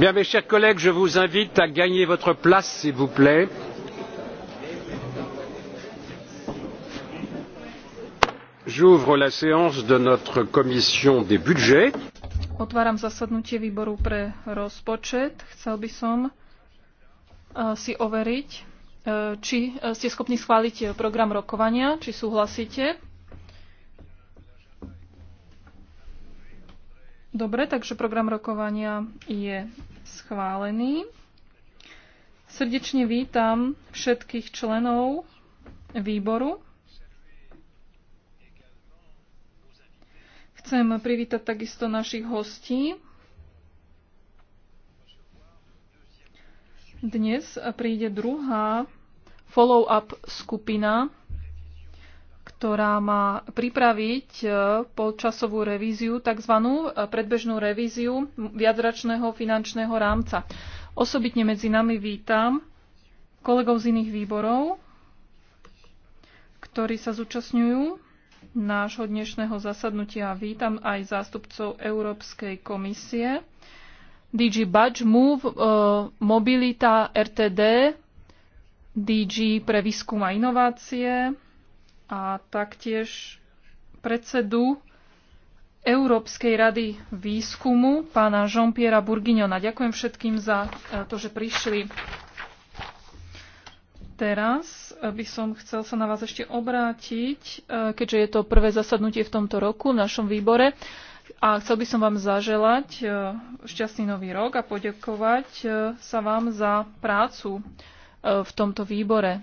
Bien, mes chers collègues, je vous invite à gagner votre place, s'il vous plaît. J'ouvre la séance de notre commission des budgets. Otváram zasadnutie výboru pre rozpočet. Chcel by som eh, si overiť, eh, či eh, ste schopní schváliť program rokovania, či súhlasíte. Dobre, takže program rokovania je schválený. Srdečne vítam všetkých členov výboru. Chcem privítať takisto našich hostí. Dnes príde druhá follow-up skupina ktorá má pripraviť e, počasovú revíziu, tzv. E, predbežnú revíziu viacračného finančného rámca. Osobitne medzi nami vítam kolegov z iných výborov, ktorí sa zúčastňujú nášho dnešného zasadnutia. Vítam aj zástupcov Európskej komisie, DG Budge, Move, e, Mobilita, RTD, DG pre výskum a inovácie, a taktiež predsedu Európskej rady výskumu, pána Jean-Pierre Burgignona. Ďakujem všetkým za e, to, že prišli. Teraz e, by som chcel sa na vás ešte obrátiť, e, keďže je to prvé zasadnutie v tomto roku v našom výbore. A chcel by som vám zaželať šťastný nový rok a poďakovať sa vám za prácu v tomto výbore.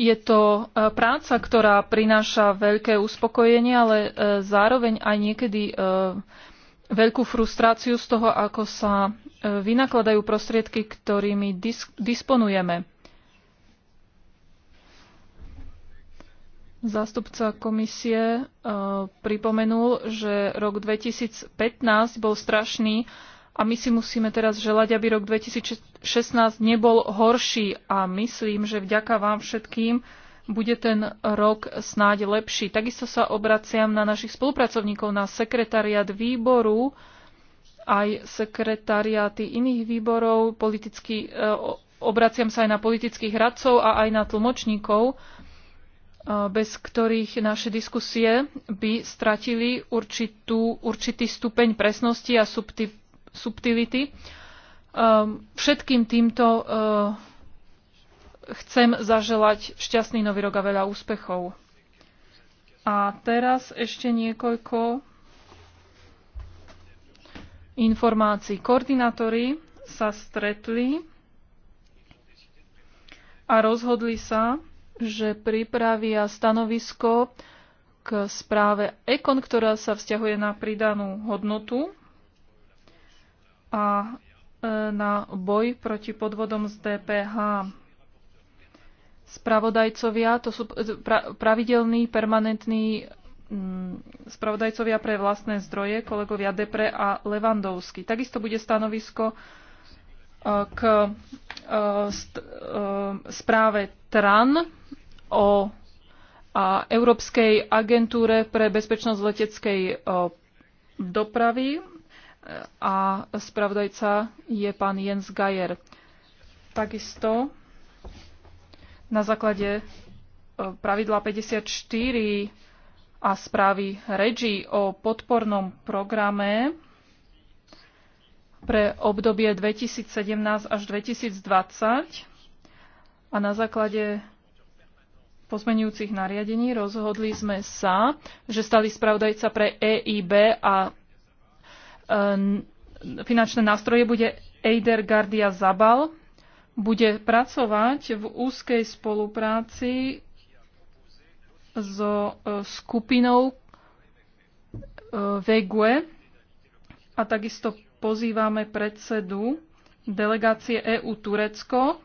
Je to e, práca, ktorá prináša veľké uspokojenie, ale e, zároveň aj niekedy e, veľkú frustráciu z toho, ako sa vynakladajú prostriedky, ktorými dis- disponujeme. Zástupca komisie pripomenul, že rok 2015 bol strašný a my si musíme teraz želať, aby rok 2016 nebol horší a myslím, že vďaka vám všetkým bude ten rok snáď lepší. Takisto sa obraciam na našich spolupracovníkov, na sekretariat výboru, aj sekretariáty iných výborov, politicky, e, obraciam sa aj na politických radcov a aj na tlmočníkov, e, bez ktorých naše diskusie by stratili určitú, určitý stupeň presnosti a subtip, subtility. Ehm, všetkým týmto ehm, chcem zaželať šťastný nový rok a veľa úspechov. A teraz ešte niekoľko informácií. Koordinátori sa stretli a rozhodli sa, že pripravia stanovisko k správe EKON, ktorá sa vzťahuje na pridanú hodnotu a e, na boj proti podvodom z DPH. Spravodajcovia, to sú e, pravidelní, permanentní mm, spravodajcovia pre vlastné zdroje, kolegovia Depre a Levandovský. Takisto bude stanovisko e, k správe TRAN o Európskej agentúre pre bezpečnosť leteckej dopravy a spravodajca je pán Jens Geier. Takisto na základe e, pravidla 54 a správy REGI o podpornom programe pre obdobie 2017 až 2020 a na základe pozmenujúcich nariadení rozhodli sme sa, že stali spravodajca pre EIB a Ehm, finančné nástroje bude Eider Gardia Zabal. Bude pracovať v úzkej spolupráci so e, skupinou e, VEGUE a takisto pozývame predsedu delegácie EU Turecko,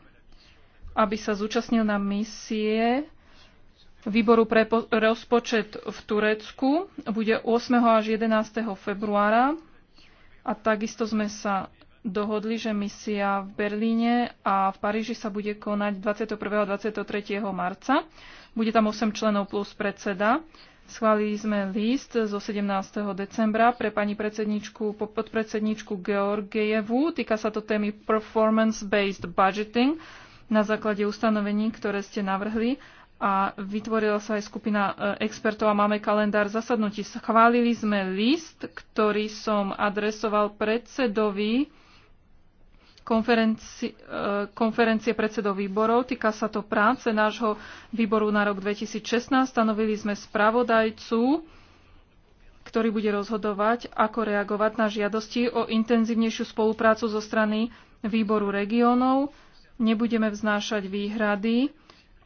aby sa zúčastnil na misie výboru pre rozpočet v Turecku. Bude 8. až 11. februára a takisto sme sa dohodli, že misia v Berlíne a v Paríži sa bude konať 21. a 23. marca. Bude tam 8 členov plus predseda. Schválili sme list zo 17. decembra pre pani predsedničku, podpredsedničku Georgievu. Týka sa to témy performance-based budgeting na základe ustanovení, ktoré ste navrhli a vytvorila sa aj skupina e, expertov a máme kalendár zasadnutí. Schválili sme list, ktorý som adresoval predsedovi konferenci, e, konferencie predsedov výborov. Týka sa to práce nášho výboru na rok 2016. Stanovili sme spravodajcu, ktorý bude rozhodovať, ako reagovať na žiadosti o intenzívnejšiu spoluprácu zo strany výboru regiónov. Nebudeme vznášať výhrady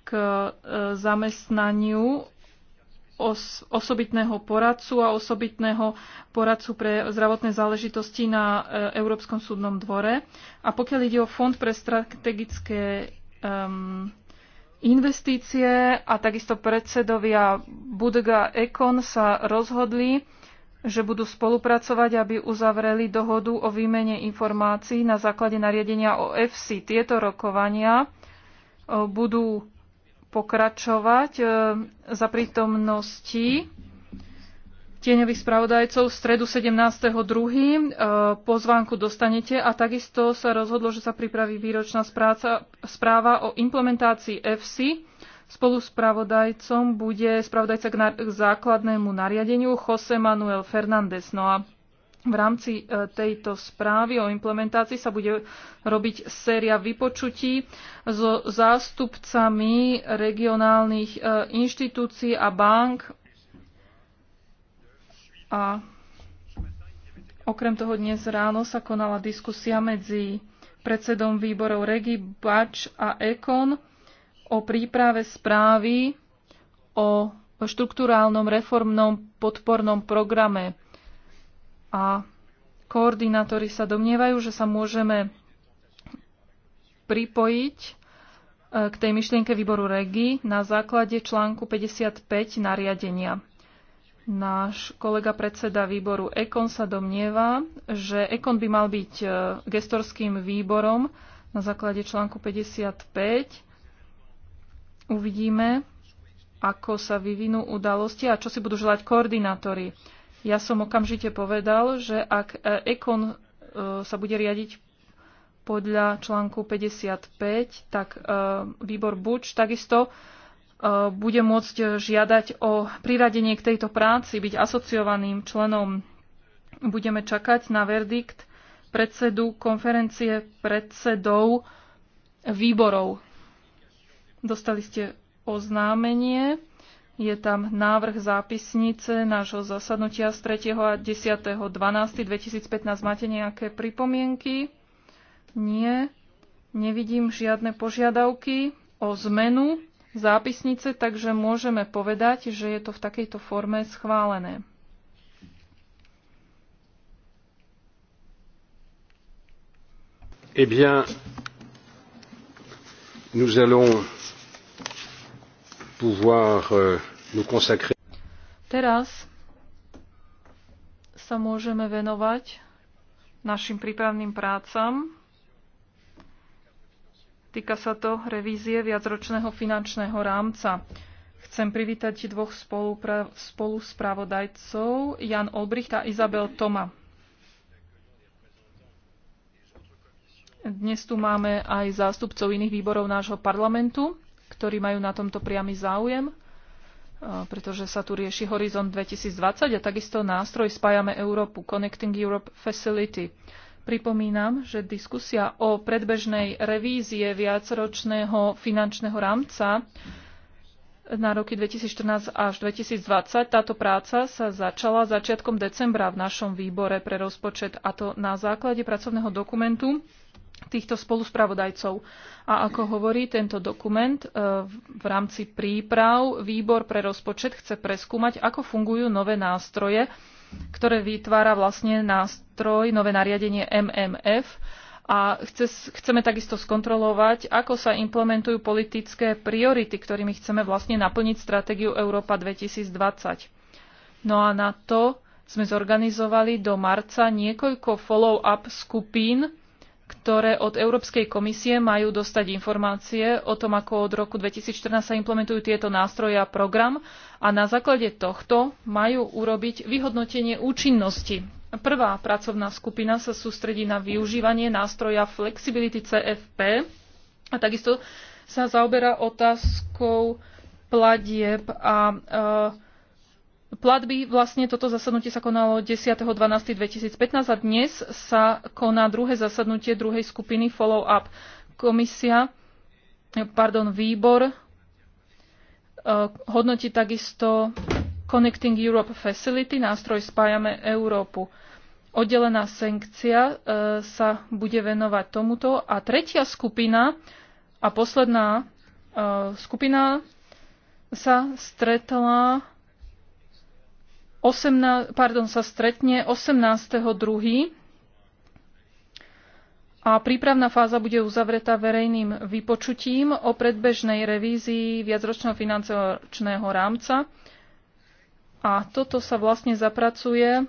k e, zamestnaniu osobitného poradcu a osobitného poradcu pre zdravotné záležitosti na e, Európskom súdnom dvore. A pokiaľ ide o Fond pre strategické um, investície a takisto predsedovia Budga Econ sa rozhodli, že budú spolupracovať, aby uzavreli dohodu o výmene informácií na základe nariadenia o FC. Tieto rokovania e, budú pokračovať e, za prítomnosti tieňových spravodajcov v stredu 17.2. E, pozvánku dostanete a takisto sa rozhodlo, že sa pripraví výročná správa o implementácii EFSI. Spolu s spravodajcom bude spravodajca k, na, k základnému nariadeniu Jose Manuel Fernández. No a v rámci e, tejto správy o implementácii sa bude robiť séria vypočutí so zástupcami regionálnych e, inštitúcií a bank. A okrem toho dnes ráno sa konala diskusia medzi predsedom výborov Regi, Bač a Ekon o príprave správy o štruktúrálnom reformnom podpornom programe a koordinátori sa domnievajú, že sa môžeme pripojiť e, k tej myšlienke výboru REGI na základe článku 55 nariadenia. Náš kolega predseda výboru EKON sa domnieva, že EKON by mal byť e, gestorským výborom na základe článku 55. Uvidíme, ako sa vyvinú udalosti a čo si budú želať koordinátori. Ja som okamžite povedal, že ak Ekon e, sa bude riadiť podľa článku 55, tak e, výbor Buč takisto e, bude môcť žiadať o priradenie k tejto práci, byť asociovaným členom. Budeme čakať na verdikt predsedu konferencie predsedov výborov. Dostali ste oznámenie je tam návrh zápisnice nášho zasadnutia z 3. a 10. 12. 2015. Máte nejaké pripomienky? Nie. Nevidím žiadne požiadavky o zmenu zápisnice, takže môžeme povedať, že je to v takejto forme schválené. Eh bien, nous allons pouvoir euh, nous consacrer. Teraz sa môžeme venovať našim prípravným prácam. Týka sa to revízie viacročného finančného rámca. Chcem privítať dvoch spoluspravodajcov, Jan Olbricht a Izabel Toma. Dnes tu máme aj zástupcov iných výborov nášho parlamentu ktorí majú na tomto priamy záujem, pretože sa tu rieši Horizont 2020 a takisto nástroj Spájame Európu, Connecting Europe Facility. Pripomínam, že diskusia o predbežnej revízie viacročného finančného rámca na roky 2014 až 2020. Táto práca sa začala začiatkom decembra v našom výbore pre rozpočet a to na základe pracovného dokumentu týchto spoluspravodajcov. A ako hovorí tento dokument, e, v rámci príprav výbor pre rozpočet chce preskúmať, ako fungujú nové nástroje, ktoré vytvára vlastne nástroj, nové nariadenie MMF a chce, chceme takisto skontrolovať, ako sa implementujú politické priority, ktorými chceme vlastne naplniť stratégiu Európa 2020. No a na to sme zorganizovali do marca niekoľko follow-up skupín ktoré od Európskej komisie majú dostať informácie o tom, ako od roku 2014 sa implementujú tieto nástroje a program a na základe tohto majú urobiť vyhodnotenie účinnosti. Prvá pracovná skupina sa sústredí na využívanie nástroja flexibility CFP a takisto sa zaoberá otázkou platieb a e, Platby, vlastne toto zasadnutie sa konalo 10.12.2015 a dnes sa koná druhé zasadnutie druhej skupiny follow-up. Komisia, pardon, výbor e, hodnotí takisto Connecting Europe Facility, nástroj Spájame Európu. Oddelená sankcia e, sa bude venovať tomuto. A tretia skupina a posledná e, skupina sa stretla 18, pardon, sa stretne 18.2. A prípravná fáza bude uzavretá verejným vypočutím o predbežnej revízii viacročného finančného rámca. A toto sa vlastne zapracuje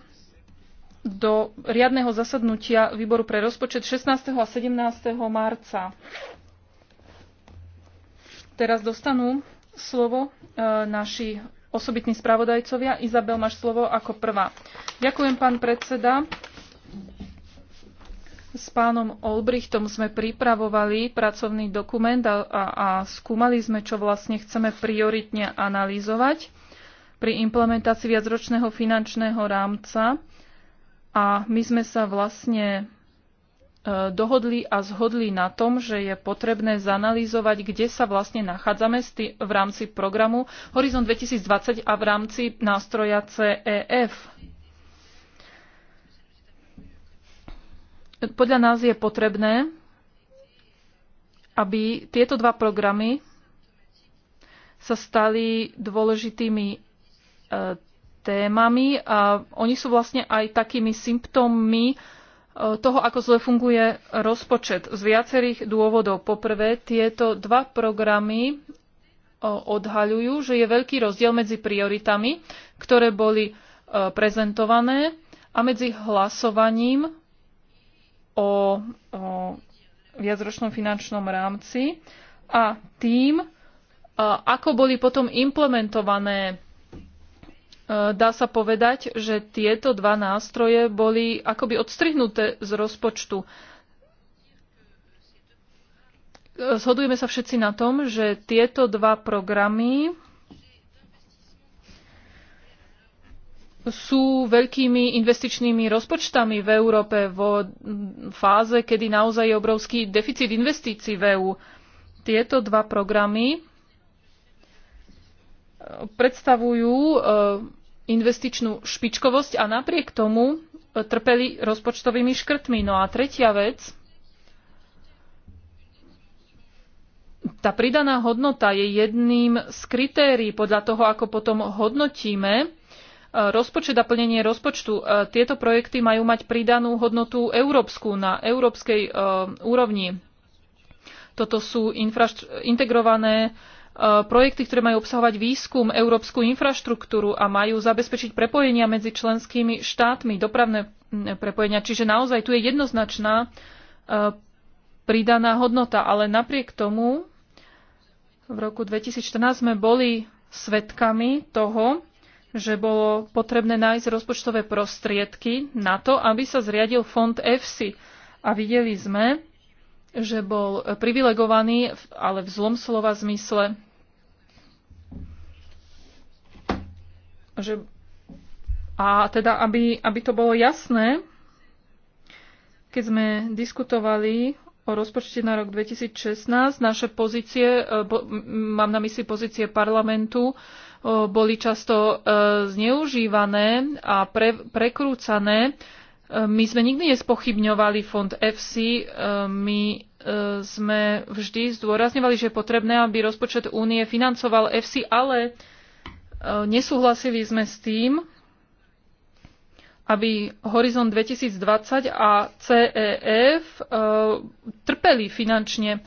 do riadneho zasadnutia výboru pre rozpočet 16. a 17. marca. Teraz dostanú slovo e, naši osobitní spravodajcovia. Izabel, máš slovo ako prvá. Ďakujem, pán predseda. S pánom Olbrichtom sme pripravovali pracovný dokument a, a, a skúmali sme, čo vlastne chceme prioritne analyzovať pri implementácii viacročného finančného rámca. A my sme sa vlastne E, dohodli a zhodli na tom, že je potrebné zanalýzovať, kde sa vlastne nachádzame v rámci programu Horizon 2020 a v rámci nástroja CEF. Podľa nás je potrebné, aby tieto dva programy sa stali dôležitými e, témami a oni sú vlastne aj takými symptómmi, toho, ako zle funguje rozpočet z viacerých dôvodov. Poprvé, tieto dva programy odhaľujú, že je veľký rozdiel medzi prioritami, ktoré boli prezentované a medzi hlasovaním o, o viacročnom finančnom rámci a tým, ako boli potom implementované E, dá sa povedať, že tieto dva nástroje boli akoby odstrihnuté z rozpočtu. E, zhodujeme sa všetci na tom, že tieto dva programy sú veľkými investičnými rozpočtami v Európe vo fáze, kedy naozaj je obrovský deficit investícií v EÚ. Tieto dva programy e, predstavujú investičnú špičkovosť a napriek tomu e, trpeli rozpočtovými škrtmi. No a tretia vec, tá pridaná hodnota je jedným z kritérií podľa toho, ako potom hodnotíme e, rozpočet a plnenie rozpočtu. E, tieto projekty majú mať pridanú hodnotu európsku na európskej úrovni. Toto sú integrované uh, E, projekty, ktoré majú obsahovať výskum, európsku infraštruktúru a majú zabezpečiť prepojenia medzi členskými štátmi, dopravné prepojenia. Čiže naozaj tu je jednoznačná e, pridaná hodnota, ale napriek tomu v roku 2014 sme boli svedkami toho, že bolo potrebné nájsť rozpočtové prostriedky na to, aby sa zriadil fond EFSI. A videli sme, že bol privilegovaný, ale v zlom slova zmysle, že a teda, aby, aby to bolo jasné, keď sme diskutovali o rozpočte na rok 2016, naše pozície, e, bo, mám na mysli pozície parlamentu, e, boli často e, zneužívané a pre, prekrúcané my sme nikdy nespochybňovali fond FC, e, my e, sme vždy zdôrazňovali, že je potrebné, aby rozpočet únie financoval FC, ale e, nesúhlasili sme s tým, aby Horizon 2020 a CEF trpeli finančne.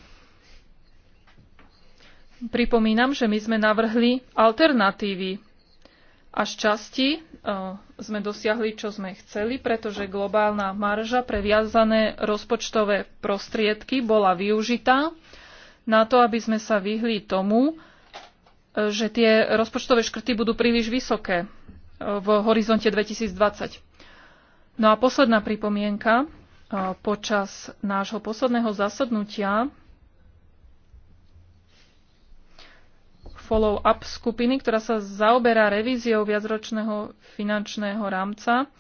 Pripomínam, že my sme navrhli alternatívy a šťastí e, sme dosiahli, čo sme chceli, pretože globálna marža pre viazané rozpočtové prostriedky bola využitá na to, aby sme sa vyhli tomu, e, že tie rozpočtové škrty budú príliš vysoké e, v horizonte 2020. No a posledná pripomienka. Počas nášho posledného zasadnutia follow-up skupiny, ktorá sa zaoberá revíziou viacročného finančného rámca.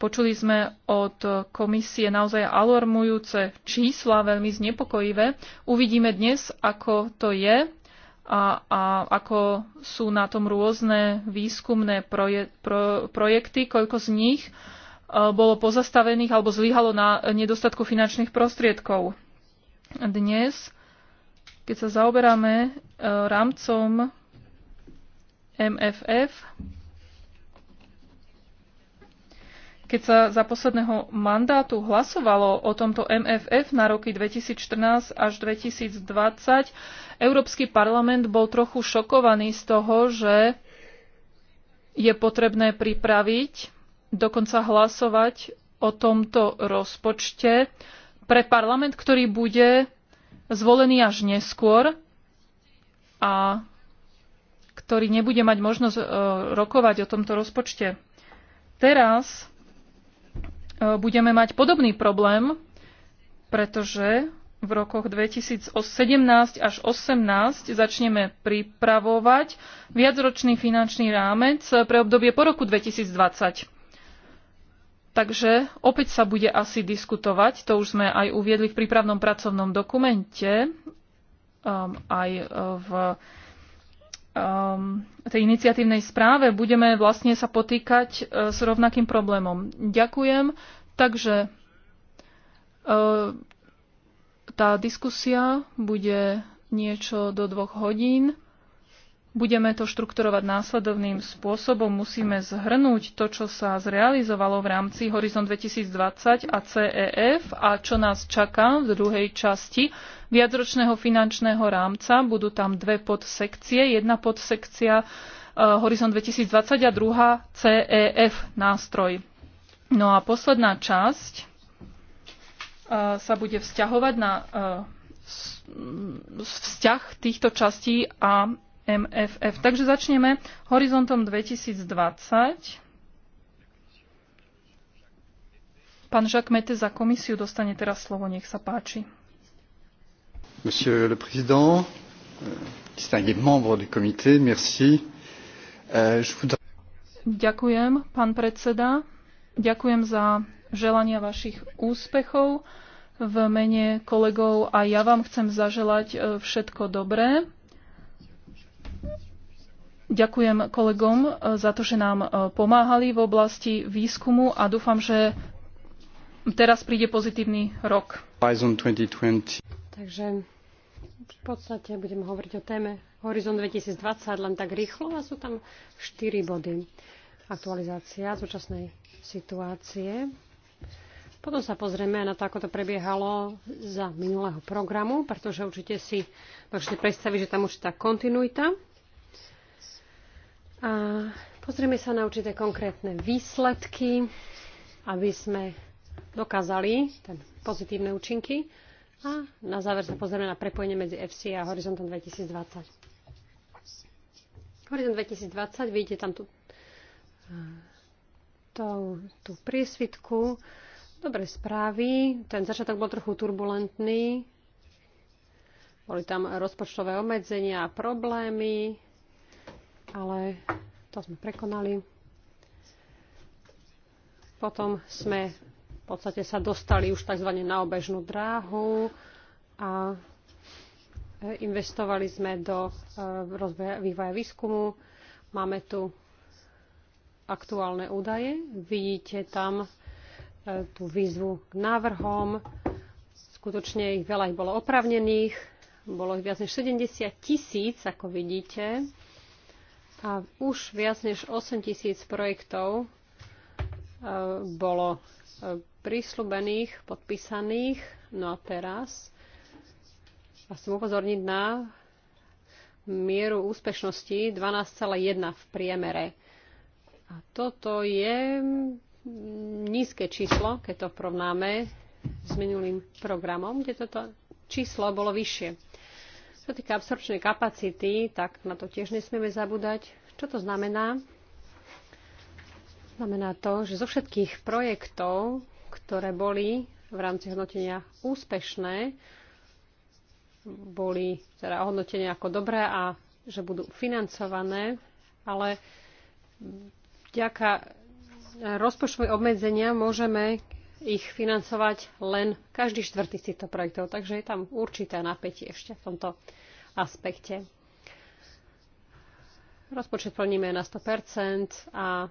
Počuli sme od komisie naozaj alarmujúce čísla, veľmi znepokojivé. Uvidíme dnes, ako to je a, a ako sú na tom rôzne výskumné proje, pro, projekty, koľko z nich e, bolo pozastavených alebo zlyhalo na nedostatku finančných prostriedkov. Dnes keď sa zaoberáme e, rámcom MFF, keď sa za posledného mandátu hlasovalo o tomto MFF na roky 2014 až 2020, Európsky parlament bol trochu šokovaný z toho, že je potrebné pripraviť, dokonca hlasovať o tomto rozpočte pre parlament, ktorý bude zvolený až neskôr a ktorý nebude mať možnosť e, rokovať o tomto rozpočte. Teraz e, budeme mať podobný problém, pretože v rokoch 2017 až 2018 začneme pripravovať viacročný finančný rámec pre obdobie po roku 2020. Takže opäť sa bude asi diskutovať, to už sme aj uviedli v prípravnom pracovnom dokumente, um, aj uh, v um, tej iniciatívnej správe, budeme vlastne sa potýkať uh, s rovnakým problémom. Ďakujem. Takže uh, tá diskusia bude niečo do dvoch hodín. Budeme to štrukturovať následovným spôsobom. Musíme zhrnúť to, čo sa zrealizovalo v rámci Horizon 2020 a CEF a čo nás čaká v druhej časti viacročného finančného rámca. Budú tam dve podsekcie. Jedna podsekcia e, Horizon 2020 a druhá CEF nástroj. No a posledná časť e, sa bude vzťahovať na e, vzťah týchto častí a MFF. Takže začneme horizontom 2020. Pán Jacques Mete za komisiu dostane teraz slovo, nech sa páči. Monsieur le Président, euh, distingués membres du comité, merci. Euh, je Ďakujem, pán predseda. Ďakujem za želania vašich úspechov. V mene kolegov a ja vám chcem zaželať e, všetko dobré Ďakujem kolegom eh, za to, že nám eh, pomáhali v oblasti výskumu a dúfam, že teraz príde pozitívny rok. Takže v podstate budem hovoriť o téme Horizon 2020 len tak rýchlo a sú tam 4 body. Aktualizácia súčasnej situácie. Potom sa pozrieme na to, ako to prebiehalo za minulého programu, pretože určite si môžete predstaviť, že tam určitá kontinuita a pozrieme sa na určité konkrétne výsledky, aby sme dokázali ten pozitívne účinky. A na záver sa pozrieme na prepojenie medzi FC a Horizontom 2020. Horizont 2020, vidíte tam tú, e, tú, tú priesvitku, dobre správy. Ten začiatok bol trochu turbulentný. Boli tam rozpočtové obmedzenia a problémy ale to sme prekonali. Potom sme v podstate sa dostali už tzv. na obežnú dráhu a e, investovali sme do e, rozvoja, vývoja výskumu. Máme tu aktuálne údaje. Vidíte tam e, tú výzvu k návrhom. Skutočne ich veľa ich bolo opravnených. Bolo ich viac než 70 tisíc, ako vidíte. A už viac než 8 tisíc projektov e, bolo e, prísľubených, podpísaných. No a teraz a chcem upozorniť na mieru úspešnosti 12,1 v priemere. A toto je nízke číslo, keď to porovnáme s minulým programom, kde toto číslo bolo vyššie. Čo týka absorpčnej kapacity, tak na to tiež nesmieme zabúdať. Čo to znamená? Znamená to, že zo všetkých projektov, ktoré boli v rámci hodnotenia úspešné, boli teda hodnotenia ako dobré a že budú financované, ale vďaka rozpočtovým obmedzenia môžeme ich financovať len každý štvrtý z týchto projektov, takže je tam určité napätie ešte v tomto aspekte. Rozpočet plníme na 100% a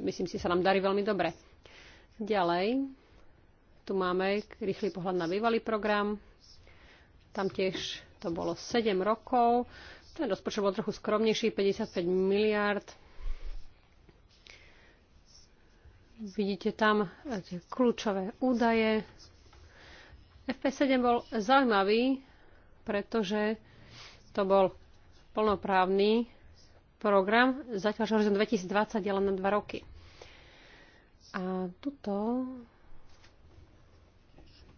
myslím si, sa nám darí veľmi dobre. Ďalej, tu máme rýchly pohľad na bývalý program. Tam tiež to bolo 7 rokov. Ten rozpočet bol trochu skromnejší, 55 miliard. Vidíte tam kľúčové údaje. FP7 bol zaujímavý pretože to bol plnoprávny program. Zatiaľ, že horizont 2020 je len na dva roky. A tuto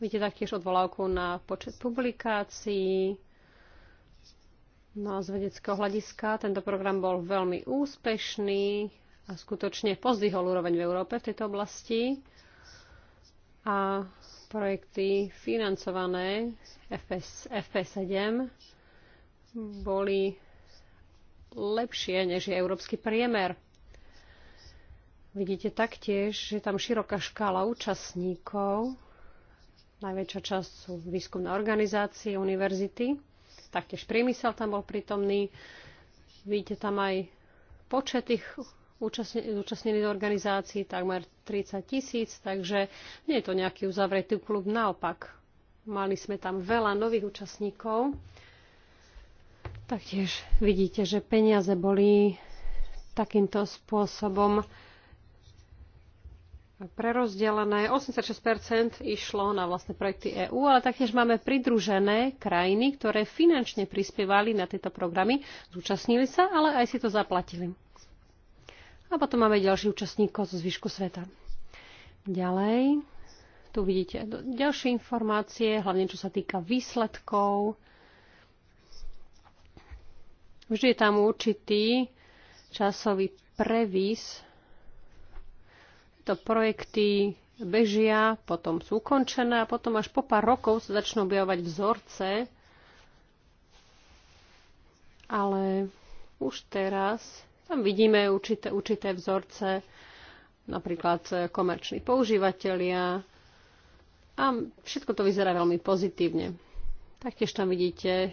vidíte taktiež odvolávku na počet publikácií. No a z vedeckého hľadiska tento program bol veľmi úspešný a skutočne pozdvihol úroveň v Európe v tejto oblasti. A projekty financované FS, FP7 boli lepšie než je európsky priemer. Vidíte taktiež, že tam široká škála účastníkov. Najväčšia časť sú výskumné organizácie, univerzity. Taktiež priemysel tam bol prítomný. Vidíte tam aj počet tých zúčastnených organizácií, takmer 30 tisíc, takže nie je to nejaký uzavretý klub, naopak. Mali sme tam veľa nových účastníkov. Taktiež vidíte, že peniaze boli takýmto spôsobom prerozdelené. 86 išlo na vlastné projekty EÚ, ale taktiež máme pridružené krajiny, ktoré finančne prispievali na tieto programy, zúčastnili sa, ale aj si to zaplatili. A potom máme ďalší účastníkov zo zvyšku sveta. Ďalej, tu vidíte ďalšie informácie, hlavne čo sa týka výsledkov. Vždy je tam určitý časový previs. To projekty bežia, potom sú ukončené a potom až po pár rokov sa začnú objavovať vzorce. Ale už teraz tam vidíme určité, určité vzorce, napríklad komerční používateľia a všetko to vyzerá veľmi pozitívne. Taktiež tam vidíte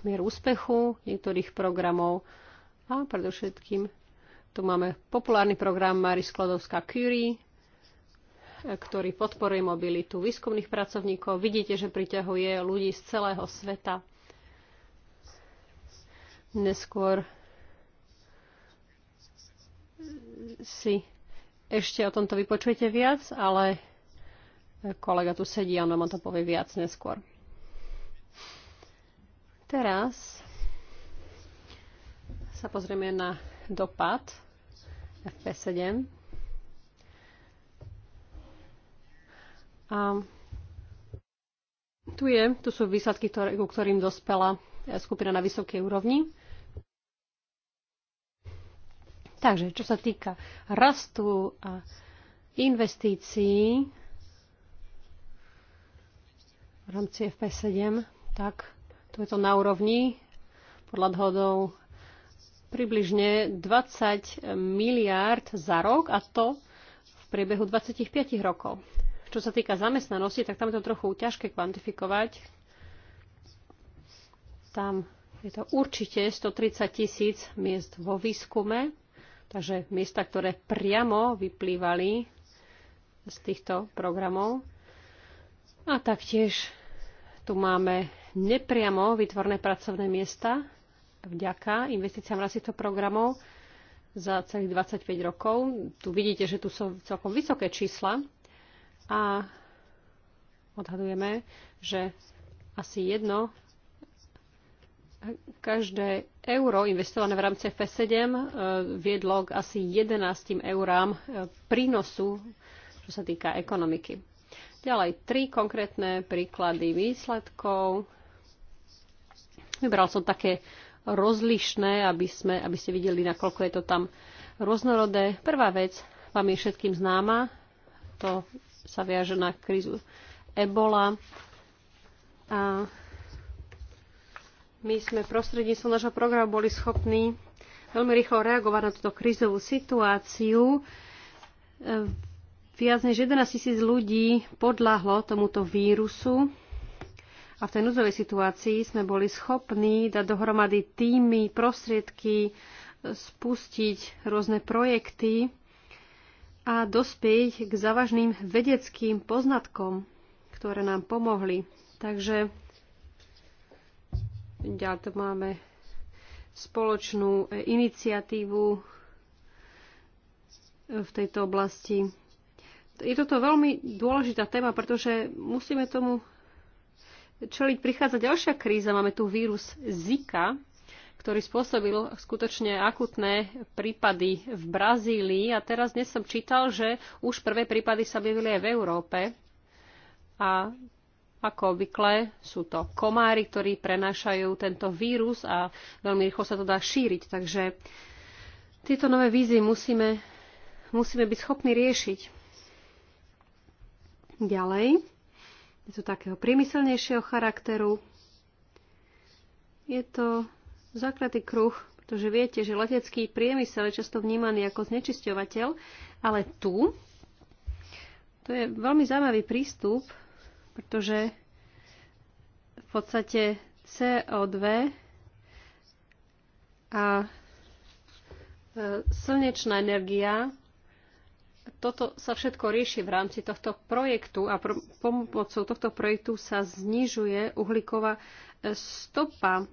mier úspechu niektorých programov a predovšetkým tu máme populárny program Marie Sklodovská-Curie, ktorý podporuje mobilitu výskumných pracovníkov. Vidíte, že priťahuje ľudí z celého sveta. Neskôr si ešte o tomto vypočujete viac, ale kolega tu sedí a on vám to povie viac neskôr. Teraz sa pozrieme na dopad FP7. A tu, je, tu sú výsledky, ktoré, ku ktorým dospela skupina na vysokej úrovni. Takže, čo sa týka rastu a investícií v rámci FP7, tak tu je to na úrovni podľa dohodov približne 20 miliárd za rok a to v priebehu 25 rokov. Čo sa týka zamestnanosti, tak tam je to trochu ťažké kvantifikovať. Tam je to určite 130 tisíc miest vo výskume Takže miesta, ktoré priamo vyplývali z týchto programov. A taktiež tu máme nepriamo vytvorné pracovné miesta vďaka investíciám týchto programov za celých 25 rokov. Tu vidíte, že tu sú celkom vysoké čísla a odhadujeme, že asi jedno každé euro investované v rámci F7 e, viedlo k asi 11 eurám e, prínosu, čo sa týka ekonomiky. Ďalej, tri konkrétne príklady výsledkov. Vybral som také rozlišné, aby, sme, aby ste videli, nakoľko je to tam rôznorodé. Prvá vec vám je všetkým známa. To sa viaže na krízu Ebola. A my sme prostredníctvom nášho programu boli schopní veľmi rýchlo reagovať na túto krízovú situáciu. E, viac než 11 tisíc ľudí podľahlo tomuto vírusu a v tej núzovej situácii sme boli schopní dať dohromady týmy, prostriedky, e, spustiť rôzne projekty a dospieť k závažným vedeckým poznatkom, ktoré nám pomohli. Takže Ďalej tu máme spoločnú iniciatívu v tejto oblasti. Je toto veľmi dôležitá téma, pretože musíme tomu čeliť. Prichádza ďalšia kríza. Máme tu vírus Zika, ktorý spôsobil skutočne akutné prípady v Brazílii. A teraz dnes som čítal, že už prvé prípady sa objavili aj v Európe. A ako obvykle sú to komári, ktorí prenášajú tento vírus a veľmi rýchlo sa to dá šíriť. Takže tieto nové vízy musíme, musíme byť schopní riešiť. Ďalej, je to takého priemyselnejšieho charakteru. Je to zakratý kruh, pretože viete, že letecký priemysel je často vnímaný ako znečisťovateľ, ale tu to je veľmi zaujímavý prístup, pretože v podstate CO2 a e, slnečná energia toto sa všetko rieši v rámci tohto projektu a pr- pomocou tohto projektu sa znižuje uhlíková e, stopa.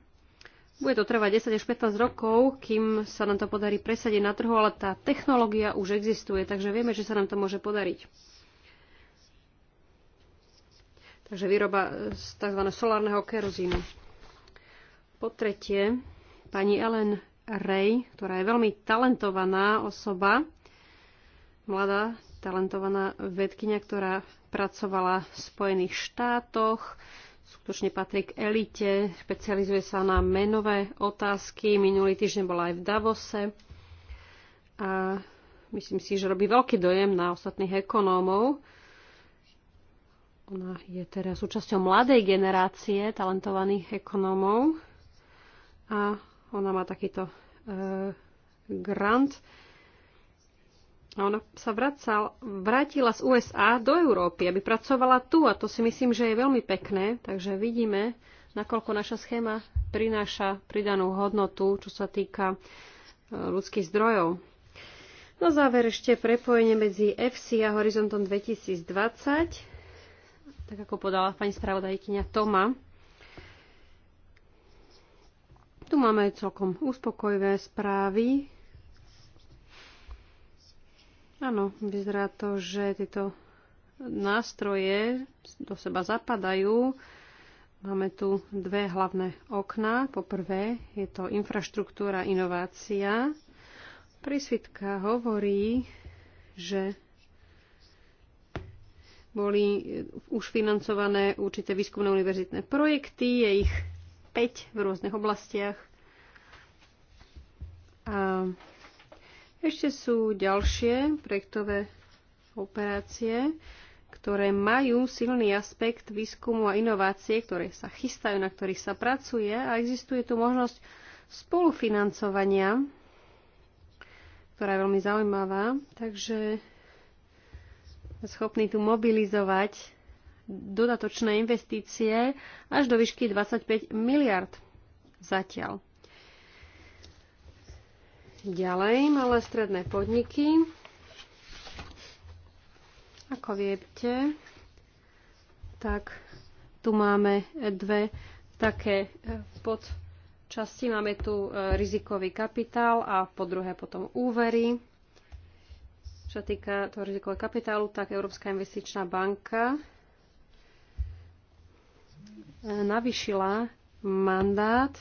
Bude to trvať 10 až 15 rokov, kým sa nám to podarí presadiť na trhu, ale tá technológia už existuje, takže vieme, že sa nám to môže podariť takže výroba z tzv. solárneho kerozínu. Po tretie, pani Ellen Ray, ktorá je veľmi talentovaná osoba, mladá talentovaná vedkynia, ktorá pracovala v Spojených štátoch, skutočne patrí k elite, špecializuje sa na menové otázky, minulý týždeň bola aj v Davose a myslím si, že robí veľký dojem na ostatných ekonómov, ona je teraz súčasťou mladej generácie talentovaných ekonómov a ona má takýto e, grant. A ona sa vracal, vrátila z USA do Európy, aby pracovala tu a to si myslím, že je veľmi pekné. Takže vidíme, nakoľko naša schéma prináša pridanú hodnotu, čo sa týka e, ľudských zdrojov. Na záver ešte prepojenie medzi FC a Horizontom 2020 tak ako podala pani spravodajkyňa Toma. Tu máme celkom uspokojivé správy. Áno, vyzerá to, že tieto nástroje do seba zapadajú. Máme tu dve hlavné okná. Po prvé je to infraštruktúra inovácia. Prisvitka hovorí, že boli eh, už financované určité výskumné univerzitné projekty, je ich 5 v rôznych oblastiach. A ešte sú ďalšie projektové operácie, ktoré majú silný aspekt výskumu a inovácie, ktoré sa chystajú, na ktorých sa pracuje a existuje tu možnosť spolufinancovania, ktorá je veľmi zaujímavá. Takže schopní tu mobilizovať dodatočné investície až do výšky 25 miliard zatiaľ. Ďalej malé stredné podniky. Ako viete, tak tu máme dve také e, podčasti. Máme tu e, rizikový kapitál a po druhé potom úvery. Čo týka toho rizikového kapitálu, tak Európska investičná banka e, navyšila mandát,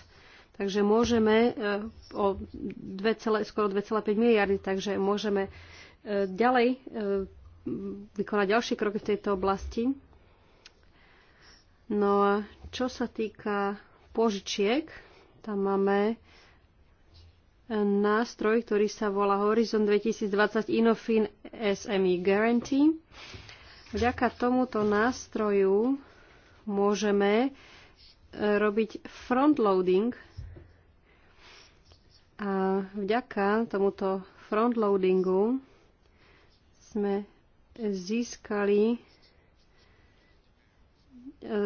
takže môžeme e, o 2, skoro 2,5 miliardy, takže môžeme e, ďalej vykonať ďalšie kroky v tejto oblasti. No a čo sa týka požičiek, tam máme nástroj, ktorý sa volá Horizon 2020 Innofin SME Guarantee. Vďaka tomuto nástroju môžeme e, robiť frontloading a vďaka tomuto frontloadingu sme získali e,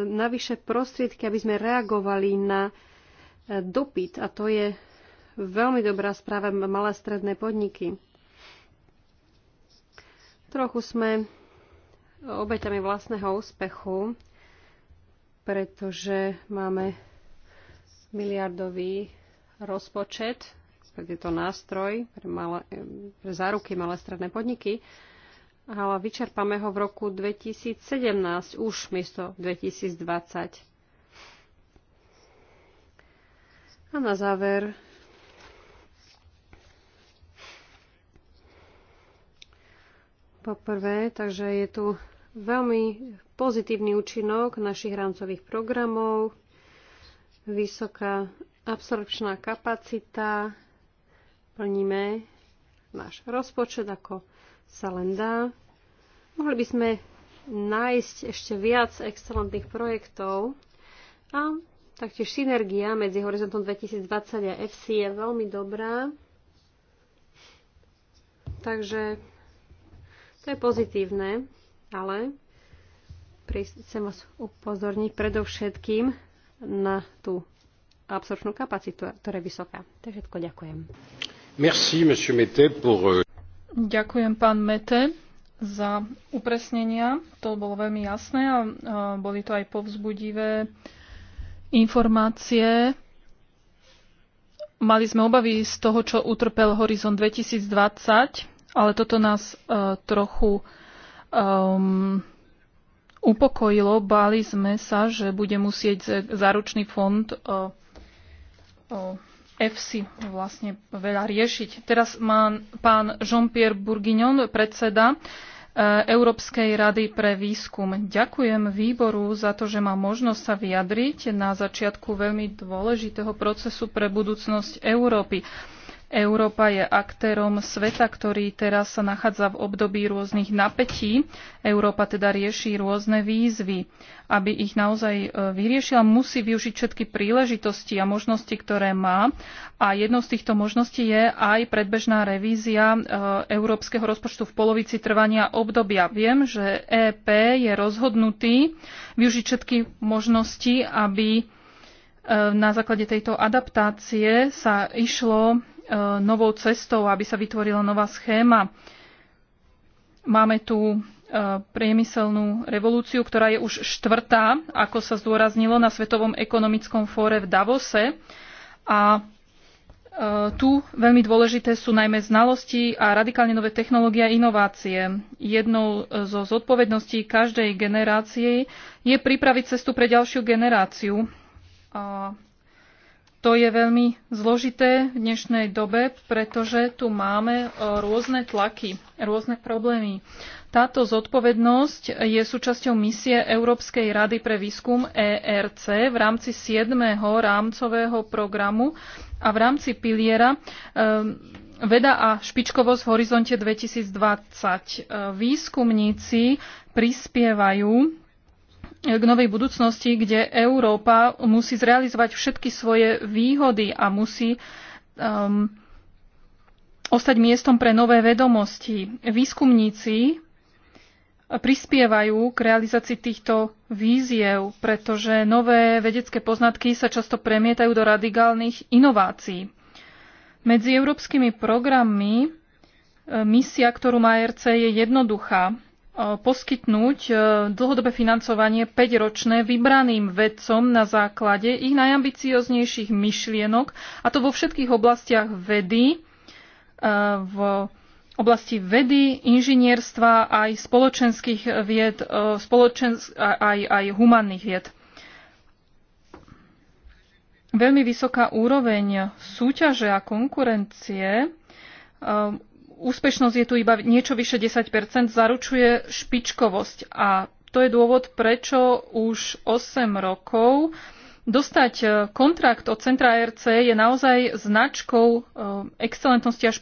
navyše prostriedky, aby sme reagovali na e, dopyt a to je veľmi dobrá správa malé stredné podniky. Trochu sme obeťami vlastného úspechu, pretože máme miliardový rozpočet je to nástroj pre, malé, pre záruky malé stredné podniky, ale vyčerpáme ho v roku 2017 už miesto 2020. A na záver Poprvé, takže je tu veľmi pozitívny účinok našich rámcových programov, vysoká absorpčná kapacita, plníme náš rozpočet, ako sa len dá. Mohli by sme nájsť ešte viac excelentných projektov a taktiež synergia medzi Horizontom 2020 a FC je veľmi dobrá. Takže to je pozitívne, ale chcem vás upozorniť predovšetkým na tú absorpčnú kapacitu, ktorá je vysoká. To je všetko. Ďakujem. Merci, monsieur Mete, pour... Euh, Ďakujem, pán Mete, za upresnenia. To bolo veľmi jasné a boli to aj povzbudivé informácie. Mali sme obavy z toho, čo utrpel Horizon 2020 ale toto nás uh, trochu um, upokojilo. Báli sme sa, že bude musieť záručný fond uh, e, uh, EFSI vlastne veľa riešiť. Teraz má pán Jean-Pierre Bourguignon, predseda uh, Európskej rady pre výskum. Ďakujem výboru za to, že má možnosť sa vyjadriť na začiatku veľmi dôležitého procesu pre budúcnosť Európy. Európa je aktérom sveta, ktorý teraz sa nachádza v období rôznych napätí. Európa teda rieši rôzne výzvy. Aby ich naozaj e, vyriešila, musí využiť všetky príležitosti a možnosti, ktoré má. A jednou z týchto možností je aj predbežná revízia e, európskeho rozpočtu v polovici trvania obdobia. Viem, že EP je rozhodnutý využiť všetky možnosti, aby e, na základe tejto adaptácie sa išlo E, novou cestou, aby sa vytvorila nová schéma. Máme tu e, priemyselnú revolúciu, ktorá je už štvrtá, ako sa zdôraznilo na Svetovom ekonomickom fóre v Davose. A e, tu veľmi dôležité sú najmä znalosti a radikálne nové technológie a inovácie. Jednou zo zodpovedností každej generácie je pripraviť cestu pre ďalšiu generáciu. A to je veľmi zložité v dnešnej dobe, pretože tu máme e, rôzne tlaky, rôzne problémy. Táto zodpovednosť je súčasťou misie Európskej rady pre výskum ERC v rámci 7. rámcového programu a v rámci piliera e, Veda a špičkovosť v horizonte 2020. E, výskumníci prispievajú k novej budúcnosti, kde Európa musí zrealizovať všetky svoje výhody a musí um, ostať miestom pre nové vedomosti. Výskumníci prispievajú k realizácii týchto víziev, pretože nové vedecké poznatky sa často premietajú do radikálnych inovácií. Medzi európskymi programmi eh, misia, ktorú má RC, je jednoduchá E, poskytnúť e, dlhodobé financovanie 5-ročné vybraným vedcom na základe ich najambicioznejších myšlienok, a to vo všetkých oblastiach vedy, e, v oblasti vedy, inžinierstva, aj spoločenských vied, spoločens- aj, aj humanných vied. Veľmi vysoká úroveň súťaže a konkurencie úspešnosť je tu iba niečo vyše 10 zaručuje špičkovosť. A to je dôvod, prečo už 8 rokov dostať e, kontrakt od Centra RC je naozaj značkou e, excelentnosti a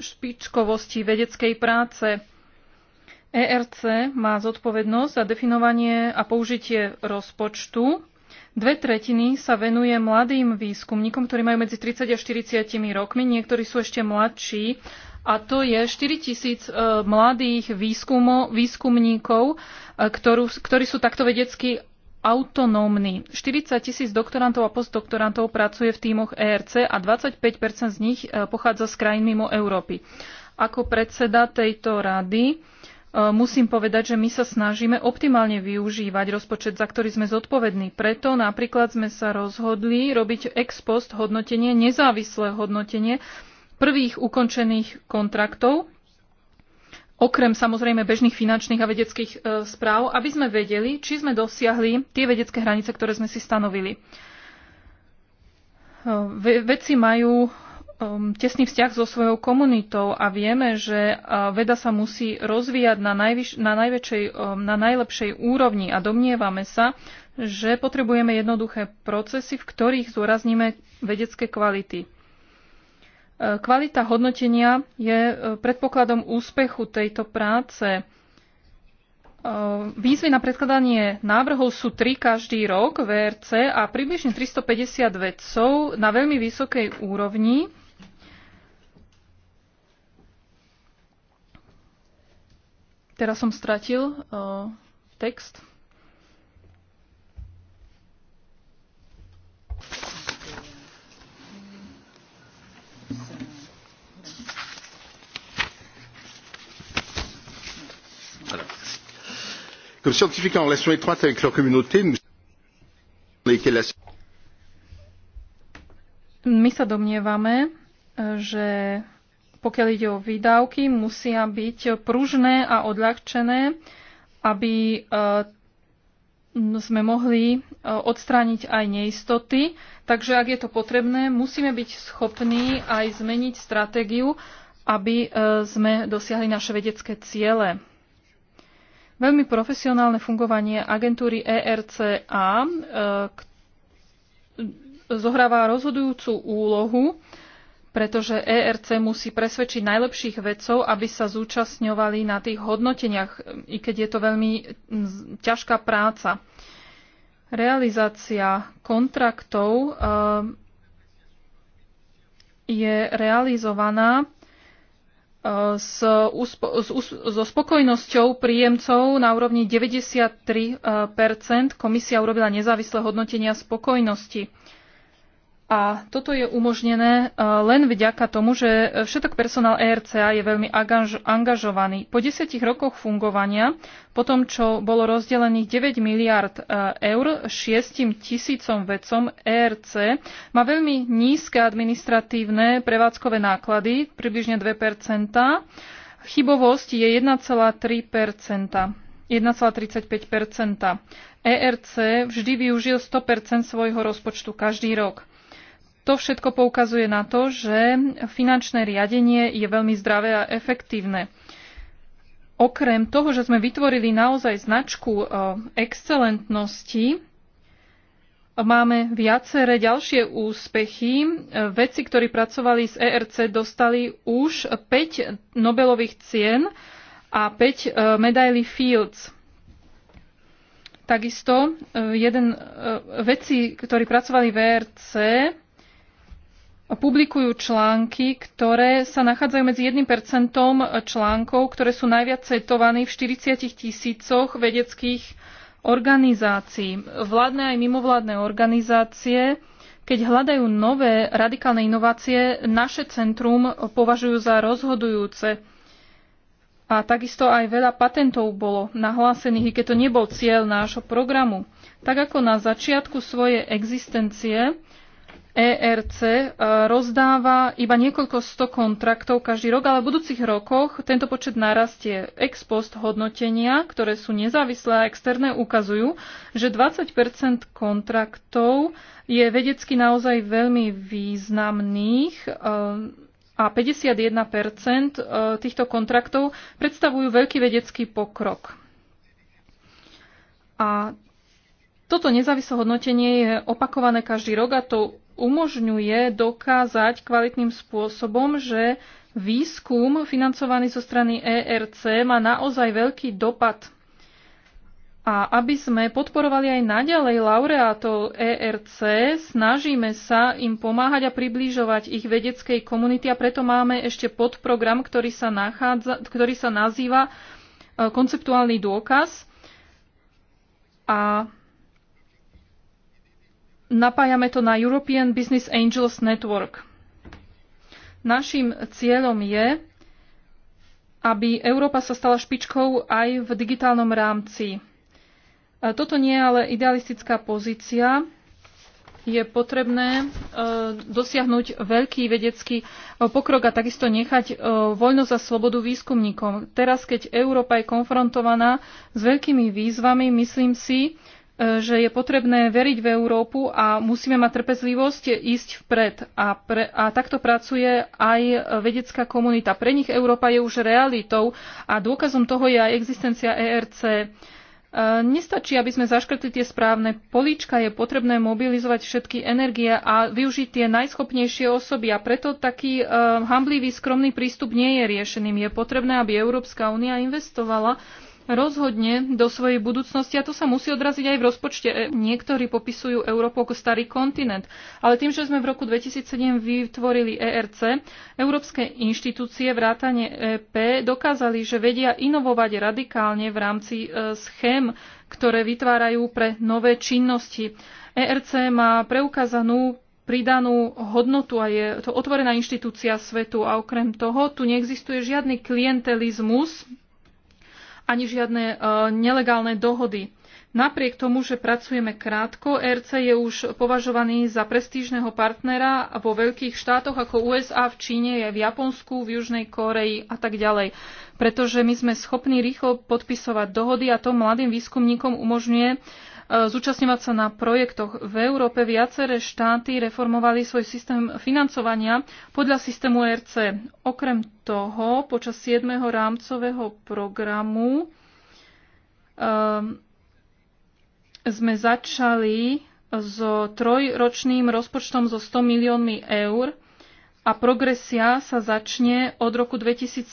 špičkovosti vedeckej práce. ERC má zodpovednosť za definovanie a použitie rozpočtu. Dve tretiny sa venuje mladým výskumníkom, ktorí majú medzi 30 a 40 rokmi, niektorí sú ešte mladší a to je 4 tisíc e, mladých výskumo, výskumníkov, e, ktorú, ktorí sú takto vedecky autonómni. 40 tisíc doktorantov a postdoktorantov pracuje v týmoch ERC a 25 z nich e, pochádza z krajín mimo Európy. Ako predseda tejto rady musím povedať, že my sa snažíme optimálne využívať rozpočet, za ktorý sme zodpovední. Preto napríklad sme sa rozhodli robiť ex post hodnotenie, nezávislé hodnotenie prvých ukončených kontraktov, okrem samozrejme bežných finančných a vedeckých e, správ, aby sme vedeli, či sme dosiahli tie vedecké hranice, ktoré sme si stanovili. E, vedci majú e, tesný vzťah so svojou komunitou a vieme, že veda sa musí rozvíjať na, najvyš- na, najväčšej, na najlepšej úrovni a domnievame sa, že potrebujeme jednoduché procesy, v ktorých zúrazníme vedecké kvality. Kvalita hodnotenia je e, predpokladom úspechu tejto práce. E, výzvy na predkladanie návrhov sú tri každý rok VRC e a približne 350 vedcov na veľmi vysokej úrovni. Teraz som stratil text. Comme scientifique en relation étroite avec leur communauté, nous my sa domnievame, že pokiaľ ide o výdavky, musia byť pružné a odľahčené, aby e, sme mohli e, odstrániť aj neistoty. Takže ak je to potrebné, musíme byť schopní aj zmeniť stratégiu, aby e, sme dosiahli naše vedecké ciele veľmi profesionálne fungovanie agentúry ERCA e, zohráva rozhodujúcu úlohu, pretože ERC musí presvedčiť najlepších vedcov, aby sa zúčastňovali na tých hodnoteniach, i keď je to veľmi ťažká práca. Realizácia kontraktov e, je realizovaná s, uspo, s, so spokojnosťou príjemcov na úrovni 93 eh, Komisia urobila nezávislé hodnotenia spokojnosti. A toto je umožnené e, len vďaka tomu, že všetok personál ERCA je veľmi angažovaný. Po desiatich rokoch fungovania, po tom, čo bolo rozdelených 9 miliard e, eur 6 tisícom vecom ERC, má veľmi nízke administratívne prevádzkové náklady, približne 2 Chybovosť je 1,3 1,35 ERC vždy využil 100 svojho rozpočtu každý rok. To všetko poukazuje na to, že finančné riadenie je veľmi zdravé a efektívne. Okrem toho, že sme vytvorili naozaj značku e, excelentnosti, máme viaceré ďalšie úspechy. E, vedci, ktorí pracovali s ERC, dostali už 5 Nobelových cien a 5 e, medailí Fields. Takisto jeden vedci, ktorí pracovali v ERC, publikujú články, ktoré sa nachádzajú medzi 1% článkov, ktoré sú najviac cetované v 40 tisícoch vedeckých organizácií. Vládne aj mimovládne organizácie, keď hľadajú nové radikálne inovácie, naše centrum považujú za rozhodujúce. A takisto aj veľa patentov bolo nahlásených, i keď to nebol cieľ nášho programu. Tak ako na začiatku svojej existencie, ERC e, rozdáva iba niekoľko sto kontraktov každý rok, ale v budúcich rokoch tento počet narastie. Ex post hodnotenia, ktoré sú nezávislé a externé, ukazujú, že 20 kontraktov je vedecky naozaj veľmi významných e, a 51 e, týchto kontraktov predstavujú veľký vedecký pokrok. A toto nezávislé hodnotenie je opakované každý rok a to umožňuje dokázať kvalitným spôsobom, že výskum financovaný zo strany ERC má naozaj veľký dopad. A aby sme podporovali aj naďalej laureátov ERC, snažíme sa im pomáhať a približovať ich vedeckej komunity a preto máme ešte podprogram, ktorý sa, nachádza, ktorý sa nazýva e, konceptuálny dôkaz. A napájame to na European Business Angels Network. Naším cieľom je, aby Európa sa stala špičkou aj v digitálnom rámci. Toto nie je ale idealistická pozícia. Je potrebné e, dosiahnuť veľký vedecký e, pokrok a takisto nechať e, voľnosť a slobodu výskumníkom. Teraz, keď Európa je konfrontovaná s veľkými výzvami, myslím si, že je potrebné veriť v Európu a musíme mať trpezlivosť ísť vpred. A, pre, a takto pracuje aj vedecká komunita. Pre nich Európa je už realitou a dôkazom toho je aj existencia ERC. E, nestačí, aby sme zaškrtli tie správne políčka, je potrebné mobilizovať všetky energie a využiť tie najschopnejšie osoby a preto taký e, hamblivý, skromný prístup nie je riešeným. Je potrebné, aby Európska únia investovala uh, rozhodne do svojej budúcnosti a to sa musí odraziť aj v rozpočte. E Niektorí popisujú Európu ako starý kontinent, ale tým, že sme v roku 2007 vytvorili ERC, európske inštitúcie vrátane EP dokázali, že vedia inovovať radikálne v rámci e, schém, ktoré vytvárajú pre nové činnosti. ERC má preukázanú pridanú hodnotu a je to otvorená inštitúcia svetu a okrem toho tu neexistuje žiadny klientelizmus ani žiadne e, nelegálne dohody. Napriek tomu, že pracujeme krátko, RC je už považovaný za prestížneho partnera vo veľkých štátoch ako USA, v Číne, v Japonsku, v Južnej Koreji a tak ďalej. Pretože my sme schopní rýchlo podpisovať dohody a to mladým výskumníkom umožňuje E, zúčastňovať sa na projektoch. V Európe viaceré štáty reformovali svoj systém financovania podľa systému ERC. Okrem toho, počas 7. rámcového programu e, sme začali s trojročným rozpočtom so 100 miliónmi eur a progresia sa začne od roku 2017,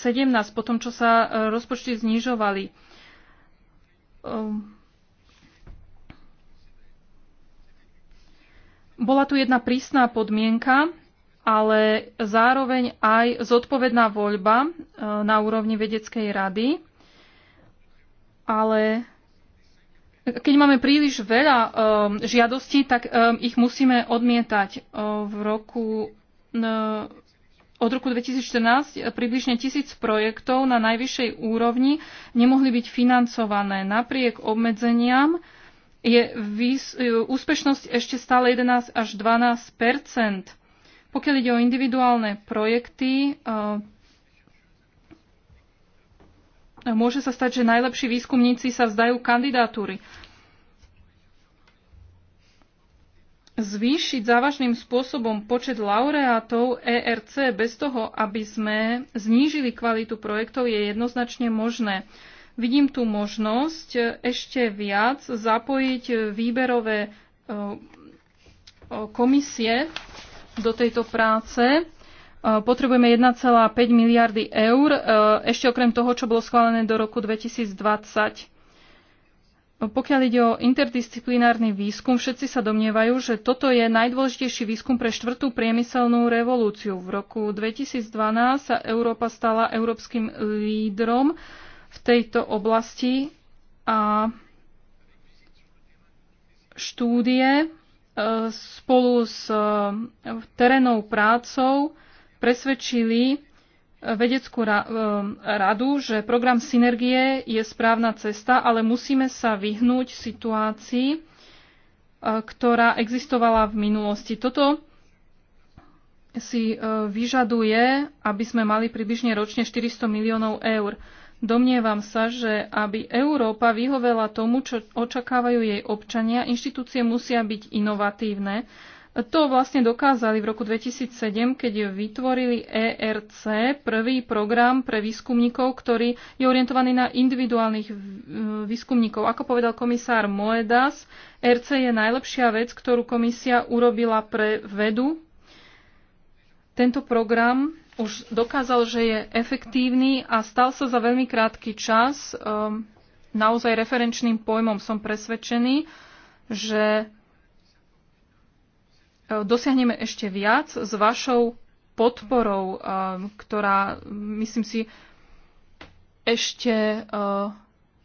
po tom, čo sa e, rozpočty znižovali. Um, Bola tu jedna prísna podmienka, ale zároveň aj zodpovedná voľba e, na úrovni vedeckej rady. Ale keď máme príliš veľa um, žiadostí, tak um, ich musíme odmietať. v roku, um, od roku 2014 približne tisíc projektov na najvyššej úrovni nemohli byť financované napriek obmedzeniam je výs, e, úspešnosť ešte stále 11 až 12 Pokiaľ ide o individuálne projekty, e, e, môže sa stať, že najlepší výskumníci sa vzdajú kandidatúry. Zvýšiť závažným spôsobom počet laureátov ERC bez toho, aby sme znížili kvalitu projektov, je jednoznačne možné. Vidím tu možnosť e, ešte viac zapojiť e, výberové e, komisie do tejto práce. Potrebujeme 1,5 miliardy eur, ešte okrem toho, čo bolo schválené do roku 2020. Pokiaľ ide o interdisciplinárny výskum, všetci sa domnievajú, že toto je najdôležitejší výskum pre štvrtú priemyselnú revolúciu. V roku 2012 sa Európa stala európskym lídrom v tejto oblasti a štúdie e, spolu s e, terénou prácou presvedčili e, vedeckú radu, že program synergie je správna cesta, ale musíme sa vyhnúť situácii, ktorá existovala v minulosti. Toto si vyžaduje, aby sme mali približne ročne 400 miliónov eur. Domnievam sa, že aby Európa vyhovela tomu, čo očakávajú jej občania, inštitúcie musia byť inovatívne. To vlastne dokázali v roku 2007, keď vytvorili ERC, prvý program pre výskumníkov, ktorý je orientovaný na individuálnych výskumníkov. Ako povedal komisár Moedas, ERC je najlepšia vec, ktorú komisia urobila pre vedu. Tento program už dokázal, že je efektívny a stal sa za veľmi krátky čas um, naozaj referenčným pojmom. Som presvedčený, že uh, dosiahneme ešte viac s vašou podporou, um, ktorá, myslím si, ešte uh,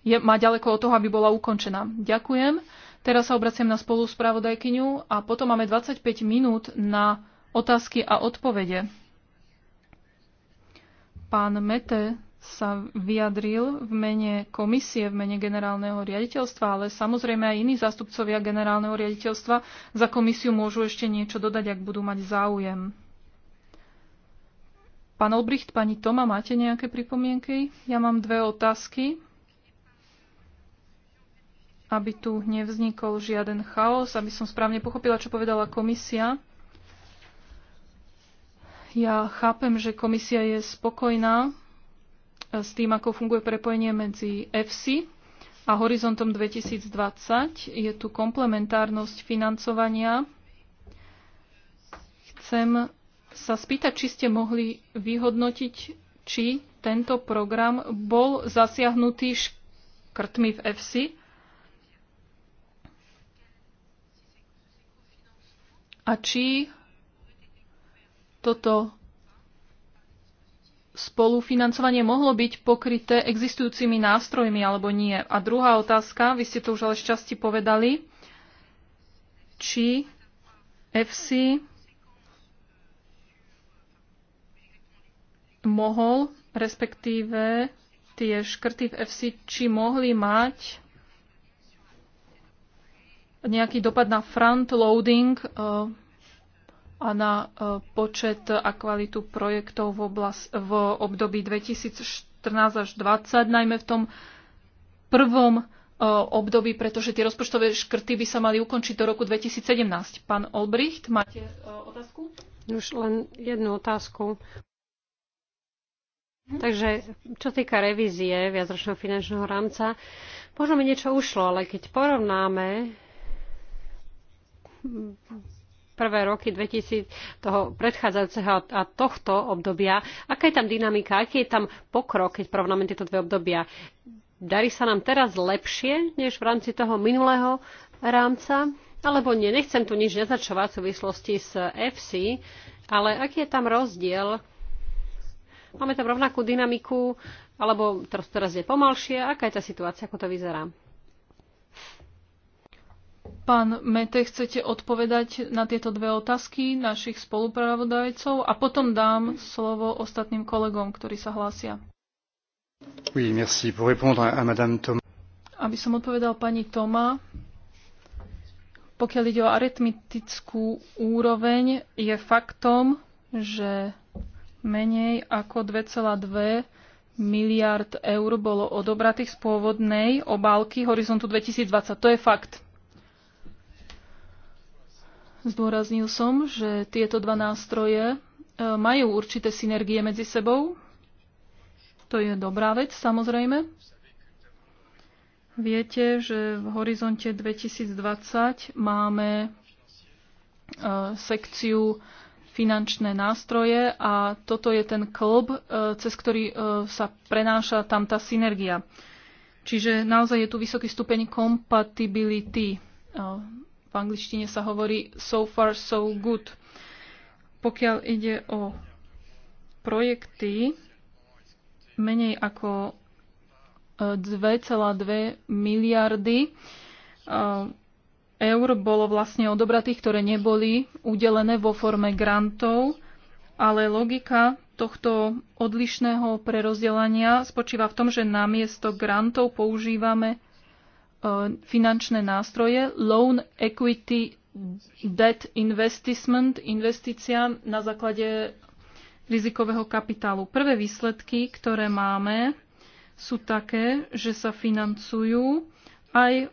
je, má ďaleko od toho, aby bola ukončená. Ďakujem. Teraz sa obraciam na spoluspravodajkyňu a potom máme 25 minút na otázky a odpovede. Pán Mete sa vyjadril v mene komisie, v mene generálneho riaditeľstva, ale samozrejme aj iní zástupcovia generálneho riaditeľstva za komisiu môžu ešte niečo dodať, ak budú mať záujem. Pán Olbricht, pani Toma, máte nejaké pripomienky? Ja mám dve otázky, aby tu nevznikol žiaden chaos, aby som správne pochopila, čo povedala komisia. Ja chápem, že komisia je spokojná eh, s tým, ako funguje prepojenie medzi EFSI a Horizontom 2020. Je tu komplementárnosť financovania. Chcem sa spýtať, či ste mohli vyhodnotiť, či tento program bol zasiahnutý škrtmi v EFSI a či toto spolufinancovanie mohlo byť pokryté existujúcimi nástrojmi alebo nie? A druhá otázka, vy ste to už ale šťastí povedali, či FC mohol, respektíve tie škrty v FC, či mohli mať nejaký dopad na front loading eh, a na e, počet a kvalitu projektov v, oblast, v období 2014 až 2020, najmä v tom prvom e, období, pretože tie rozpočtové škrty by sa mali ukončiť do roku 2017. Pán Olbricht, máte e, otázku? Už len jednu otázku. Takže čo týka revízie viacročného finančného rámca, možno mi niečo ušlo, ale keď porovnáme prvé roky 2000, toho predchádzajúceho a tohto obdobia. Aká je tam dynamika, aký je tam pokrok, keď porovnáme tieto dve obdobia? Darí sa nám teraz lepšie, než v rámci toho minulého rámca? Alebo nie, nechcem tu nič nezačovať v súvislosti s FC, ale aký je tam rozdiel? Máme tam rovnakú dynamiku, alebo teraz, teraz je pomalšie? Aká je tá situácia, ako to vyzerá? Pán Mete, chcete odpovedať na tieto dve otázky našich spolupravodajcov a potom dám slovo ostatným kolegom, ktorí sa hlásia. Oui, merci. Pour répondre à Madame Tom... Aby som odpovedal pani Toma, pokiaľ ide o aritmetickú úroveň, je faktom, že menej ako 2,2 miliard eur bolo odobratých z pôvodnej obálky Horizontu 2020. To je fakt. Zdôraznil som, že tieto dva nástroje e, majú určité synergie medzi sebou. To je dobrá vec, samozrejme. Viete, že v horizonte 2020 máme e, sekciu finančné nástroje a toto je ten klb, e, cez ktorý sa prenáša tam tá synergia. Čiže naozaj je tu vysoký stupeň kompatibility v angličtine sa hovorí so far so good. Pokiaľ ide o projekty, menej ako 2,2 e, miliardy e, eur bolo vlastne odobratých, ktoré neboli udelené vo forme grantov, ale logika tohto odlišného prerozdelania spočíva v tom, že namiesto grantov používame E, finančné nástroje, loan equity debt investment, investícia na základe rizikového kapitálu. Prvé výsledky, ktoré máme, sú také, že sa financujú aj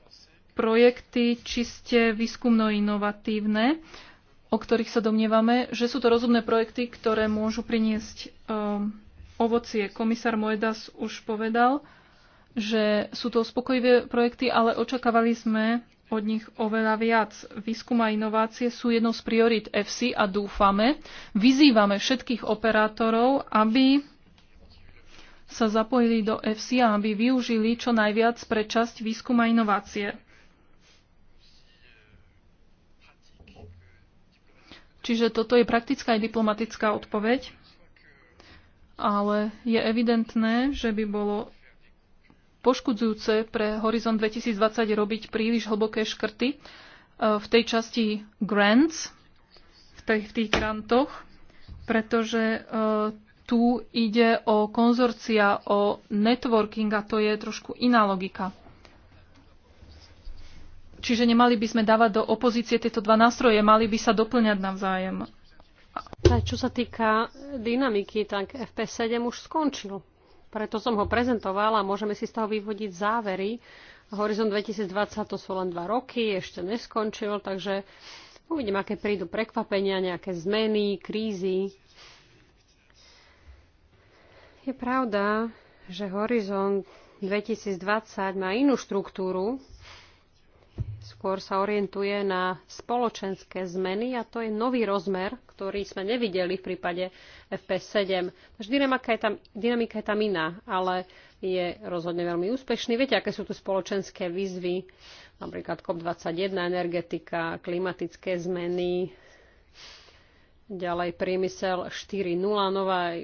projekty čiste výskumno-inovatívne, o ktorých sa domnievame, že sú to rozumné projekty, ktoré môžu priniesť um, ovocie. Komisár Moedas už povedal, že sú to spokojivé projekty, ale očakávali sme od nich oveľa viac. Výskum a inovácie sú jednou z priorit EFSI a dúfame, vyzývame všetkých operátorov, aby sa zapojili do EFSI a aby využili čo najviac pre časť výskum a inovácie. Čiže toto je praktická aj diplomatická odpoveď, ale je evidentné, že by bolo poškudzujúce pre Horizon 2020 robiť príliš hlboké škrty e, v tej časti grants, v, tej, v tých grantoch, pretože e, tu ide o konzorcia, o networking a to je trošku iná logika. Čiže nemali by sme dávať do opozície tieto dva nástroje, mali by sa doplňať navzájem. A čo sa týka dynamiky, tak FP7 už skončil preto som ho prezentovala a môžeme si z toho vyvodiť závery. Horizont 2020 to sú len dva roky, ešte neskončil, takže uvidím, aké prídu prekvapenia, nejaké zmeny, krízy. Je pravda, že Horizont 2020 má inú štruktúru skôr sa orientuje na spoločenské zmeny a to je nový rozmer, ktorý sme nevideli v prípade FP7. Takže dynamika je tam, dynamika je tam iná, ale je rozhodne veľmi úspešný. Viete, aké sú tu spoločenské výzvy, napríklad COP21, energetika, klimatické zmeny, ďalej priemysel 4.0, nová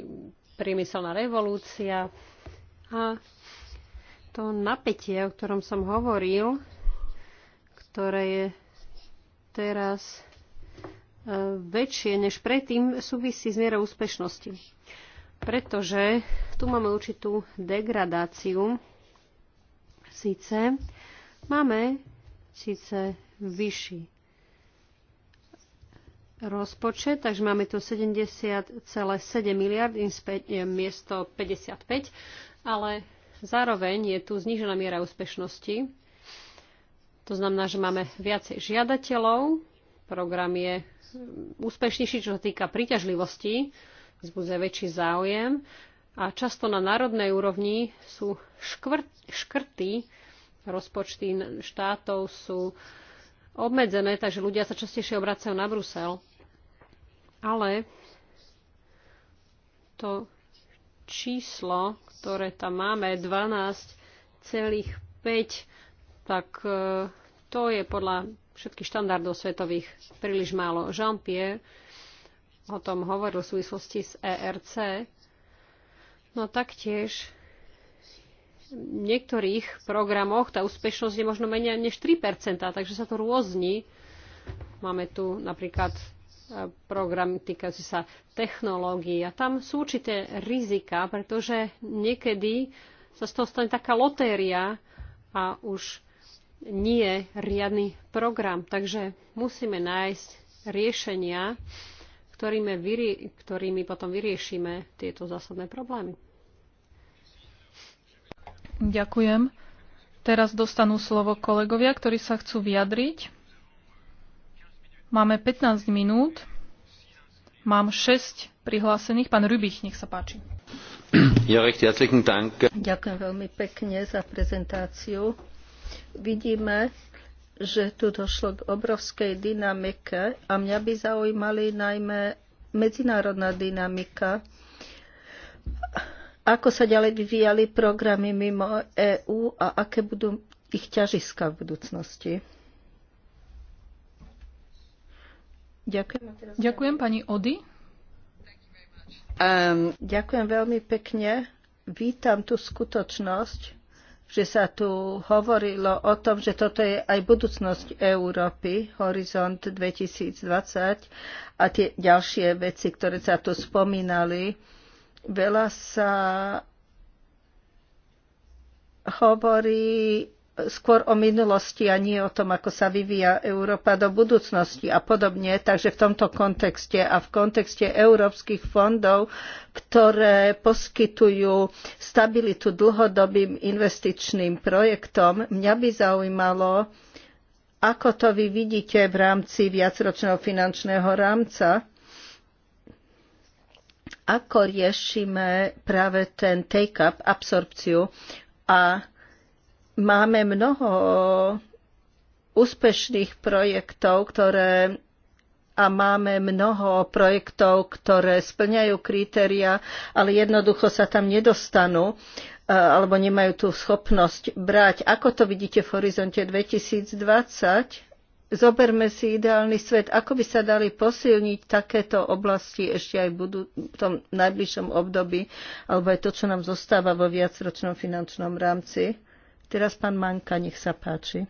priemyselná revolúcia a to napätie, o ktorom som hovoril, ktoré je teraz e, väčšie než predtým, súvisí s mierou úspešnosti. Pretože tu máme určitú degradáciu. Síce máme síce vyšší rozpočet, takže máme tu 70,7 miliard e, miesto 55, ale zároveň je tu znížená miera úspešnosti to znamená, že máme viacej žiadateľov, program je úspešnejší, čo sa týka príťažlivosti, vzbudzuje väčší záujem a často na národnej úrovni sú škvrt, škrty, rozpočty štátov sú obmedzené, takže ľudia sa častejšie obracajú na Brusel. Ale to číslo, ktoré tam máme, 12,5 tak e, to je podľa všetkých štandardov svetových príliš málo. Jean-Pierre o tom hovoril v súvislosti s ERC. No taktiež v niektorých programoch tá úspešnosť je možno menej než 3%, takže sa to rôzni. Máme tu napríklad e, program týkajúci sa technológií a tam sú určité rizika, pretože niekedy sa z toho stane taká lotéria a už nie riadny program. Takže musíme nájsť riešenia, ktorými, vyrie, ktorými potom vyriešime tieto zásadné problémy. Ďakujem. Teraz dostanú slovo kolegovia, ktorí sa chcú vyjadriť. Máme 15 minút. Mám 6 prihlásených. Pán Rybich, nech sa páči. Ja, recht herzlichen Dank. Ďakujem veľmi pekne za prezentáciu. Vidíme, že tu došlo k obrovskej dynamike a mňa by zaujímali najmä medzinárodná dynamika. Ako sa ďalej vyvíjali programy mimo EÚ a aké budú ich ťažiska v budúcnosti? Ďakujem. Ďakujem pani Ody. Um, Ďakujem veľmi pekne. Vítam tú skutočnosť, že sa tu hovorilo o tom, že toto je aj budúcnosť Európy, Horizont 2020 a tie ďalšie veci, ktoré sa tu spomínali. Veľa sa hovorí skôr o minulosti a nie o tom, ako sa vyvíja Európa do budúcnosti a podobne. Takže v tomto kontexte a v kontexte európskych fondov, ktoré poskytujú stabilitu dlhodobým investičným projektom, mňa by zaujímalo, ako to vy vidíte v rámci viacročného finančného rámca, ako riešime práve ten take-up, absorpciu a Máme mnoho úspešných projektov, ktoré a máme mnoho projektov, ktoré splňajú kritéria, ale jednoducho sa tam nedostanú e, alebo nemajú tú schopnosť brať. Ako to vidíte v horizonte 2020? Zoberme si ideálny svet. Ako by sa dali posilniť takéto oblasti ešte aj v, budú- v tom najbližšom období, alebo aj to, čo nám zostáva vo viacročnom finančnom rámci? Teraz pán Manka, nech sa páči.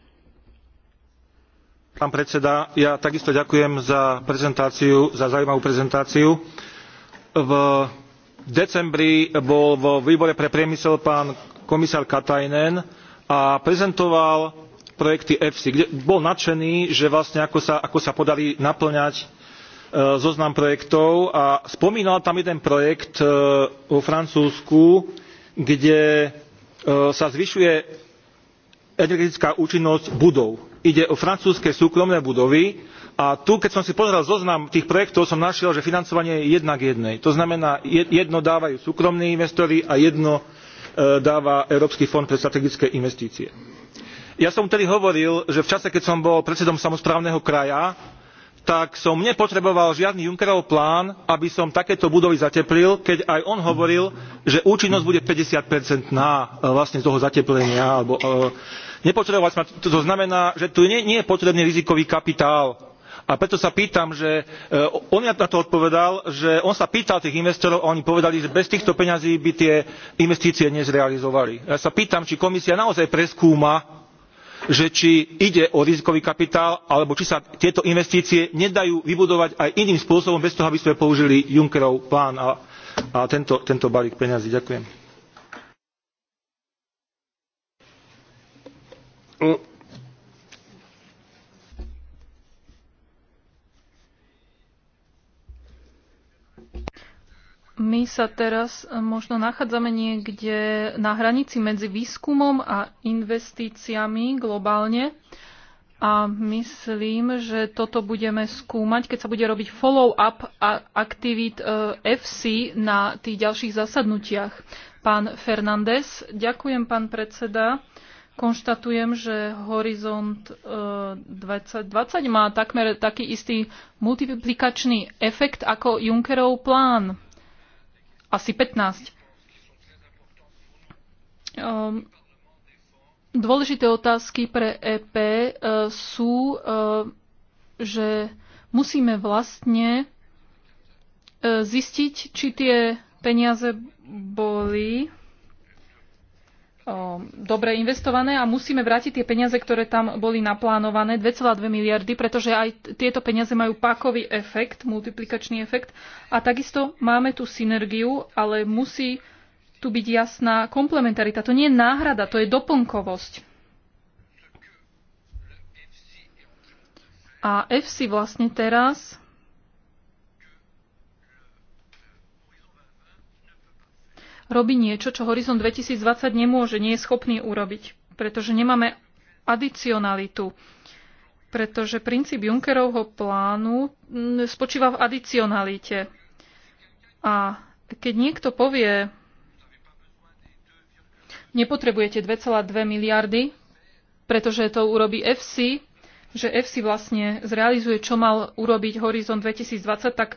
Pán predseda, ja takisto ďakujem za prezentáciu, za zaujímavú prezentáciu. V decembri bol vo výbore pre priemysel pán komisár Katajnen a prezentoval projekty EFSI, kde bol nadšený, že vlastne ako sa, ako sa podarí naplňať e, zoznam projektov a spomínal tam jeden projekt e, vo Francúzsku, kde e, sa zvyšuje energetická účinnosť budov. Ide o francúzske súkromné budovy a tu, keď som si pozeral zoznam tých projektov, som našiel, že financovanie je jedna k jednej. To znamená, jedno dávajú súkromní investori a jedno e, dáva Európsky fond pre strategické investície. Ja som tedy hovoril, že v čase, keď som bol predsedom samozprávneho kraja, tak som nepotreboval žiadny junckerov plán aby som takéto budovy zateplil keď aj on hovoril že účinnosť bude fifty na e, vlastne toho zateplenia alebo e, nepotreboval sme to znamená že tu nie, nie je potrebný rizikový kapitál a preto sa pýtam že e, on na to odpovedal že on sa pýtal tých investorov a oni povedali že bez týchto peňazí by tie investície nezrealizovali. ja sa pýtam či komisia naozaj preskúma že či ide o rizikový kapitál alebo či sa tieto investície nedajú vybudovať aj iným spôsobom bez toho, aby sme použili Junckerov plán a, a tento, tento balík peňazí. Ďakujem. No, My sa teraz e, možno nachádzame niekde na hranici medzi výskumom a investíciami globálne a myslím, že toto budeme skúmať, keď sa bude robiť follow-up aktivít e, FC na tých ďalších zasadnutiach. Pán Fernández, ďakujem, pán predseda. Konštatujem, že Horizont 2020 e, má takmer taký istý multiplikačný efekt ako Junckerov plán asi 15. Um, ehm, dôležité otázky pre EP uh, e, sú, uh, že musíme vlastne uh, zistiť, či tie peniaze boli Ehm, dobre investované a musíme vrátiť tie peniaze, ktoré tam boli naplánované, 2,2 miliardy, pretože aj tieto peniaze majú pákový efekt, multiplikačný efekt. A takisto máme tú synergiu, ale musí tu byť jasná komplementarita. To nie je náhrada, to je doplnkovosť. A FC vlastne teraz robí niečo, čo Horizon 2020 nemôže, nie je schopný urobiť, pretože nemáme adicionalitu. Pretože princíp Junckerovho plánu mm, spočíva v adicionalite. A keď niekto povie, nepotrebujete 2,2 miliardy, pretože to urobí FC, že FC vlastne zrealizuje, čo mal urobiť Horizon 2020, tak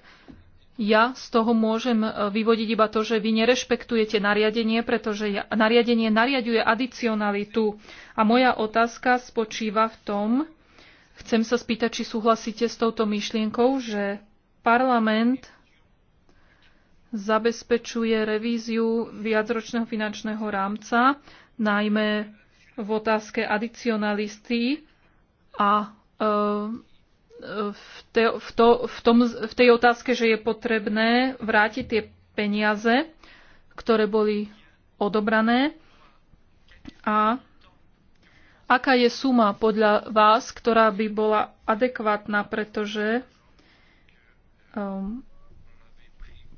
ja z toho môžem e, vyvodiť iba to, že vy nerešpektujete nariadenie, pretože nariadenie nariaduje adicionalitu. A moja otázka spočíva v tom, chcem sa spýtať, či súhlasíte s touto myšlienkou, že parlament zabezpečuje revíziu viacročného finančného rámca, najmä v otázke adicionalisty a e, v, te, v, to, v, tom, v tej otázke, že je potrebné vrátiť tie peniaze, ktoré boli odobrané a aká je suma podľa vás, ktorá by bola adekvátna, pretože um,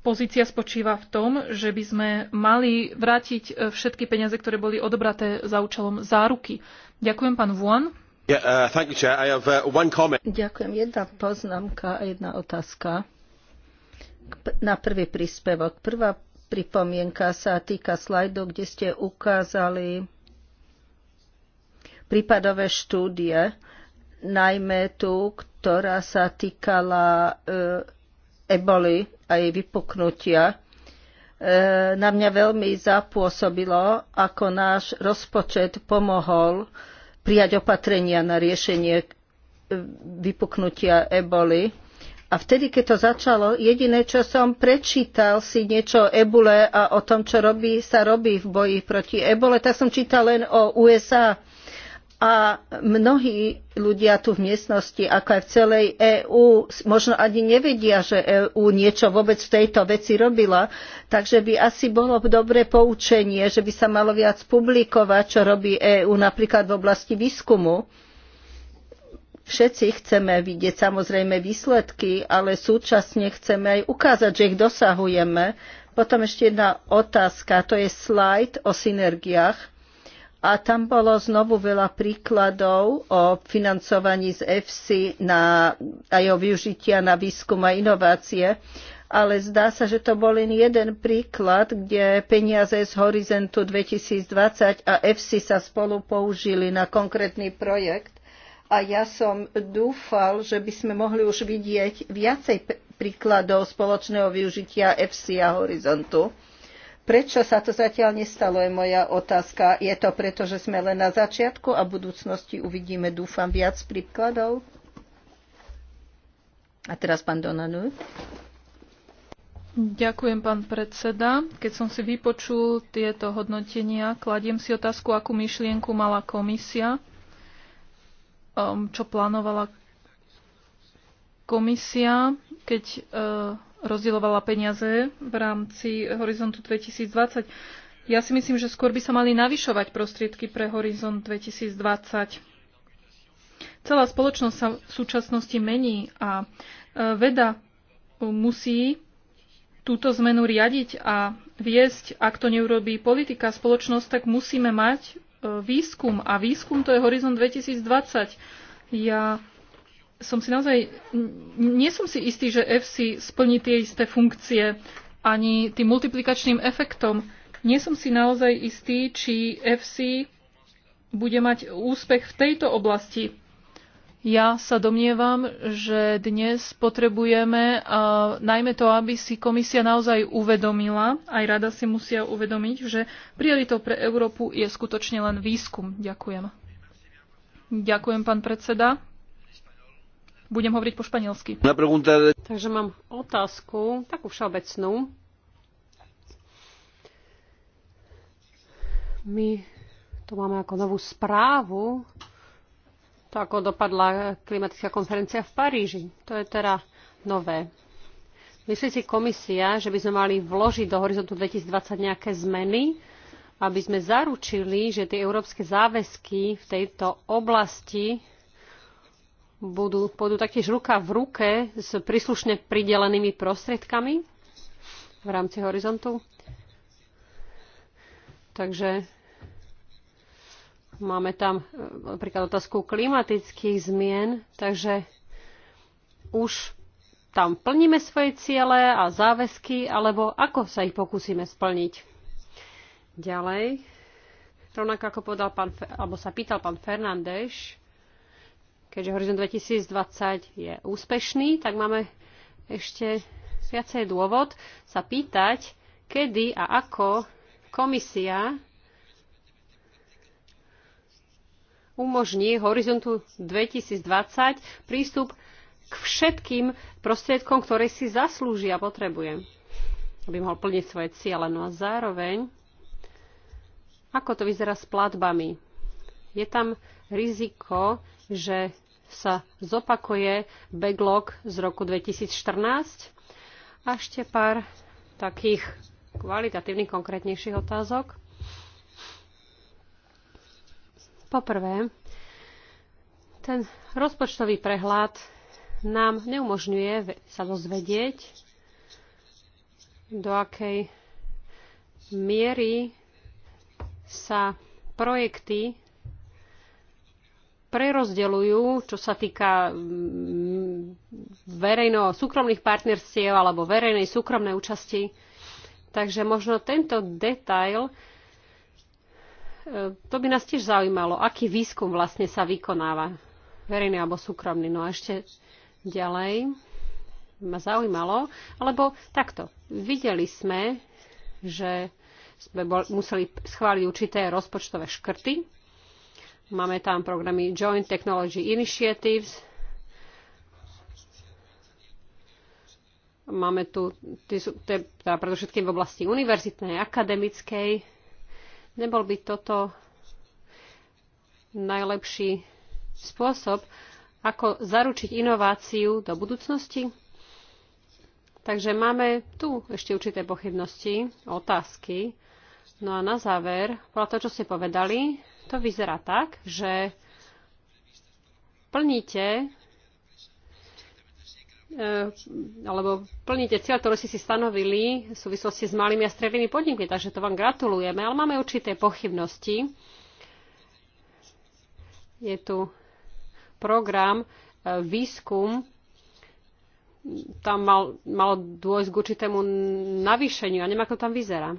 pozícia spočíva v tom, že by sme mali vrátiť eh, všetky peniaze, ktoré boli odobraté za účelom záruky. Ďakujem, pán Vuan. Uh, uh, Ďakujem. Jedna poznámka a jedna otázka na prvý príspevok. Prvá pripomienka sa týka slajdu, kde ste ukázali prípadové štúdie, najmä tú, ktorá sa týkala e, eboli a jej vypuknutia. E, na mňa veľmi zapôsobilo, ako náš rozpočet pomohol prijať opatrenia na riešenie e, vypuknutia eboli. A vtedy, keď to začalo, jediné, čo som prečítal si niečo o ebole a o tom, čo robí, sa robí v boji proti ebole, tak som čítal len o USA a mnohí ľudia tu v miestnosti, ako aj v celej EÚ, možno ani nevedia, že EÚ niečo vôbec v tejto veci robila. Takže by asi bolo dobré poučenie, že by sa malo viac publikovať, čo robí EÚ napríklad v oblasti výskumu. Všetci chceme vidieť samozrejme výsledky, ale súčasne chceme aj ukázať, že ich dosahujeme. Potom ešte jedna otázka, to je slajd o synergiách a tam bolo znovu veľa príkladov o financovaní z EFSI na, aj o využitia na výskum a inovácie. Ale zdá sa, že to bol len jeden príklad, kde peniaze z Horizontu 2020 a EFSI sa spolu použili na konkrétny projekt. A ja som dúfal, že by sme mohli už vidieť viacej príkladov spoločného využitia EFSI a Horizontu. Prečo sa to zatiaľ nestalo, je moja otázka. Je to preto, že sme len na začiatku a v budúcnosti uvidíme, dúfam, viac príkladov? A teraz pán Donanu. Ďakujem, pán predseda. Keď som si vypočul tieto hodnotenia, kladiem si otázku, akú myšlienku mala komisia, um, čo plánovala komisia, keď eh, rozdielovala peniaze v rámci Horizontu 2020. Ja si myslím, že skôr by sa mali navyšovať prostriedky pre Horizont 2020. Celá spoločnosť sa v súčasnosti mení a e, veda musí túto zmenu riadiť a viesť. Ak to neurobí politika, spoločnosť, tak musíme mať e, výskum. A výskum to je Horizont 2020. Ja som si naozaj, nie som si istý, že FC splní tie isté funkcie ani tým multiplikačným efektom. Nie som si naozaj istý, či FC bude mať úspech v tejto oblasti. Ja sa domnievam, že dnes potrebujeme uh, najmä to, aby si komisia naozaj uvedomila, aj rada si musia uvedomiť, že prioritou pre Európu je skutočne len výskum. Ďakujem. Ďakujem, pán predseda. Budem hovoriť po španielsky. Takže mám otázku, takú všeobecnú. My tu máme ako novú správu, to ako dopadla klimatická konferencia v Paríži. To je teda nové. Myslí si komisia, že by sme mali vložiť do horizontu 2020 nejaké zmeny, aby sme zaručili, že tie európske záväzky v tejto oblasti budú, budú taktiež ruka v ruke s príslušne pridelenými prostriedkami v rámci horizontu. Takže máme tam e, napríklad otázku klimatických zmien, takže už tam plníme svoje ciele a záväzky, alebo ako sa ich pokúsime splniť. Ďalej, rovnako ako povedal pán, alebo sa pýtal pán Fernández, keďže Horizon 2020 je úspešný, tak máme ešte viacej dôvod sa pýtať, kedy a ako komisia umožní Horizontu 2020 prístup k všetkým prostriedkom, ktoré si zaslúži a potrebuje, aby mohol plniť svoje ciele. No a zároveň, ako to vyzerá s platbami? Je tam riziko, že sa zopakuje backlog z roku 2014 a ešte pár takých kvalitatívnych, konkrétnejších otázok. Poprvé, ten rozpočtový prehľad nám neumožňuje sa dozvedieť, do akej miery sa projekty prerozdeľujú, čo sa týka mm, verejno-súkromných partnerstiev alebo verejnej súkromnej účasti. Takže možno tento detail, e, to by nás tiež zaujímalo, aký výskum vlastne sa vykonáva, verejný alebo súkromný. No a ešte ďalej ma zaujímalo, alebo takto, videli sme, že sme bol, museli schváliť určité rozpočtové škrty Máme tam programy Joint Technology Initiatives. Máme tu, teda predovšetkým v oblasti univerzitnej, akademickej. Nebol by toto najlepší spôsob, ako zaručiť inováciu do budúcnosti? Takže máme tu ešte určité pochybnosti, otázky. No a na záver, podľa toho, čo ste povedali, to vyzerá tak, že plníte e, alebo plníte cieľ, ktorý ste si, si stanovili v súvislosti s malými a strednými podnikmi, takže to vám gratulujeme, ale máme určité pochybnosti. Je tu program e, výskum, tam mal, malo dôjsť k určitému navýšeniu a neviem, ako tam vyzerá.